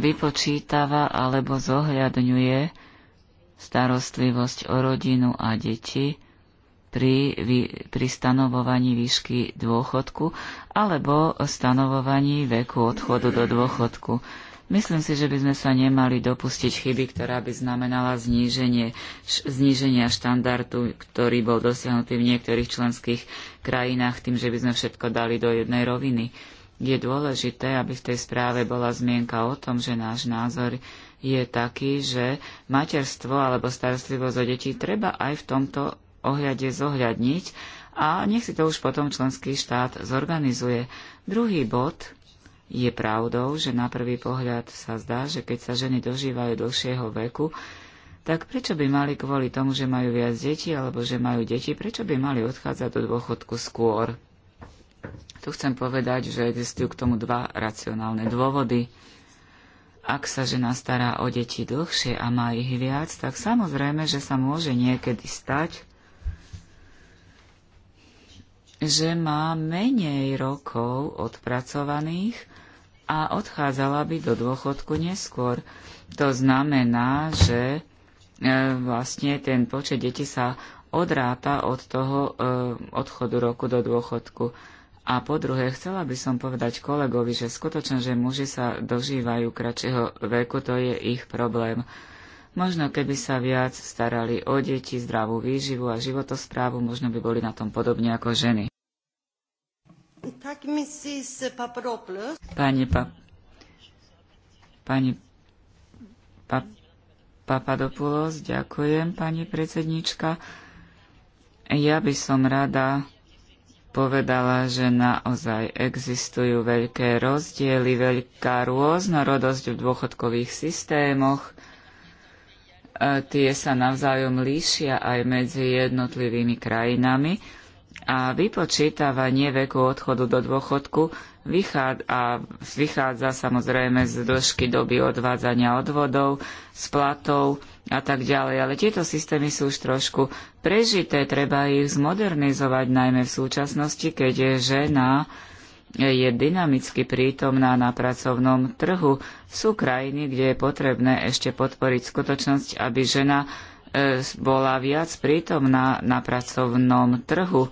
vypočítava alebo zohľadňuje starostlivosť o rodinu a deti pri, pri stanovovaní výšky dôchodku alebo stanovovaní veku odchodu do dôchodku. Myslím si, že by sme sa nemali dopustiť chyby, ktorá by znamenala zníženie, zníženia štandardu, ktorý bol dosiahnutý v niektorých členských krajinách tým, že by sme všetko dali do jednej roviny. Je dôležité, aby v tej správe bola zmienka o tom, že náš názor je taký, že materstvo alebo starostlivosť o deti treba aj v tomto ohľade zohľadniť a nech si to už potom členský štát zorganizuje. Druhý bod je pravdou, že na prvý pohľad sa zdá, že keď sa ženy dožívajú dlhšieho veku, tak prečo by mali kvôli tomu, že majú viac detí alebo že majú deti, prečo by mali odchádzať do dôchodku skôr? Tu chcem povedať, že existujú k tomu dva racionálne dôvody. Ak sa žena stará o deti dlhšie a má ich viac, tak samozrejme, že sa môže niekedy stať, že má menej rokov odpracovaných, a odchádzala by do dôchodku neskôr. To znamená, že e, vlastne ten počet detí sa odráta od toho e, odchodu roku do dôchodku. A po druhé, chcela by som povedať kolegovi, že skutočne, že muži sa dožívajú kratšieho veku, to je ich problém. Možno keby sa viac starali o deti, zdravú výživu a životosprávu, možno by boli na tom podobne ako ženy. Pani, pa, pa, Papadopoulos, ďakujem, pani predsednička. Ja by som rada povedala, že naozaj existujú veľké rozdiely, veľká rôznorodosť v dôchodkových systémoch. E, tie sa navzájom líšia aj medzi jednotlivými krajinami a vypočítavanie veku odchodu do dôchodku vychádza, a vychádza samozrejme z dĺžky doby odvádzania odvodov, splatov a tak ďalej. Ale tieto systémy sú už trošku prežité, treba ich zmodernizovať najmä v súčasnosti, keď je žena je dynamicky prítomná na pracovnom trhu. Sú krajiny, kde je potrebné ešte podporiť skutočnosť, aby žena e, bola viac prítomná na pracovnom trhu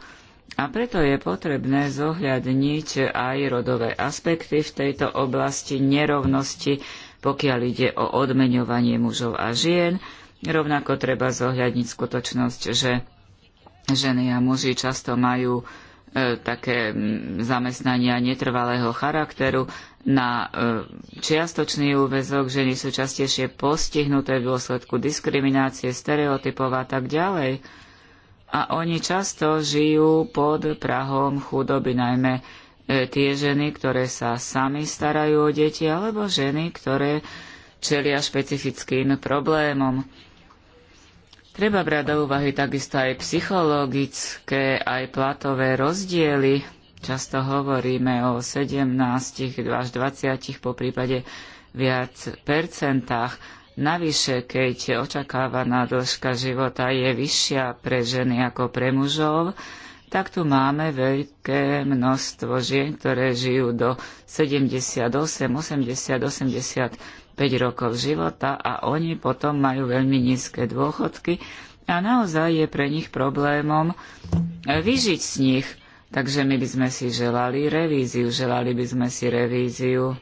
a preto je potrebné zohľadniť aj rodové aspekty v tejto oblasti nerovnosti, pokiaľ ide o odmeňovanie mužov a žien. Rovnako treba zohľadniť skutočnosť, že ženy a muži často majú e, také zamestnania netrvalého charakteru na e, čiastočný úväzok, ženy sú častejšie postihnuté v dôsledku diskriminácie, stereotypov a tak ďalej a oni často žijú pod prahom chudoby, najmä e, tie ženy, ktoré sa sami starajú o deti, alebo ženy, ktoré čelia špecifickým problémom. Treba brať do úvahy takisto aj psychologické, aj platové rozdiely. Často hovoríme o 17 až 20, po prípade viac percentách. Navyše, keď očakávaná dĺžka života je vyššia pre ženy ako pre mužov, tak tu máme veľké množstvo žien, ktoré žijú do 78, 80, 85 rokov života a oni potom majú veľmi nízke dôchodky a naozaj je pre nich problémom e, vyžiť z nich. Takže my by sme si želali revíziu, želali by sme si revíziu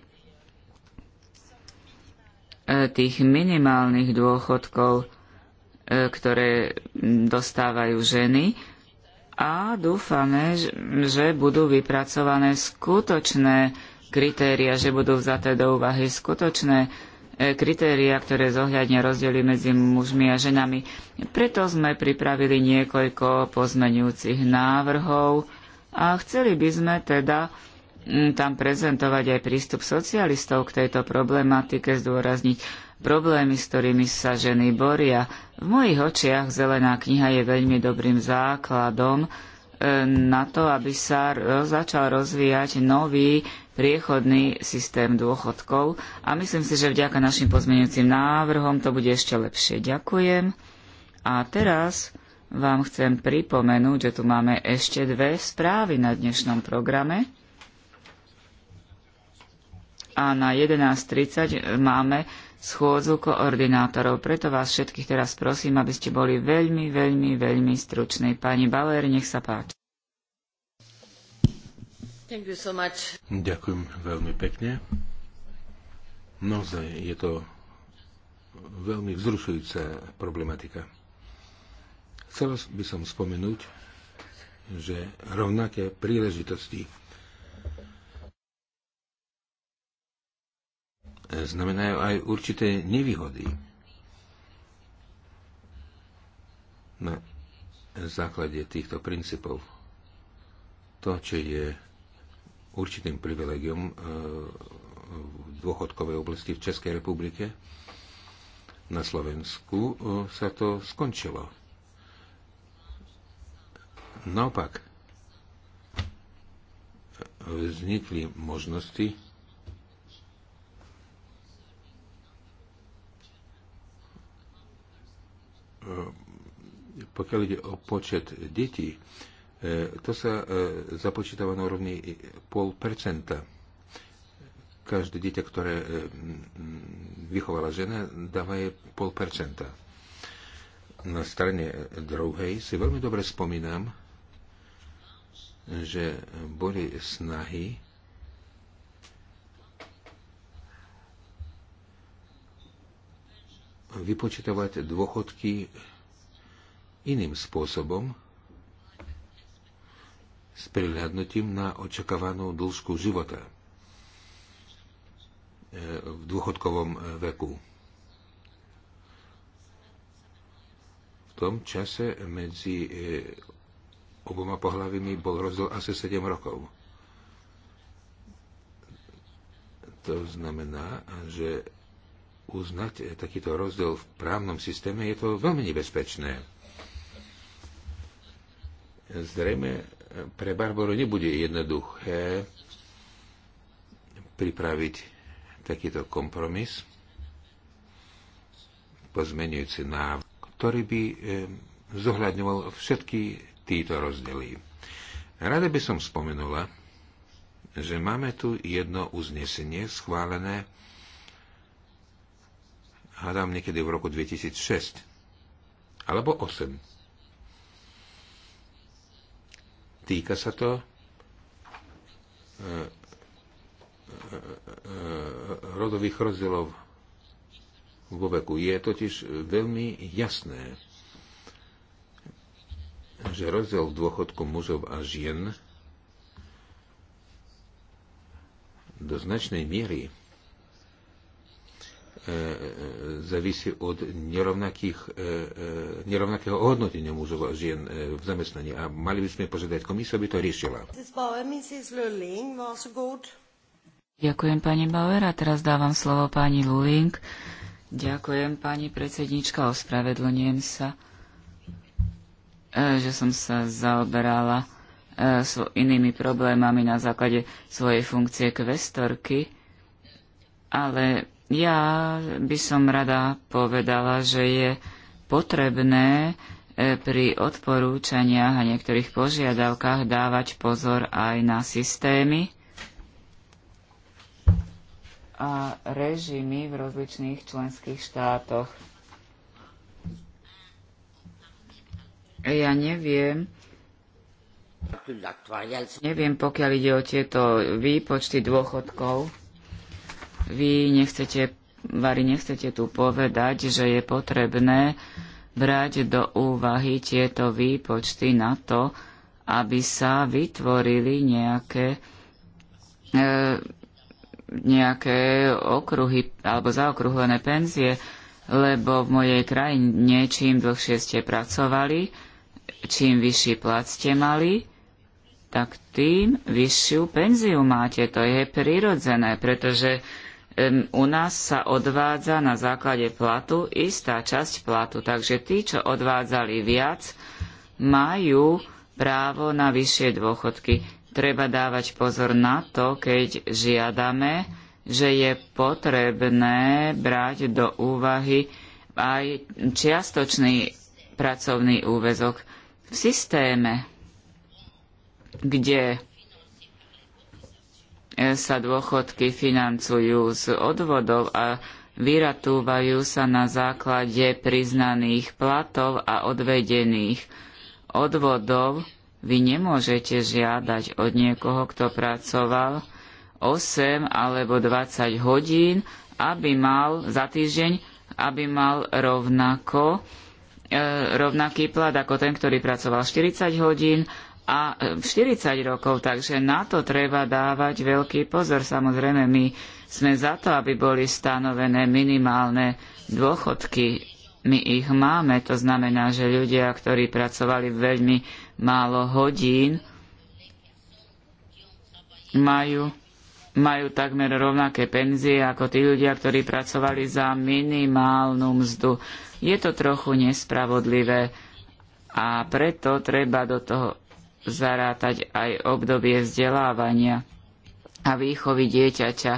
E, tých minimálnych dôchodkov, e, ktoré dostávajú ženy a dúfame, že budú vypracované skutočné kritéria, že budú vzaté do úvahy skutočné e, kritéria, ktoré zohľadne rozdiely medzi mužmi a ženami. Preto sme pripravili niekoľko pozmenujúcich návrhov a chceli by sme teda tam prezentovať aj prístup socialistov k tejto problematike, zdôrazniť problémy, s ktorými sa ženy boria. V mojich očiach Zelená kniha je veľmi dobrým základom e, na to, aby sa začal rozvíjať nový priechodný systém dôchodkov a myslím si, že vďaka našim pozmeňujúcim návrhom to bude ešte lepšie. Ďakujem. A teraz vám chcem pripomenúť, že tu máme ešte dve správy na dnešnom programe a na 11.30 máme schôdzu koordinátorov. Preto vás všetkých teraz prosím, aby ste boli veľmi, veľmi, veľmi struční. Pani Bauer, nech sa páči. So Ďakujem veľmi pekne. Naozaj je to veľmi vzrušujúca problematika. Chcel by som spomenúť, že rovnaké príležitosti znamenajú aj určité nevýhody. Na základe týchto princípov to, čo je určitým privilegium e, v dôchodkovej oblasti v Českej republike, na Slovensku e, sa to skončilo. Naopak, vznikli možnosti E, pokiaľ ide o počet detí, e, to sa e, započítava na úrovni 0,5%. Každé dieťa, ktoré vychovala žena, dáva je 0,5%. Na strane druhej si veľmi dobre spomínam, že boli snahy vypočítavať dôchodky iným spôsobom s prihľadnutím na očakávanú dĺžku života e, v dôchodkovom e, veku. V tom čase medzi e, oboma pohľavými bol rozdiel asi 7 rokov. To znamená, že uznať eh, takýto rozdiel v právnom systéme, je to veľmi nebezpečné. Zrejme eh, pre Barboru nebude jednoduché pripraviť takýto kompromis, pozmenujúci návrh, ktorý by eh, zohľadňoval všetky títo rozdiely. Rada by som spomenula, že máme tu jedno uznesenie schválené hádam niekedy v roku 2006 alebo 8. Týka sa to e, e, e, rodových rozdielov vo veku. Je totiž veľmi jasné, že rozdiel v dôchodku mužov a žien do značnej miery E, e, e, závisí od nerovnakého ohodnotenia mužov a žien v zamestnaní a mali by sme požiadať komisiu, aby to riešila. Ďakujem pani Bauer a teraz dávam slovo pani Luling. Ďakujem pani predsednička, ospravedlňujem sa, že som sa zaoberala inými problémami na základe svojej funkcie kvestorky, ale ja by som rada povedala, že je potrebné e, pri odporúčaniach a niektorých požiadavkách dávať pozor aj na systémy a režimy v rozličných členských štátoch. Ja neviem, neviem, pokiaľ ide o tieto výpočty dôchodkov, vy nechcete, Vary, nechcete tu povedať, že je potrebné brať do úvahy tieto výpočty na to, aby sa vytvorili nejaké, e, nejaké okruhy alebo zaokrúhlené penzie, lebo v mojej krajine čím dlhšie ste pracovali, čím vyšší plat ste mali, tak tým vyššiu penziu máte. To je prirodzené, pretože u nás sa odvádza na základe platu istá časť platu, takže tí, čo odvádzali viac, majú právo na vyššie dôchodky. Treba dávať pozor na to, keď žiadame, že je potrebné brať do úvahy aj čiastočný pracovný úväzok v systéme, kde sa dôchodky financujú z odvodov a vyratúvajú sa na základe priznaných platov a odvedených odvodov, vy nemôžete žiadať od niekoho, kto pracoval 8 alebo 20 hodín, aby mal za týždeň, aby mal rovnako e, rovnaký plat ako ten, ktorý pracoval 40 hodín a 40 e, rokov, takže na to treba dávať veľký pozor. Samozrejme, my sme za to, aby boli stanovené minimálne dôchodky. My ich máme, to znamená, že ľudia, ktorí pracovali veľmi málo hodín, majú, majú takmer rovnaké penzie ako tí ľudia, ktorí pracovali za minimálnu mzdu. Je to trochu nespravodlivé a preto treba do toho zarátať aj obdobie vzdelávania a výchovy dieťaťa.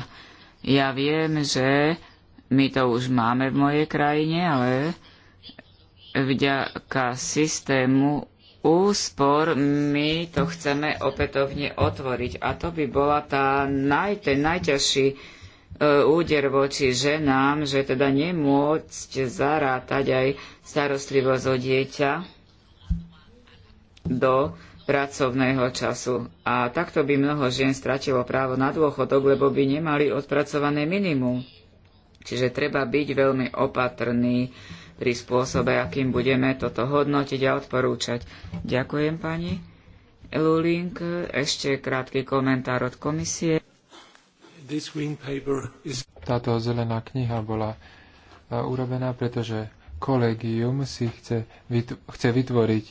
Ja viem, že my to už máme v mojej krajine, ale vďaka systému úspor my to chceme opätovne otvoriť. A to by bola tá naj, ten najťažší e, úder voči ženám, že teda nemôcť zarátať aj starostlivosť o dieťa do pracovného času. A takto by mnoho žien stratilo právo na dôchodok, lebo by nemali odpracované minimum. Čiže treba byť veľmi opatrný pri spôsobe, akým budeme toto hodnotiť a odporúčať. Ďakujem pani. Lulink, ešte krátky komentár od komisie. Táto zelená kniha bola e, urobená, pretože kolegium si chce, vytvoriť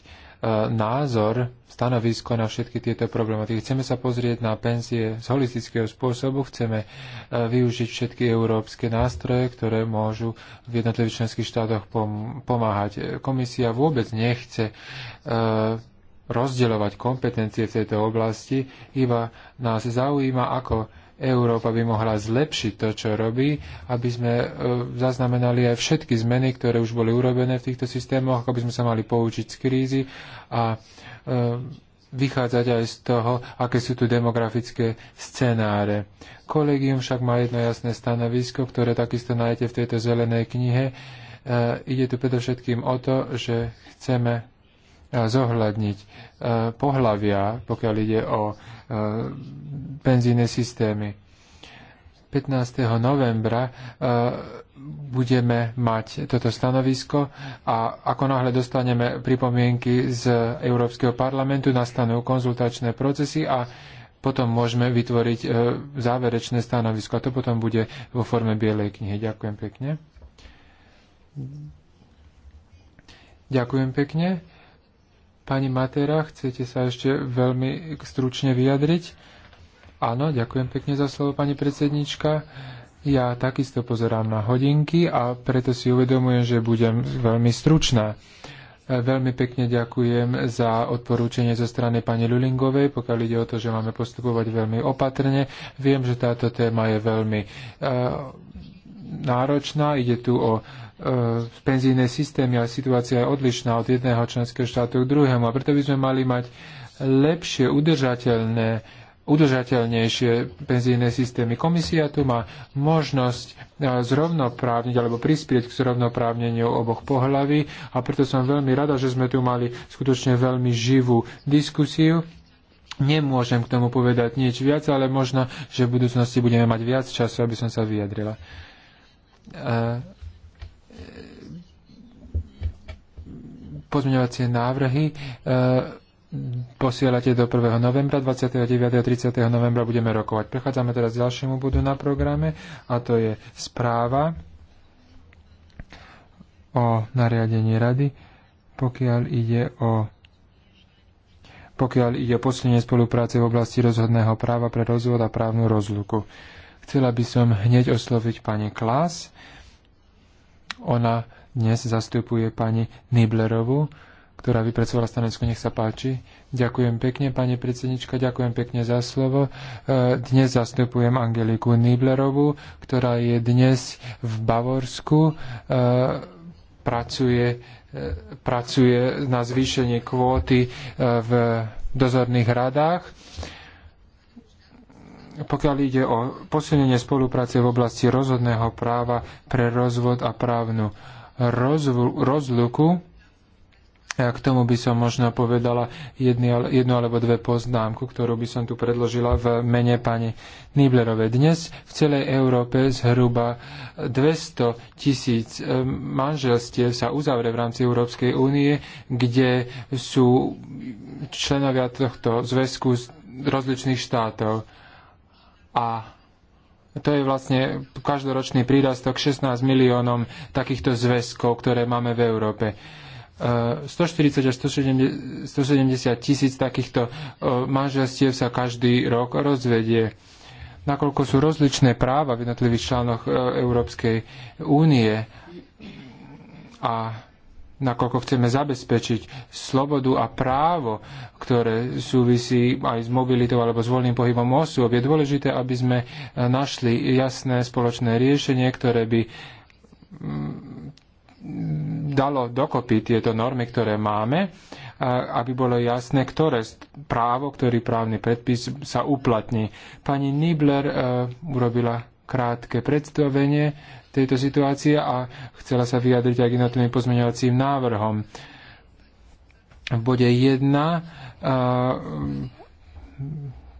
E, názor, stanovisko na všetky tieto problematiky. Chceme sa pozrieť na penzie z holistického spôsobu, chceme e, využiť všetky európske nástroje, ktoré môžu v jednotlivých členských štátoch pomáhať. Komisia vôbec nechce e, rozdeľovať kompetencie v tejto oblasti, iba nás zaujíma, ako Európa by mohla zlepšiť to, čo robí, aby sme e, zaznamenali aj všetky zmeny, ktoré už boli urobené v týchto systémoch, aby sme sa mali poučiť z krízy a e, vychádzať aj z toho, aké sú tu demografické scenáre. Kolegium však má jedno jasné stanovisko, ktoré takisto nájdete v tejto zelenej knihe. E, ide tu predovšetkým o to, že chceme zohľadniť e, pohlavia, pokiaľ ide o e, penzíne systémy. 15. novembra e, budeme mať toto stanovisko a ako náhle dostaneme pripomienky z Európskeho parlamentu, nastanú konzultačné procesy a potom môžeme vytvoriť záverečné stanovisko a to potom bude vo forme Bielej knihy. Ďakujem pekne. Ďakujem pekne. Pani Matera, chcete sa ešte veľmi stručne vyjadriť? Áno, ďakujem pekne za slovo, pani predsednička. Ja takisto pozerám na hodinky a preto si uvedomujem, že budem veľmi stručná. E, veľmi pekne ďakujem za odporúčanie zo strany pani Lulingovej, pokiaľ ide o to, že máme postupovať veľmi opatrne. Viem, že táto téma je veľmi uh, náročná. Ide tu o E, penzijné systémy a situácia je odlišná od jedného členského štátu k druhému a preto by sme mali mať lepšie udržateľné udržateľnejšie penzijné systémy. Komisia tu má možnosť e, zrovnoprávniť alebo prispieť k zrovnoprávneniu oboch pohlaví a preto som veľmi rada, že sme tu mali skutočne veľmi živú diskusiu. Nemôžem k tomu povedať nič viac, ale možno, že v budúcnosti budeme mať viac času, aby som sa vyjadrila. E, pozmeňovacie návrhy e, posielate do 1. novembra, 29. a 30. novembra budeme rokovať. Prechádzame teraz k ďalšiemu bodu na programe a to je správa o nariadení rady, pokiaľ ide o pokiaľ ide o posilnenie spolupráce v oblasti rozhodného práva pre rozvod a právnu rozluku. Chcela by som hneď osloviť pani Klas. Ona dnes zastupuje pani Niblerovu, ktorá vypracovala stanovisko. Nech sa páči. Ďakujem pekne, pani predsednička, ďakujem pekne za slovo. E, dnes zastupujem Angeliku Niblerovu, ktorá je dnes v Bavorsku, e, pracuje, e, pracuje na zvýšenie kvóty v dozorných radách pokiaľ ide o posilnenie spolupráce v oblasti rozhodného práva pre rozvod a právnu rozluku. A k tomu by som možno povedala jedny, jednu alebo dve poznámku, ktorú by som tu predložila v mene pani Niblerovej. Dnes v celej Európe zhruba 200 tisíc eh, manželstiev sa uzavre v rámci Európskej únie, kde sú členovia tohto zväzku z rozličných štátov. A to je vlastne každoročný prírastok 16 miliónom takýchto zväzkov, ktoré máme v Európe. 140 eh, až 170 tisíc takýchto eh, manželstiev sa každý rok rozvedie. Nakoľko sú rozličné práva v jednotlivých článoch eh, Európskej únie a nakoľko chceme zabezpečiť slobodu a právo, ktoré súvisí aj s mobilitou alebo s voľným pohybom osôb, je dôležité, aby sme e, našli jasné spoločné riešenie, ktoré by mm, dalo dokopy tieto normy, ktoré máme, aby bolo jasné, ktoré právo, ktorý právny predpis sa uplatní. Pani Nibler e, urobila krátke predstavenie tejto situácie a chcela sa vyjadriť aj k jednotlivým pozmeňovacím návrhom. V bode 1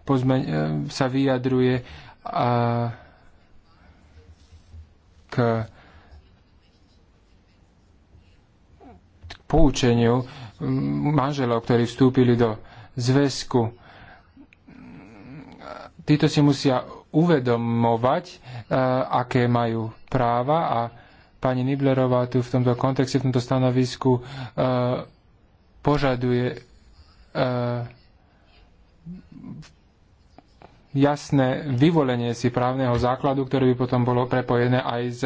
pozmeň, e, sa vyjadruje k poučeniu manželov, ktorí vstúpili do zväzku. Títo si musia uvedomovať, e, aké majú práva a pani Niblerová tu v tomto kontexte, v tomto stanovisku e, požaduje e, jasné vyvolenie si právneho základu, ktoré by potom bolo prepojené aj s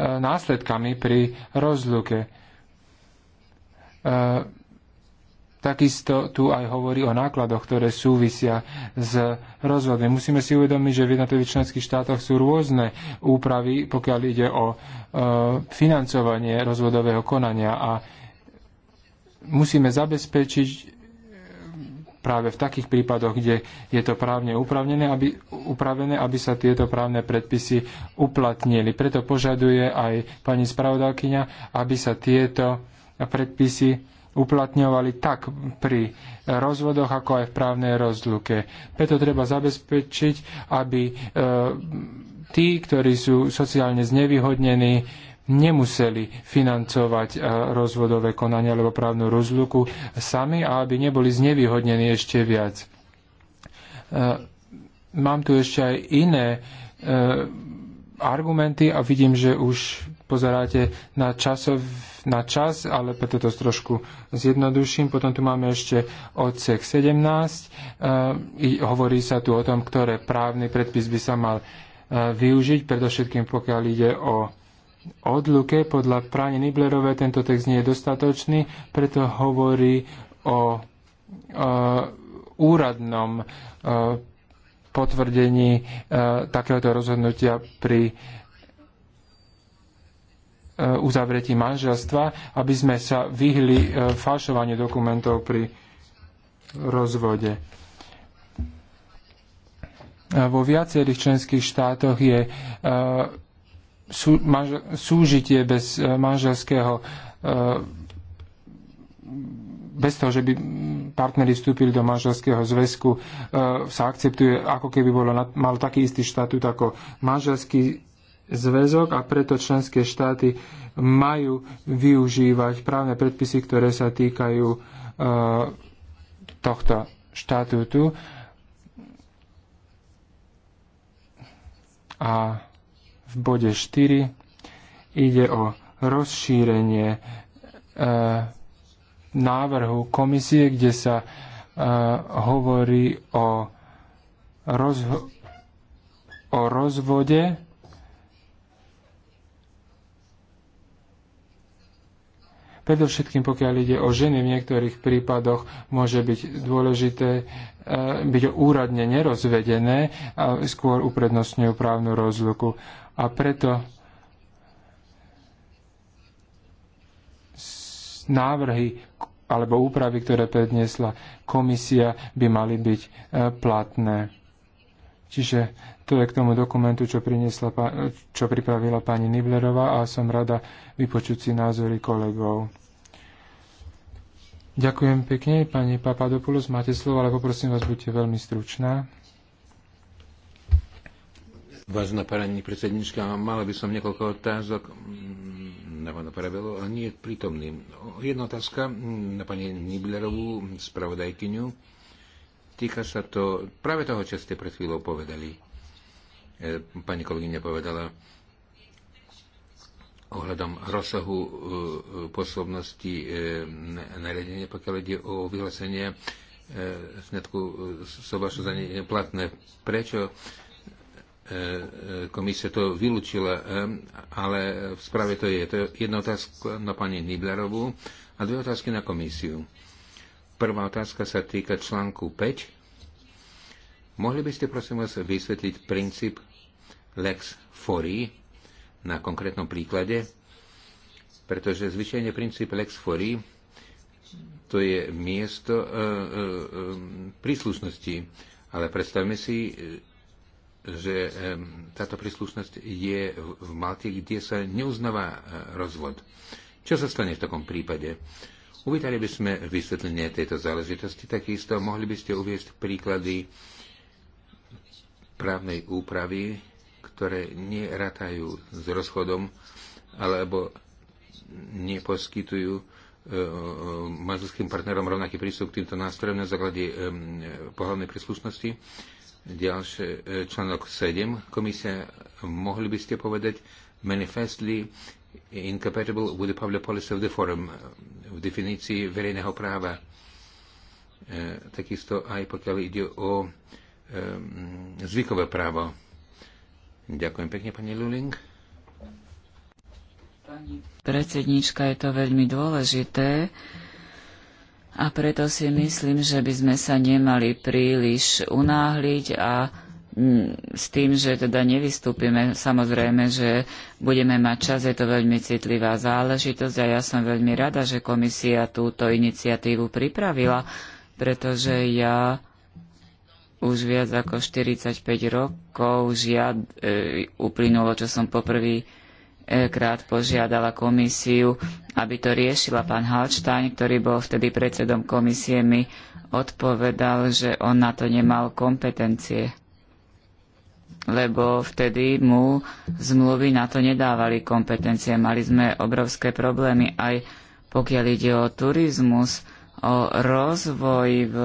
následkami pri rozluke. Takisto tu aj hovorí o nákladoch, ktoré súvisia s rozvodmi. Musíme si uvedomiť, že v jednotlivých členských štátoch sú rôzne úpravy, pokiaľ ide o e, financovanie rozvodového konania a musíme zabezpečiť e, práve v takých prípadoch, kde je to právne upravené, aby, upravené, aby sa tieto právne predpisy uplatnili. Preto požaduje aj pani spravodajkyňa, aby sa tieto predpisy uplatňovali tak pri rozvodoch, ako aj v právnej rozluke. Preto treba zabezpečiť, aby e, tí, ktorí sú sociálne znevýhodnení, nemuseli financovať e, rozvodové konania alebo právnu rozluku sami a aby neboli znevýhodnení ešte viac. E, mám tu ešte aj iné e, argumenty a vidím, že už pozeráte na časov na čas, ale preto to trošku zjednoduším. Potom tu máme ešte odsek 17. E, i hovorí sa tu o tom, ktoré právny predpis by sa mal uh, využiť, predovšetkým pokiaľ ide o odluke. Podľa práne Niblerové tento text nie je dostatočný, preto hovorí o, uh, úradnom uh, potvrdení uh, takéhoto rozhodnutia pri Eh, uzavretí manželstva, aby sme sa vyhli eh, falšovaniu dokumentov pri rozvode. Vo viacerých členských štátoch je eh, súžitie bez manželského bez toho, že by partneri vstúpili do manželského zväzku, sa akceptuje, ako keby bolo, mal taký istý štatút ako manželský zväzok a preto členské štáty majú využívať právne predpisy, ktoré sa týkajú e, tohto štatútu. A v bode 4 ide o rozšírenie e, návrhu komisie, kde sa e, hovorí o, rozho- o rozvode Predovšetkým, pokiaľ ide o ženy, v niektorých prípadoch môže byť dôležité e, byť úradne nerozvedené a skôr uprednostňujú právnu rozluku. A preto návrhy alebo úpravy, ktoré predniesla komisia, by mali byť e, platné. Čiže to je k tomu dokumentu, čo, priniesla, čo pripravila pani Niblerová a som rada vypočuť si názory kolegov. Ďakujem pekne, pani Papadopoulos. Máte slovo, ale poprosím vás, buďte veľmi stručná. Vážená pani predsednička, mala by som niekoľko otázok mm, na pána Parabelo, ale nie je prítomný. Jedna otázka na pani Niblerovú, spravodajkyňu. Týka sa to práve toho, čo ste pred chvíľou povedali. E, pani kolegyňa povedala, ohľadom rozsahu e, e, e nariadenia, pokiaľ ide o vyhlásenie e, sňatku za neplatné. Prečo komisia to vylúčila, ale v správe to je. To je jedna otázka na pani Niblerovú a dve otázky na komisiu. Prvá otázka sa týka článku 5. Mohli by ste prosím vás vysvetliť princíp lex fori, na konkrétnom príklade, pretože zvyčajne princíp lex fori to je miesto e, e, e príslušnosti. Ale predstavme si, e, že e, táto príslušnosť je v Malte, kde sa neuznáva e, rozvod. Čo sa stane v takom prípade? Uvítali by sme vysvetlenie tejto záležitosti, takisto mohli by ste uviezť príklady právnej úpravy ktoré nerátajú s rozchodom alebo neposkytujú e, e, manželským partnerom rovnaký prístup k týmto nástrojom na základe e, pohľadnej príslušnosti. Ďalšie článok 7. Komisia, mohli by ste povedať manifestly incompatible with the public policy of the forum v definícii verejného práva. Takisto aj pokiaľ ide o zvykové právo Ďakujem pekne, pani Luling. Pani predsedníčka, je to veľmi dôležité a preto si myslím, že by sme sa nemali príliš unáhliť a mm, s tým, že teda nevystúpime, samozrejme, že budeme mať čas, je to veľmi citlivá záležitosť a ja som veľmi rada, že komisia túto iniciatívu pripravila, pretože ja už viac ako 45 rokov žiad, e, uplynulo, čo som poprvý e, krát požiadala komisiu, aby to riešila. Pán Halčtáň, ktorý bol vtedy predsedom komisie, mi odpovedal, že on na to nemal kompetencie lebo vtedy mu zmluvy na to nedávali kompetencie. Mali sme obrovské problémy aj pokiaľ ide o turizmus, o rozvoj v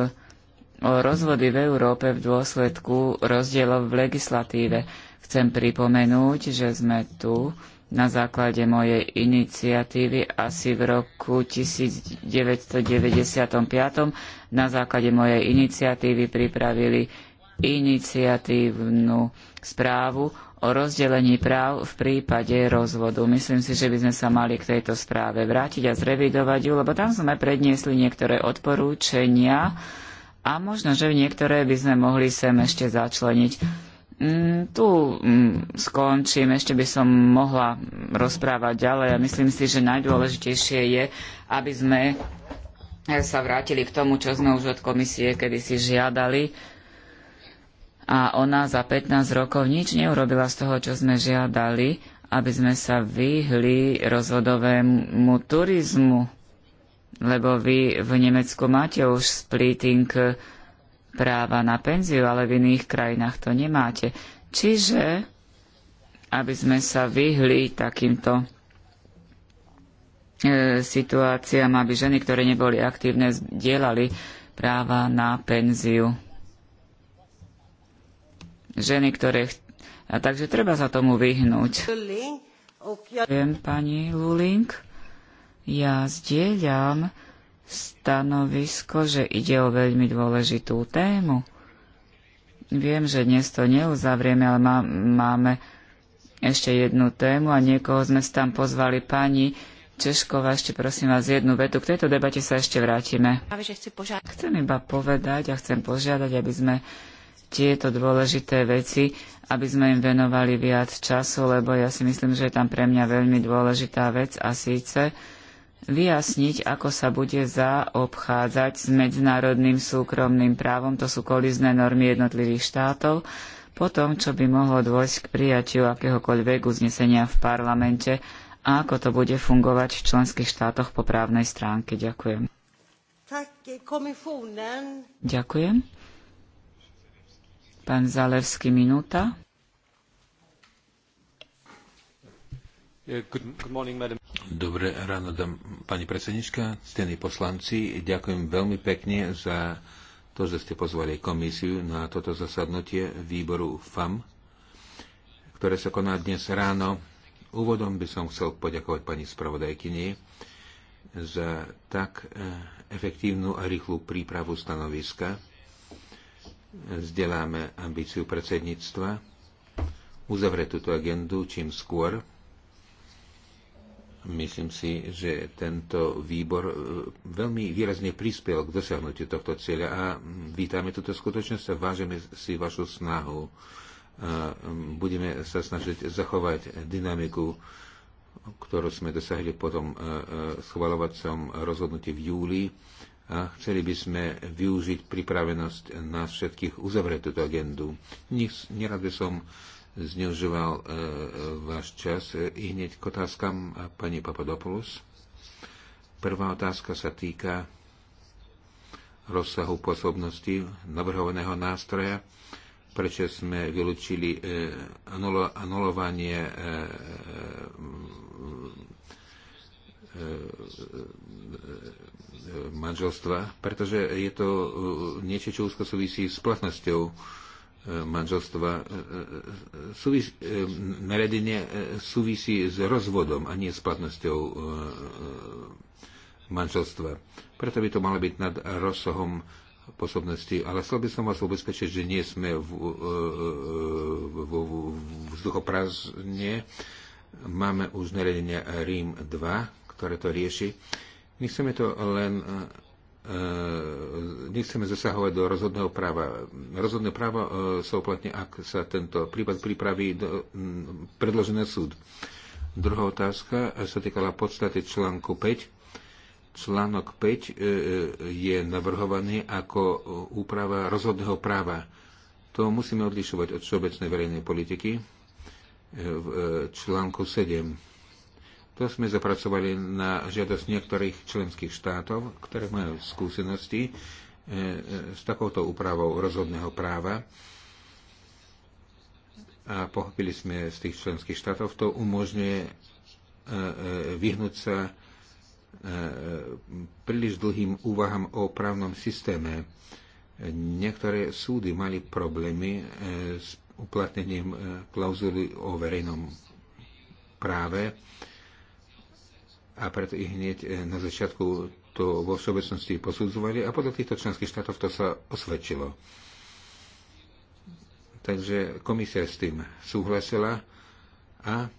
o rozvody v Európe v dôsledku rozdielov v legislatíve. Chcem pripomenúť, že sme tu na základe mojej iniciatívy asi v roku 1995 na základe mojej iniciatívy pripravili iniciatívnu správu o rozdelení práv v prípade rozvodu. Myslím si, že by sme sa mali k tejto správe vrátiť a zrevidovať ju, lebo tam sme predniesli niektoré odporúčania, a možno, že niektoré by sme mohli sem ešte začleniť. Mm, tu mm, skončím, ešte by som mohla rozprávať ďalej a myslím si, že najdôležitejšie je, aby sme sa vrátili k tomu, čo sme už od komisie kedysi žiadali a ona za 15 rokov nič neurobila z toho, čo sme žiadali, aby sme sa vyhli rozvodovému turizmu lebo vy v Nemecku máte už splitting práva na penziu, ale v iných krajinách to nemáte. Čiže, aby sme sa vyhli takýmto e, situáciám, aby ženy, ktoré neboli aktívne, dielali práva na penziu. Ženy, ktoré... Ch- a takže treba sa tomu vyhnúť. Viem, pani Luling. Ja zdieľam stanovisko, že ide o veľmi dôležitú tému. Viem, že dnes to neuzavrieme, ale má, máme ešte jednu tému a niekoho sme tam pozvali pani Češkova Ešte prosím vás jednu vetu. K tejto debate sa ešte vrátime. Chcem iba povedať a chcem požiadať, aby sme tieto dôležité veci, aby sme im venovali viac času, lebo ja si myslím, že je tam pre mňa veľmi dôležitá vec a síce vyjasniť, ako sa bude zaobchádzať s medzinárodným súkromným právom, to sú kolizné normy jednotlivých štátov, po tom, čo by mohlo dôjsť k prijatiu akéhokoľvek uznesenia v parlamente a ako to bude fungovať v členských štátoch po právnej stránke. Ďakujem. Ďakujem. Pán Zalevský, minúta. Dobré ráno, pani predsednička, ctení poslanci. Ďakujem veľmi pekne za to, že ste pozvali komisiu na toto zasadnutie výboru FAM, ktoré sa koná dnes ráno. Úvodom by som chcel poďakovať pani spravodajkyni za tak eh, efektívnu a rýchlu prípravu stanoviska. Zdeláme ambíciu predsedníctva uzavrieť túto agendu čím skôr Myslím si, že tento výbor e, veľmi výrazne prispel k dosiahnutiu tohto cieľa a vítame túto skutočnosť a vážime si vašu snahu. E, budeme sa snažiť zachovať dynamiku, ktorú sme dosahli potom e, schvalovacom rozhodnutí v júli a chceli by sme využiť pripravenosť nás všetkých uzavrieť túto agendu. Nerad by som zneužíval e, e, váš čas. E, I hneď k otázkam pani Papadopoulos. Prvá otázka sa týka rozsahu pôsobnosti navrhovaného nástroja, prečo sme vylúčili anulovanie manželstva, pretože je to niečo, čo úzko súvisí s platnosťou manželstva e, e, e, súvis, naredenie súvisí s rozvodom a nie s platnosťou manželstva. Preto by to malo byť nad rozsahom posobnosti. Ale chcel by som vás ubezpečiť, že nie sme v, v, vzduchoprázdne. Máme už naredenie Rím 2, ktoré to rieši. Nechceme to len E, nechceme zasahovať do rozhodného práva. Rozhodné právo e, sa uplatne, ak sa tento prípad pripraví do, m, predložené súd. Druhá otázka sa týkala podstaty článku 5. Článok 5 e, je navrhovaný ako úprava rozhodného práva. To musíme odlišovať od všeobecnej verejnej politiky v článku 7 to sme zapracovali na žiadosť niektorých členských štátov, ktoré majú skúsenosti e, e, s takouto úpravou rozhodného práva. A pochopili sme z tých členských štátov, to umožňuje e, vyhnúť sa príliš dlhým úvahám o právnom systéme. Niektoré súdy mali problémy s uplatnením klauzuly o verejnom práve a preto ich hneď eh, na začiatku to vo všeobecnosti posudzovali a podľa týchto členských štátov to sa osvedčilo. Takže komisia s tým súhlasila a eh,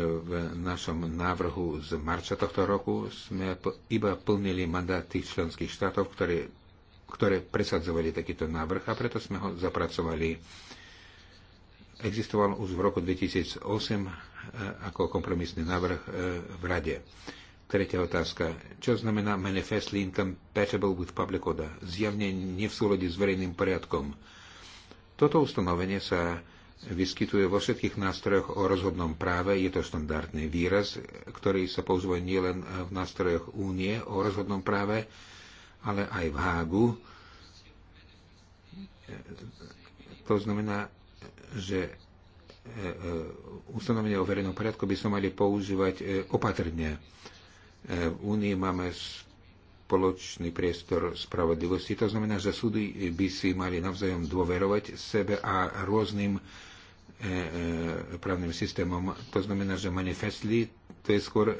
v našom návrhu z marca tohto roku sme iba plnili mandát tých členských štátov, ktoré, ktoré presadzovali takýto návrh a preto sme ho zapracovali. Existoval už v roku 2008 ako kompromisný návrh e, v Rade. Tretia otázka. Čo znamená manifestly incompatible with public order? Zjavne nie v súlade s verejným poriadkom. Toto ustanovenie sa vyskytuje vo všetkých nástrojoch o rozhodnom práve. Je to štandardný výraz, ktorý sa používa nielen v nástrojoch únie o rozhodnom práve, ale aj v Hágu. To znamená, že E, e, ustanovenie o verejnom poriadku by sme mali používať e, opatrne. V Únii máme spoločný priestor spravodlivosti. To znamená, že súdy by si mali navzájom dôverovať sebe a rôznym právnym systémom. To znamená, že manifestli to je skôr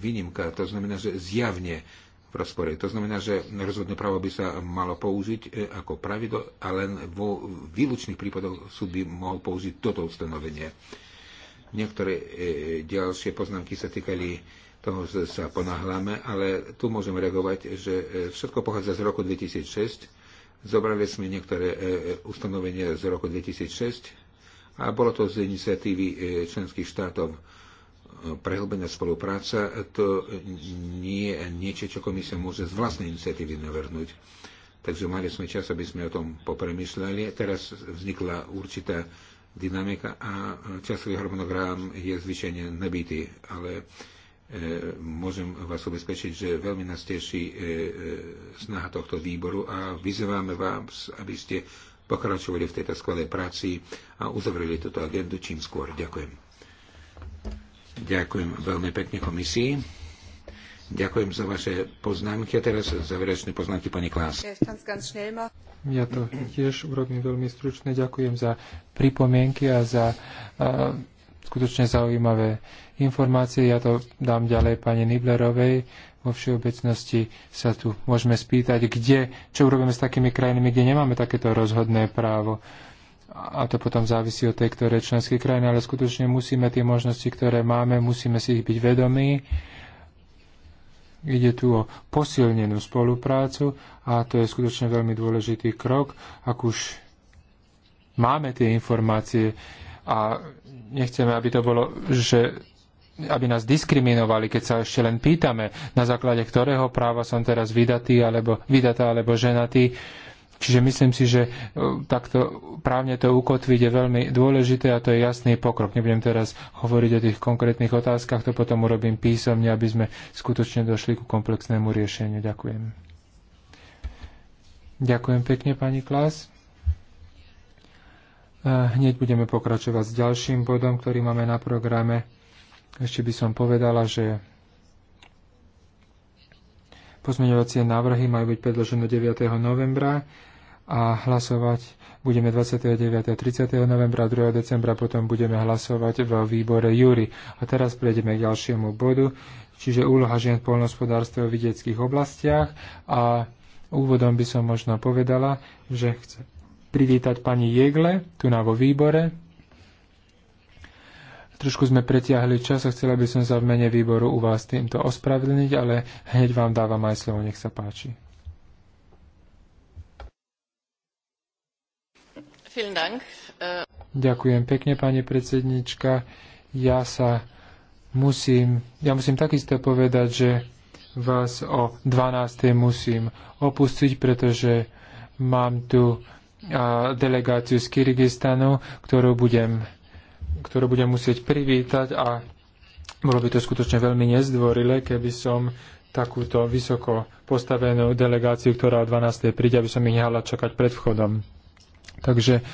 výnimka. To znamená, že zjavne v rozpore. To znamená, že rozhodné právo by sa malo použiť e, ako pravidlo a len vo výlučných prípadoch súd by mohol použiť toto ustanovenie. Niektoré e, ďalšie poznámky sa týkali toho, že sa ponáhľame, ale tu môžeme reagovať, že e, všetko pochádza z roku 2006. Zobrali sme niektoré ustanovenia z roku 2006 a bolo to z iniciatívy členských štátov prehlbená spolupráca to nie je niečo, čo komisia môže z vlastnej iniciatívy navrhnúť. Takže mali sme čas, aby sme o tom popremysleli. Teraz vznikla určitá dynamika a časový harmonogram je zvyčajne nabitý, ale e, môžem vás ubezpečiť, že veľmi nás teší e, e, snaha tohto výboru a vyzývame vás, aby ste pokračovali v tejto skvelej práci a uzavreli túto agendu čím skôr. Ďakujem. Ďakujem veľmi pekne komisii. Ďakujem za vaše poznámky a teraz záverečné poznámky pani Klás. Ja to tiež urobím veľmi stručne. Ďakujem za pripomienky a za skutočne zaujímavé informácie. Ja to dám ďalej pani Niblerovej. Vo všeobecnosti sa tu môžeme spýtať, kde, čo urobíme s takými krajinami, kde nemáme takéto rozhodné právo a to potom závisí od tej ktoré členské krajiny, ale skutočne musíme tie možnosti, ktoré máme, musíme si ich byť vedomí. Ide tu o posilnenú spoluprácu a to je skutočne veľmi dôležitý krok, ak už máme tie informácie a nechceme, aby to bolo, že aby nás diskriminovali, keď sa ešte len pýtame, na základe ktorého práva som teraz vydatý, alebo vydatá, alebo ženatý Čiže myslím si, že e, takto právne to ukotviť je veľmi dôležité a to je jasný pokrok. Nebudem teraz hovoriť o tých konkrétnych otázkach, to potom urobím písomne, aby sme skutočne došli ku komplexnému riešeniu. Ďakujem. Ďakujem pekne, pani Klas. E, hneď budeme pokračovať s ďalším bodom, ktorý máme na programe. Ešte by som povedala, že Pozmeňovacie návrhy majú byť predložené 9. novembra a hlasovať budeme 29. a 30. novembra, 2. decembra potom budeme hlasovať vo výbore Júri. A teraz prejdeme k ďalšiemu bodu, čiže úloha žien v polnospodárstve v vidieckých oblastiach a úvodom by som možno povedala, že chcem privítať pani Jegle tu na vo výbore, Trošku sme pretiahli čas a chcela by som sa v mene výboru u vás týmto ospravedlniť, ale hneď vám dávam aj slovo, nech sa páči. Äh, Ďakujem pekne, pani predsednička. Ja sa musím, ja musím takisto povedať, že vás o 12. musím opustiť, pretože mám tu delegáciu z Kyrgyzstanu, ktorú budem ktorú budem musieť privítať a bolo by to skutočne veľmi nezdvorilé, keby som takúto vysoko postavenú delegáciu, ktorá o 12. príde, aby som ich nehala čakať pred vchodom. Takže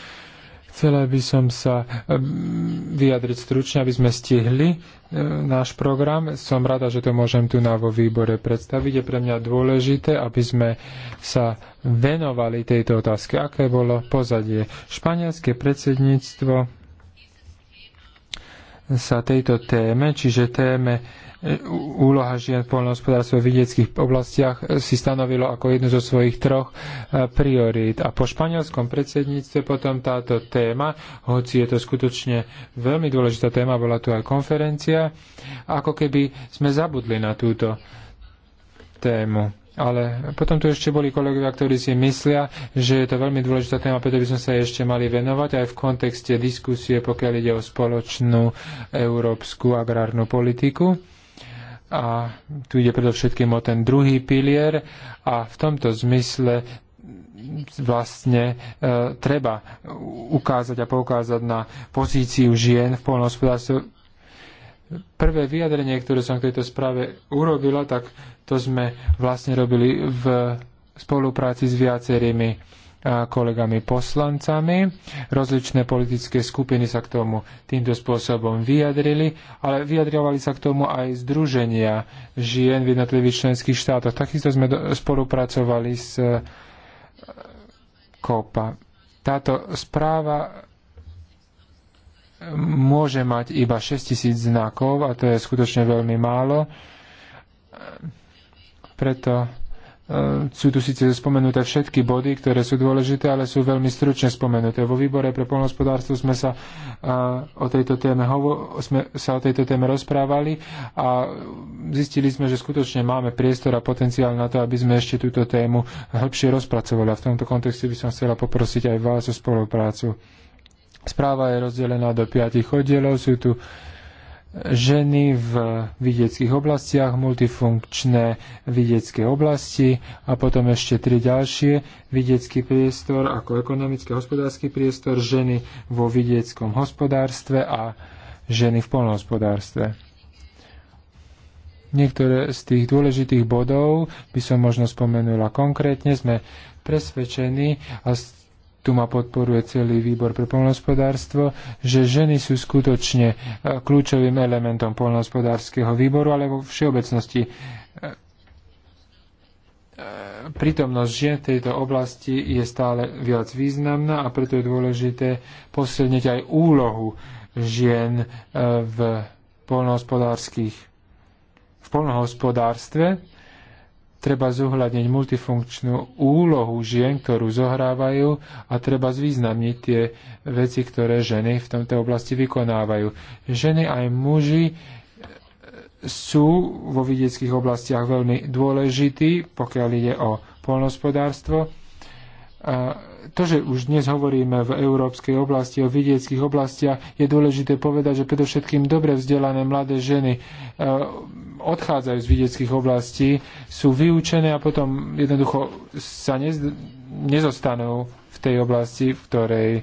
chcela by som sa ehm, vyjadriť stručne, aby sme stihli ehm, náš program. Som rada, že to môžem tu na vo výbore predstaviť. Je pre mňa dôležité, aby sme sa venovali tejto otázke. Aké bolo pozadie? Španielské predsedníctvo sa tejto téme, čiže téme e, úloha žien v poľnohospodárstve v vidieckých oblastiach e, si stanovilo ako jednu zo svojich troch e, priorít. A po španielskom predsedníctve potom táto téma, hoci je to skutočne veľmi dôležitá téma, bola tu aj konferencia, ako keby sme zabudli na túto tému. Ale potom tu ešte boli kolegovia, ktorí si myslia, že je to veľmi dôležitá téma, preto by sme sa ešte mali venovať aj v kontexte diskusie, pokiaľ ide o spoločnú európsku agrárnu politiku. A tu ide predovšetkým o ten druhý pilier a v tomto zmysle vlastne e, treba ukázať a poukázať na pozíciu žien v polnohospodárstve prvé vyjadrenie, ktoré som k tejto správe urobila, tak to sme vlastne robili v spolupráci s viacerými kolegami poslancami. Rozličné politické skupiny sa k tomu týmto spôsobom vyjadrili, ale vyjadrovali sa k tomu aj združenia žien v jednotlivých členských štátoch. Takisto sme spolupracovali s e, KOPA. Táto správa môže mať iba 6000 znakov a to je skutočne veľmi málo. Preto e, sú tu síce spomenuté všetky body, ktoré sú dôležité, ale sú veľmi stručne spomenuté. Vo výbore pre polnohospodárstvo sme sa e, o tejto téme, hovo, sme sa o tejto téme rozprávali a zistili sme, že skutočne máme priestor a potenciál na to, aby sme ešte túto tému hĺbšie rozpracovali. A v tomto kontexte by som chcela poprosiť aj vás o spoluprácu. Správa je rozdelená do piatich oddielov. Sú tu ženy v vidieckých oblastiach, multifunkčné vidiecké oblasti a potom ešte tri ďalšie. Vidiecký priestor ako ekonomický hospodársky priestor, ženy vo vidieckom hospodárstve a ženy v polnohospodárstve. Niektoré z tých dôležitých bodov by som možno spomenula konkrétne. Sme presvedčení a tu ma podporuje celý výbor pre polnohospodárstvo, že ženy sú skutočne e, kľúčovým elementom polnohospodárskeho výboru, ale vo všeobecnosti e, e, prítomnosť žien v tejto oblasti je stále viac významná a preto je dôležité posilniť aj úlohu žien v polnohospodárských v polnohospodárstve treba zohľadniť multifunkčnú úlohu žien, ktorú zohrávajú a treba zvýznamniť tie veci, ktoré ženy v tomto oblasti vykonávajú. Ženy aj muži e, sú vo vidieckých oblastiach veľmi dôležití, pokiaľ ide o polnospodárstvo. A e, to, že už dnes hovoríme v európskej oblasti o vidieckých oblastiach, je dôležité povedať, že predovšetkým dobre vzdelané mladé ženy e, odchádzajú z vidieckých oblastí, sú vyučené a potom jednoducho sa nez, nezostanú tej oblasti, v ktorej e,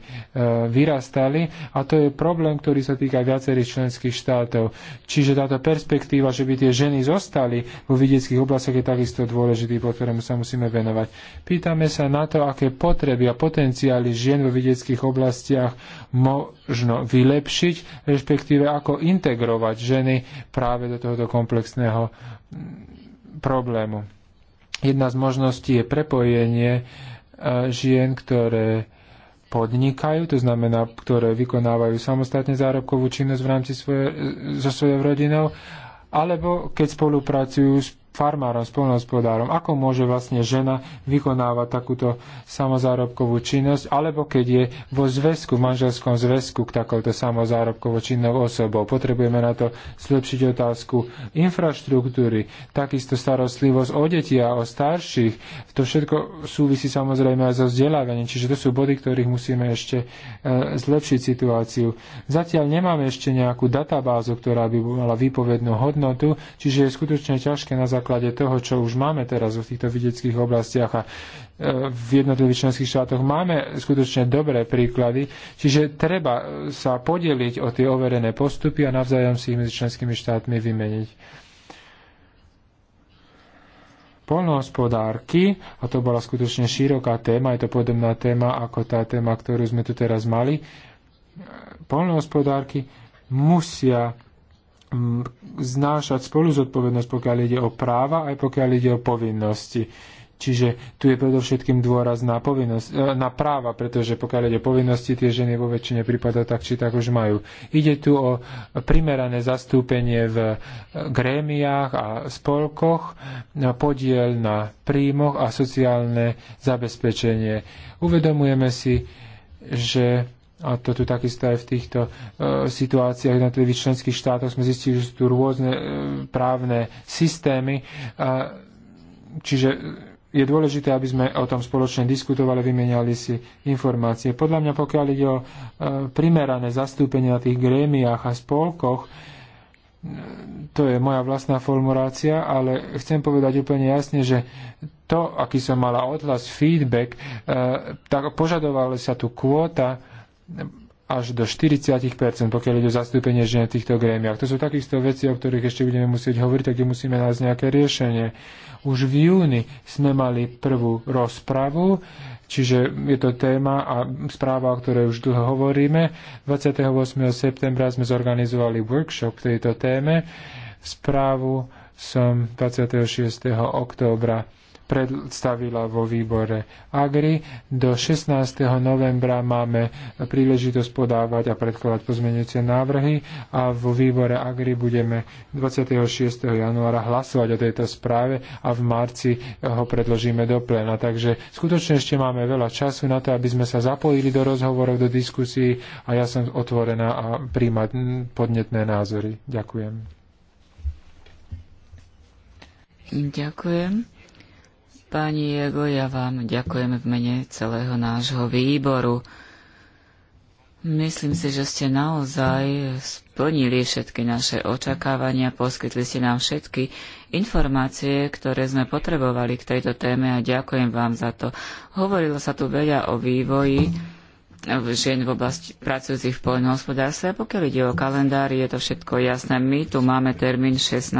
vyrastali a to je problém, ktorý sa týka viacerých členských štátov. Čiže táto perspektíva, že by tie ženy zostali vo vidieckých oblastiach je takisto dôležitý, po ktorému sa musíme venovať. Pýtame sa na to, aké potreby a potenciály žien vo vidieckých oblastiach možno vylepšiť, respektíve ako integrovať ženy práve do tohoto komplexného problému. Jedna z možností je prepojenie Eh, žien, ktoré podnikajú, to znamená, ktoré vykonávajú samostatne zárobkovú činnosť v rámci svoje, eh, so svojou rodinou, alebo keď spolupracujú s farmárom, spolnohospodárom. Ako môže vlastne žena vykonávať takúto samozárobkovú činnosť, alebo keď je vo zväzku, v manželskom zväzku k takouto samozárobkovou činnou osobou. Potrebujeme na to zlepšiť otázku infraštruktúry, takisto starostlivosť o deti a o starších. To všetko súvisí samozrejme aj so vzdelávaním, čiže to sú body, ktorých musíme ešte e, zlepšiť situáciu. Zatiaľ nemáme ešte nejakú databázu, ktorá by mala výpovednú hodnotu, čiže je skutočne ťažké na základe toho, čo už máme teraz v týchto vidieckých oblastiach a e, v jednotlivých členských štátoch máme skutočne dobré príklady, čiže treba e, sa podeliť o tie overené postupy a navzájom si ich medzi členskými štátmi vymeniť. Polnohospodárky, a to bola skutočne široká téma, je to podobná téma ako tá téma, ktorú sme tu teraz mali, e, polnohospodárky musia znášať spolu zodpovednosť, pokiaľ ide o práva, aj pokiaľ ide o povinnosti. Čiže tu je predovšetkým dôraz na, povinnosť, e, na práva, pretože pokiaľ ide o povinnosti, tie ženy vo väčšine prípadov tak či tak už majú. Ide tu o primerané zastúpenie v e, grémiách a spolkoch, e, podiel na príjmoch a sociálne zabezpečenie. Uvedomujeme si, že a to tu takisto aj v týchto e, situáciách tých členských štátoch sme zistili, že sú tu rôzne e, právne systémy. E, čiže je dôležité, aby sme o tom spoločne diskutovali, vymeniali si informácie. Podľa mňa, pokiaľ ide o e, primerané zastúpenie na tých grémiách a spolkoch, e, to je moja vlastná formulácia, ale chcem povedať úplne jasne, že to, aký som mala odhlas, feedback, e, tak požadovala sa tu kvóta, až do 40%, pokiaľ ide o zastúpenie žien v týchto grémiach. To sú takisto veci, o ktorých ešte budeme musieť hovoriť, tak musíme nájsť nejaké riešenie. Už v júni sme mali prvú rozpravu, čiže je to téma a správa, o ktorej už dlho hovoríme. 28. septembra sme zorganizovali workshop k tejto téme. Správu som 26. októbra predstavila vo výbore Agri. Do 16. novembra máme príležitosť podávať a predkladať pozmenujúce návrhy a vo výbore Agri budeme 26. januára hlasovať o tejto správe a v marci ho predložíme do plena. Takže skutočne ešte máme veľa času na to, aby sme sa zapojili do rozhovorov, do diskusí a ja som otvorená a príjmať podnetné názory. Ďakujem. Ďakujem. Pani Jego, ja vám ďakujem v mene celého nášho výboru. Myslím si, že ste naozaj splnili všetky naše očakávania, poskytli ste nám všetky informácie, ktoré sme potrebovali k tejto téme a ďakujem vám za to. Hovorilo sa tu veľa o vývoji žien v oblasti pracujúcich v poľnohospodárstve. A pokiaľ ide o kalendár, je to všetko jasné. My tu máme termín 16.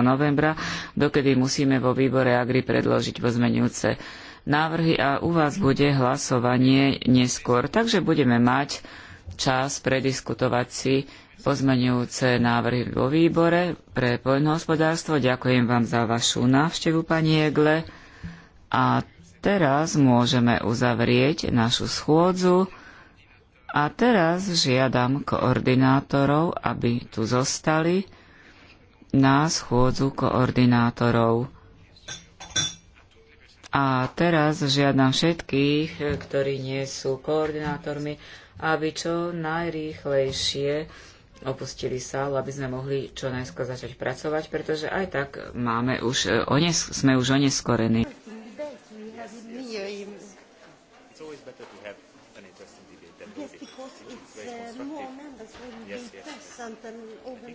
novembra, dokedy musíme vo výbore Agri predložiť pozmenujúce návrhy a u vás bude hlasovanie neskôr. Takže budeme mať čas prediskutovať si pozmenujúce návrhy vo výbore pre poľnohospodárstvo. Ďakujem vám za vašu návštevu, pani Jegle. A teraz môžeme uzavrieť našu schôdzu. A teraz žiadam koordinátorov, aby tu zostali na schôdzu koordinátorov. A teraz žiadam všetkých, ktorí nie sú koordinátormi, aby čo najrýchlejšie opustili sálu, aby sme mohli čo najskôr začať pracovať, pretože aj tak máme už, e, ones- sme už oneskorení because it's uh, more members will yes, be yes, present yes. and organ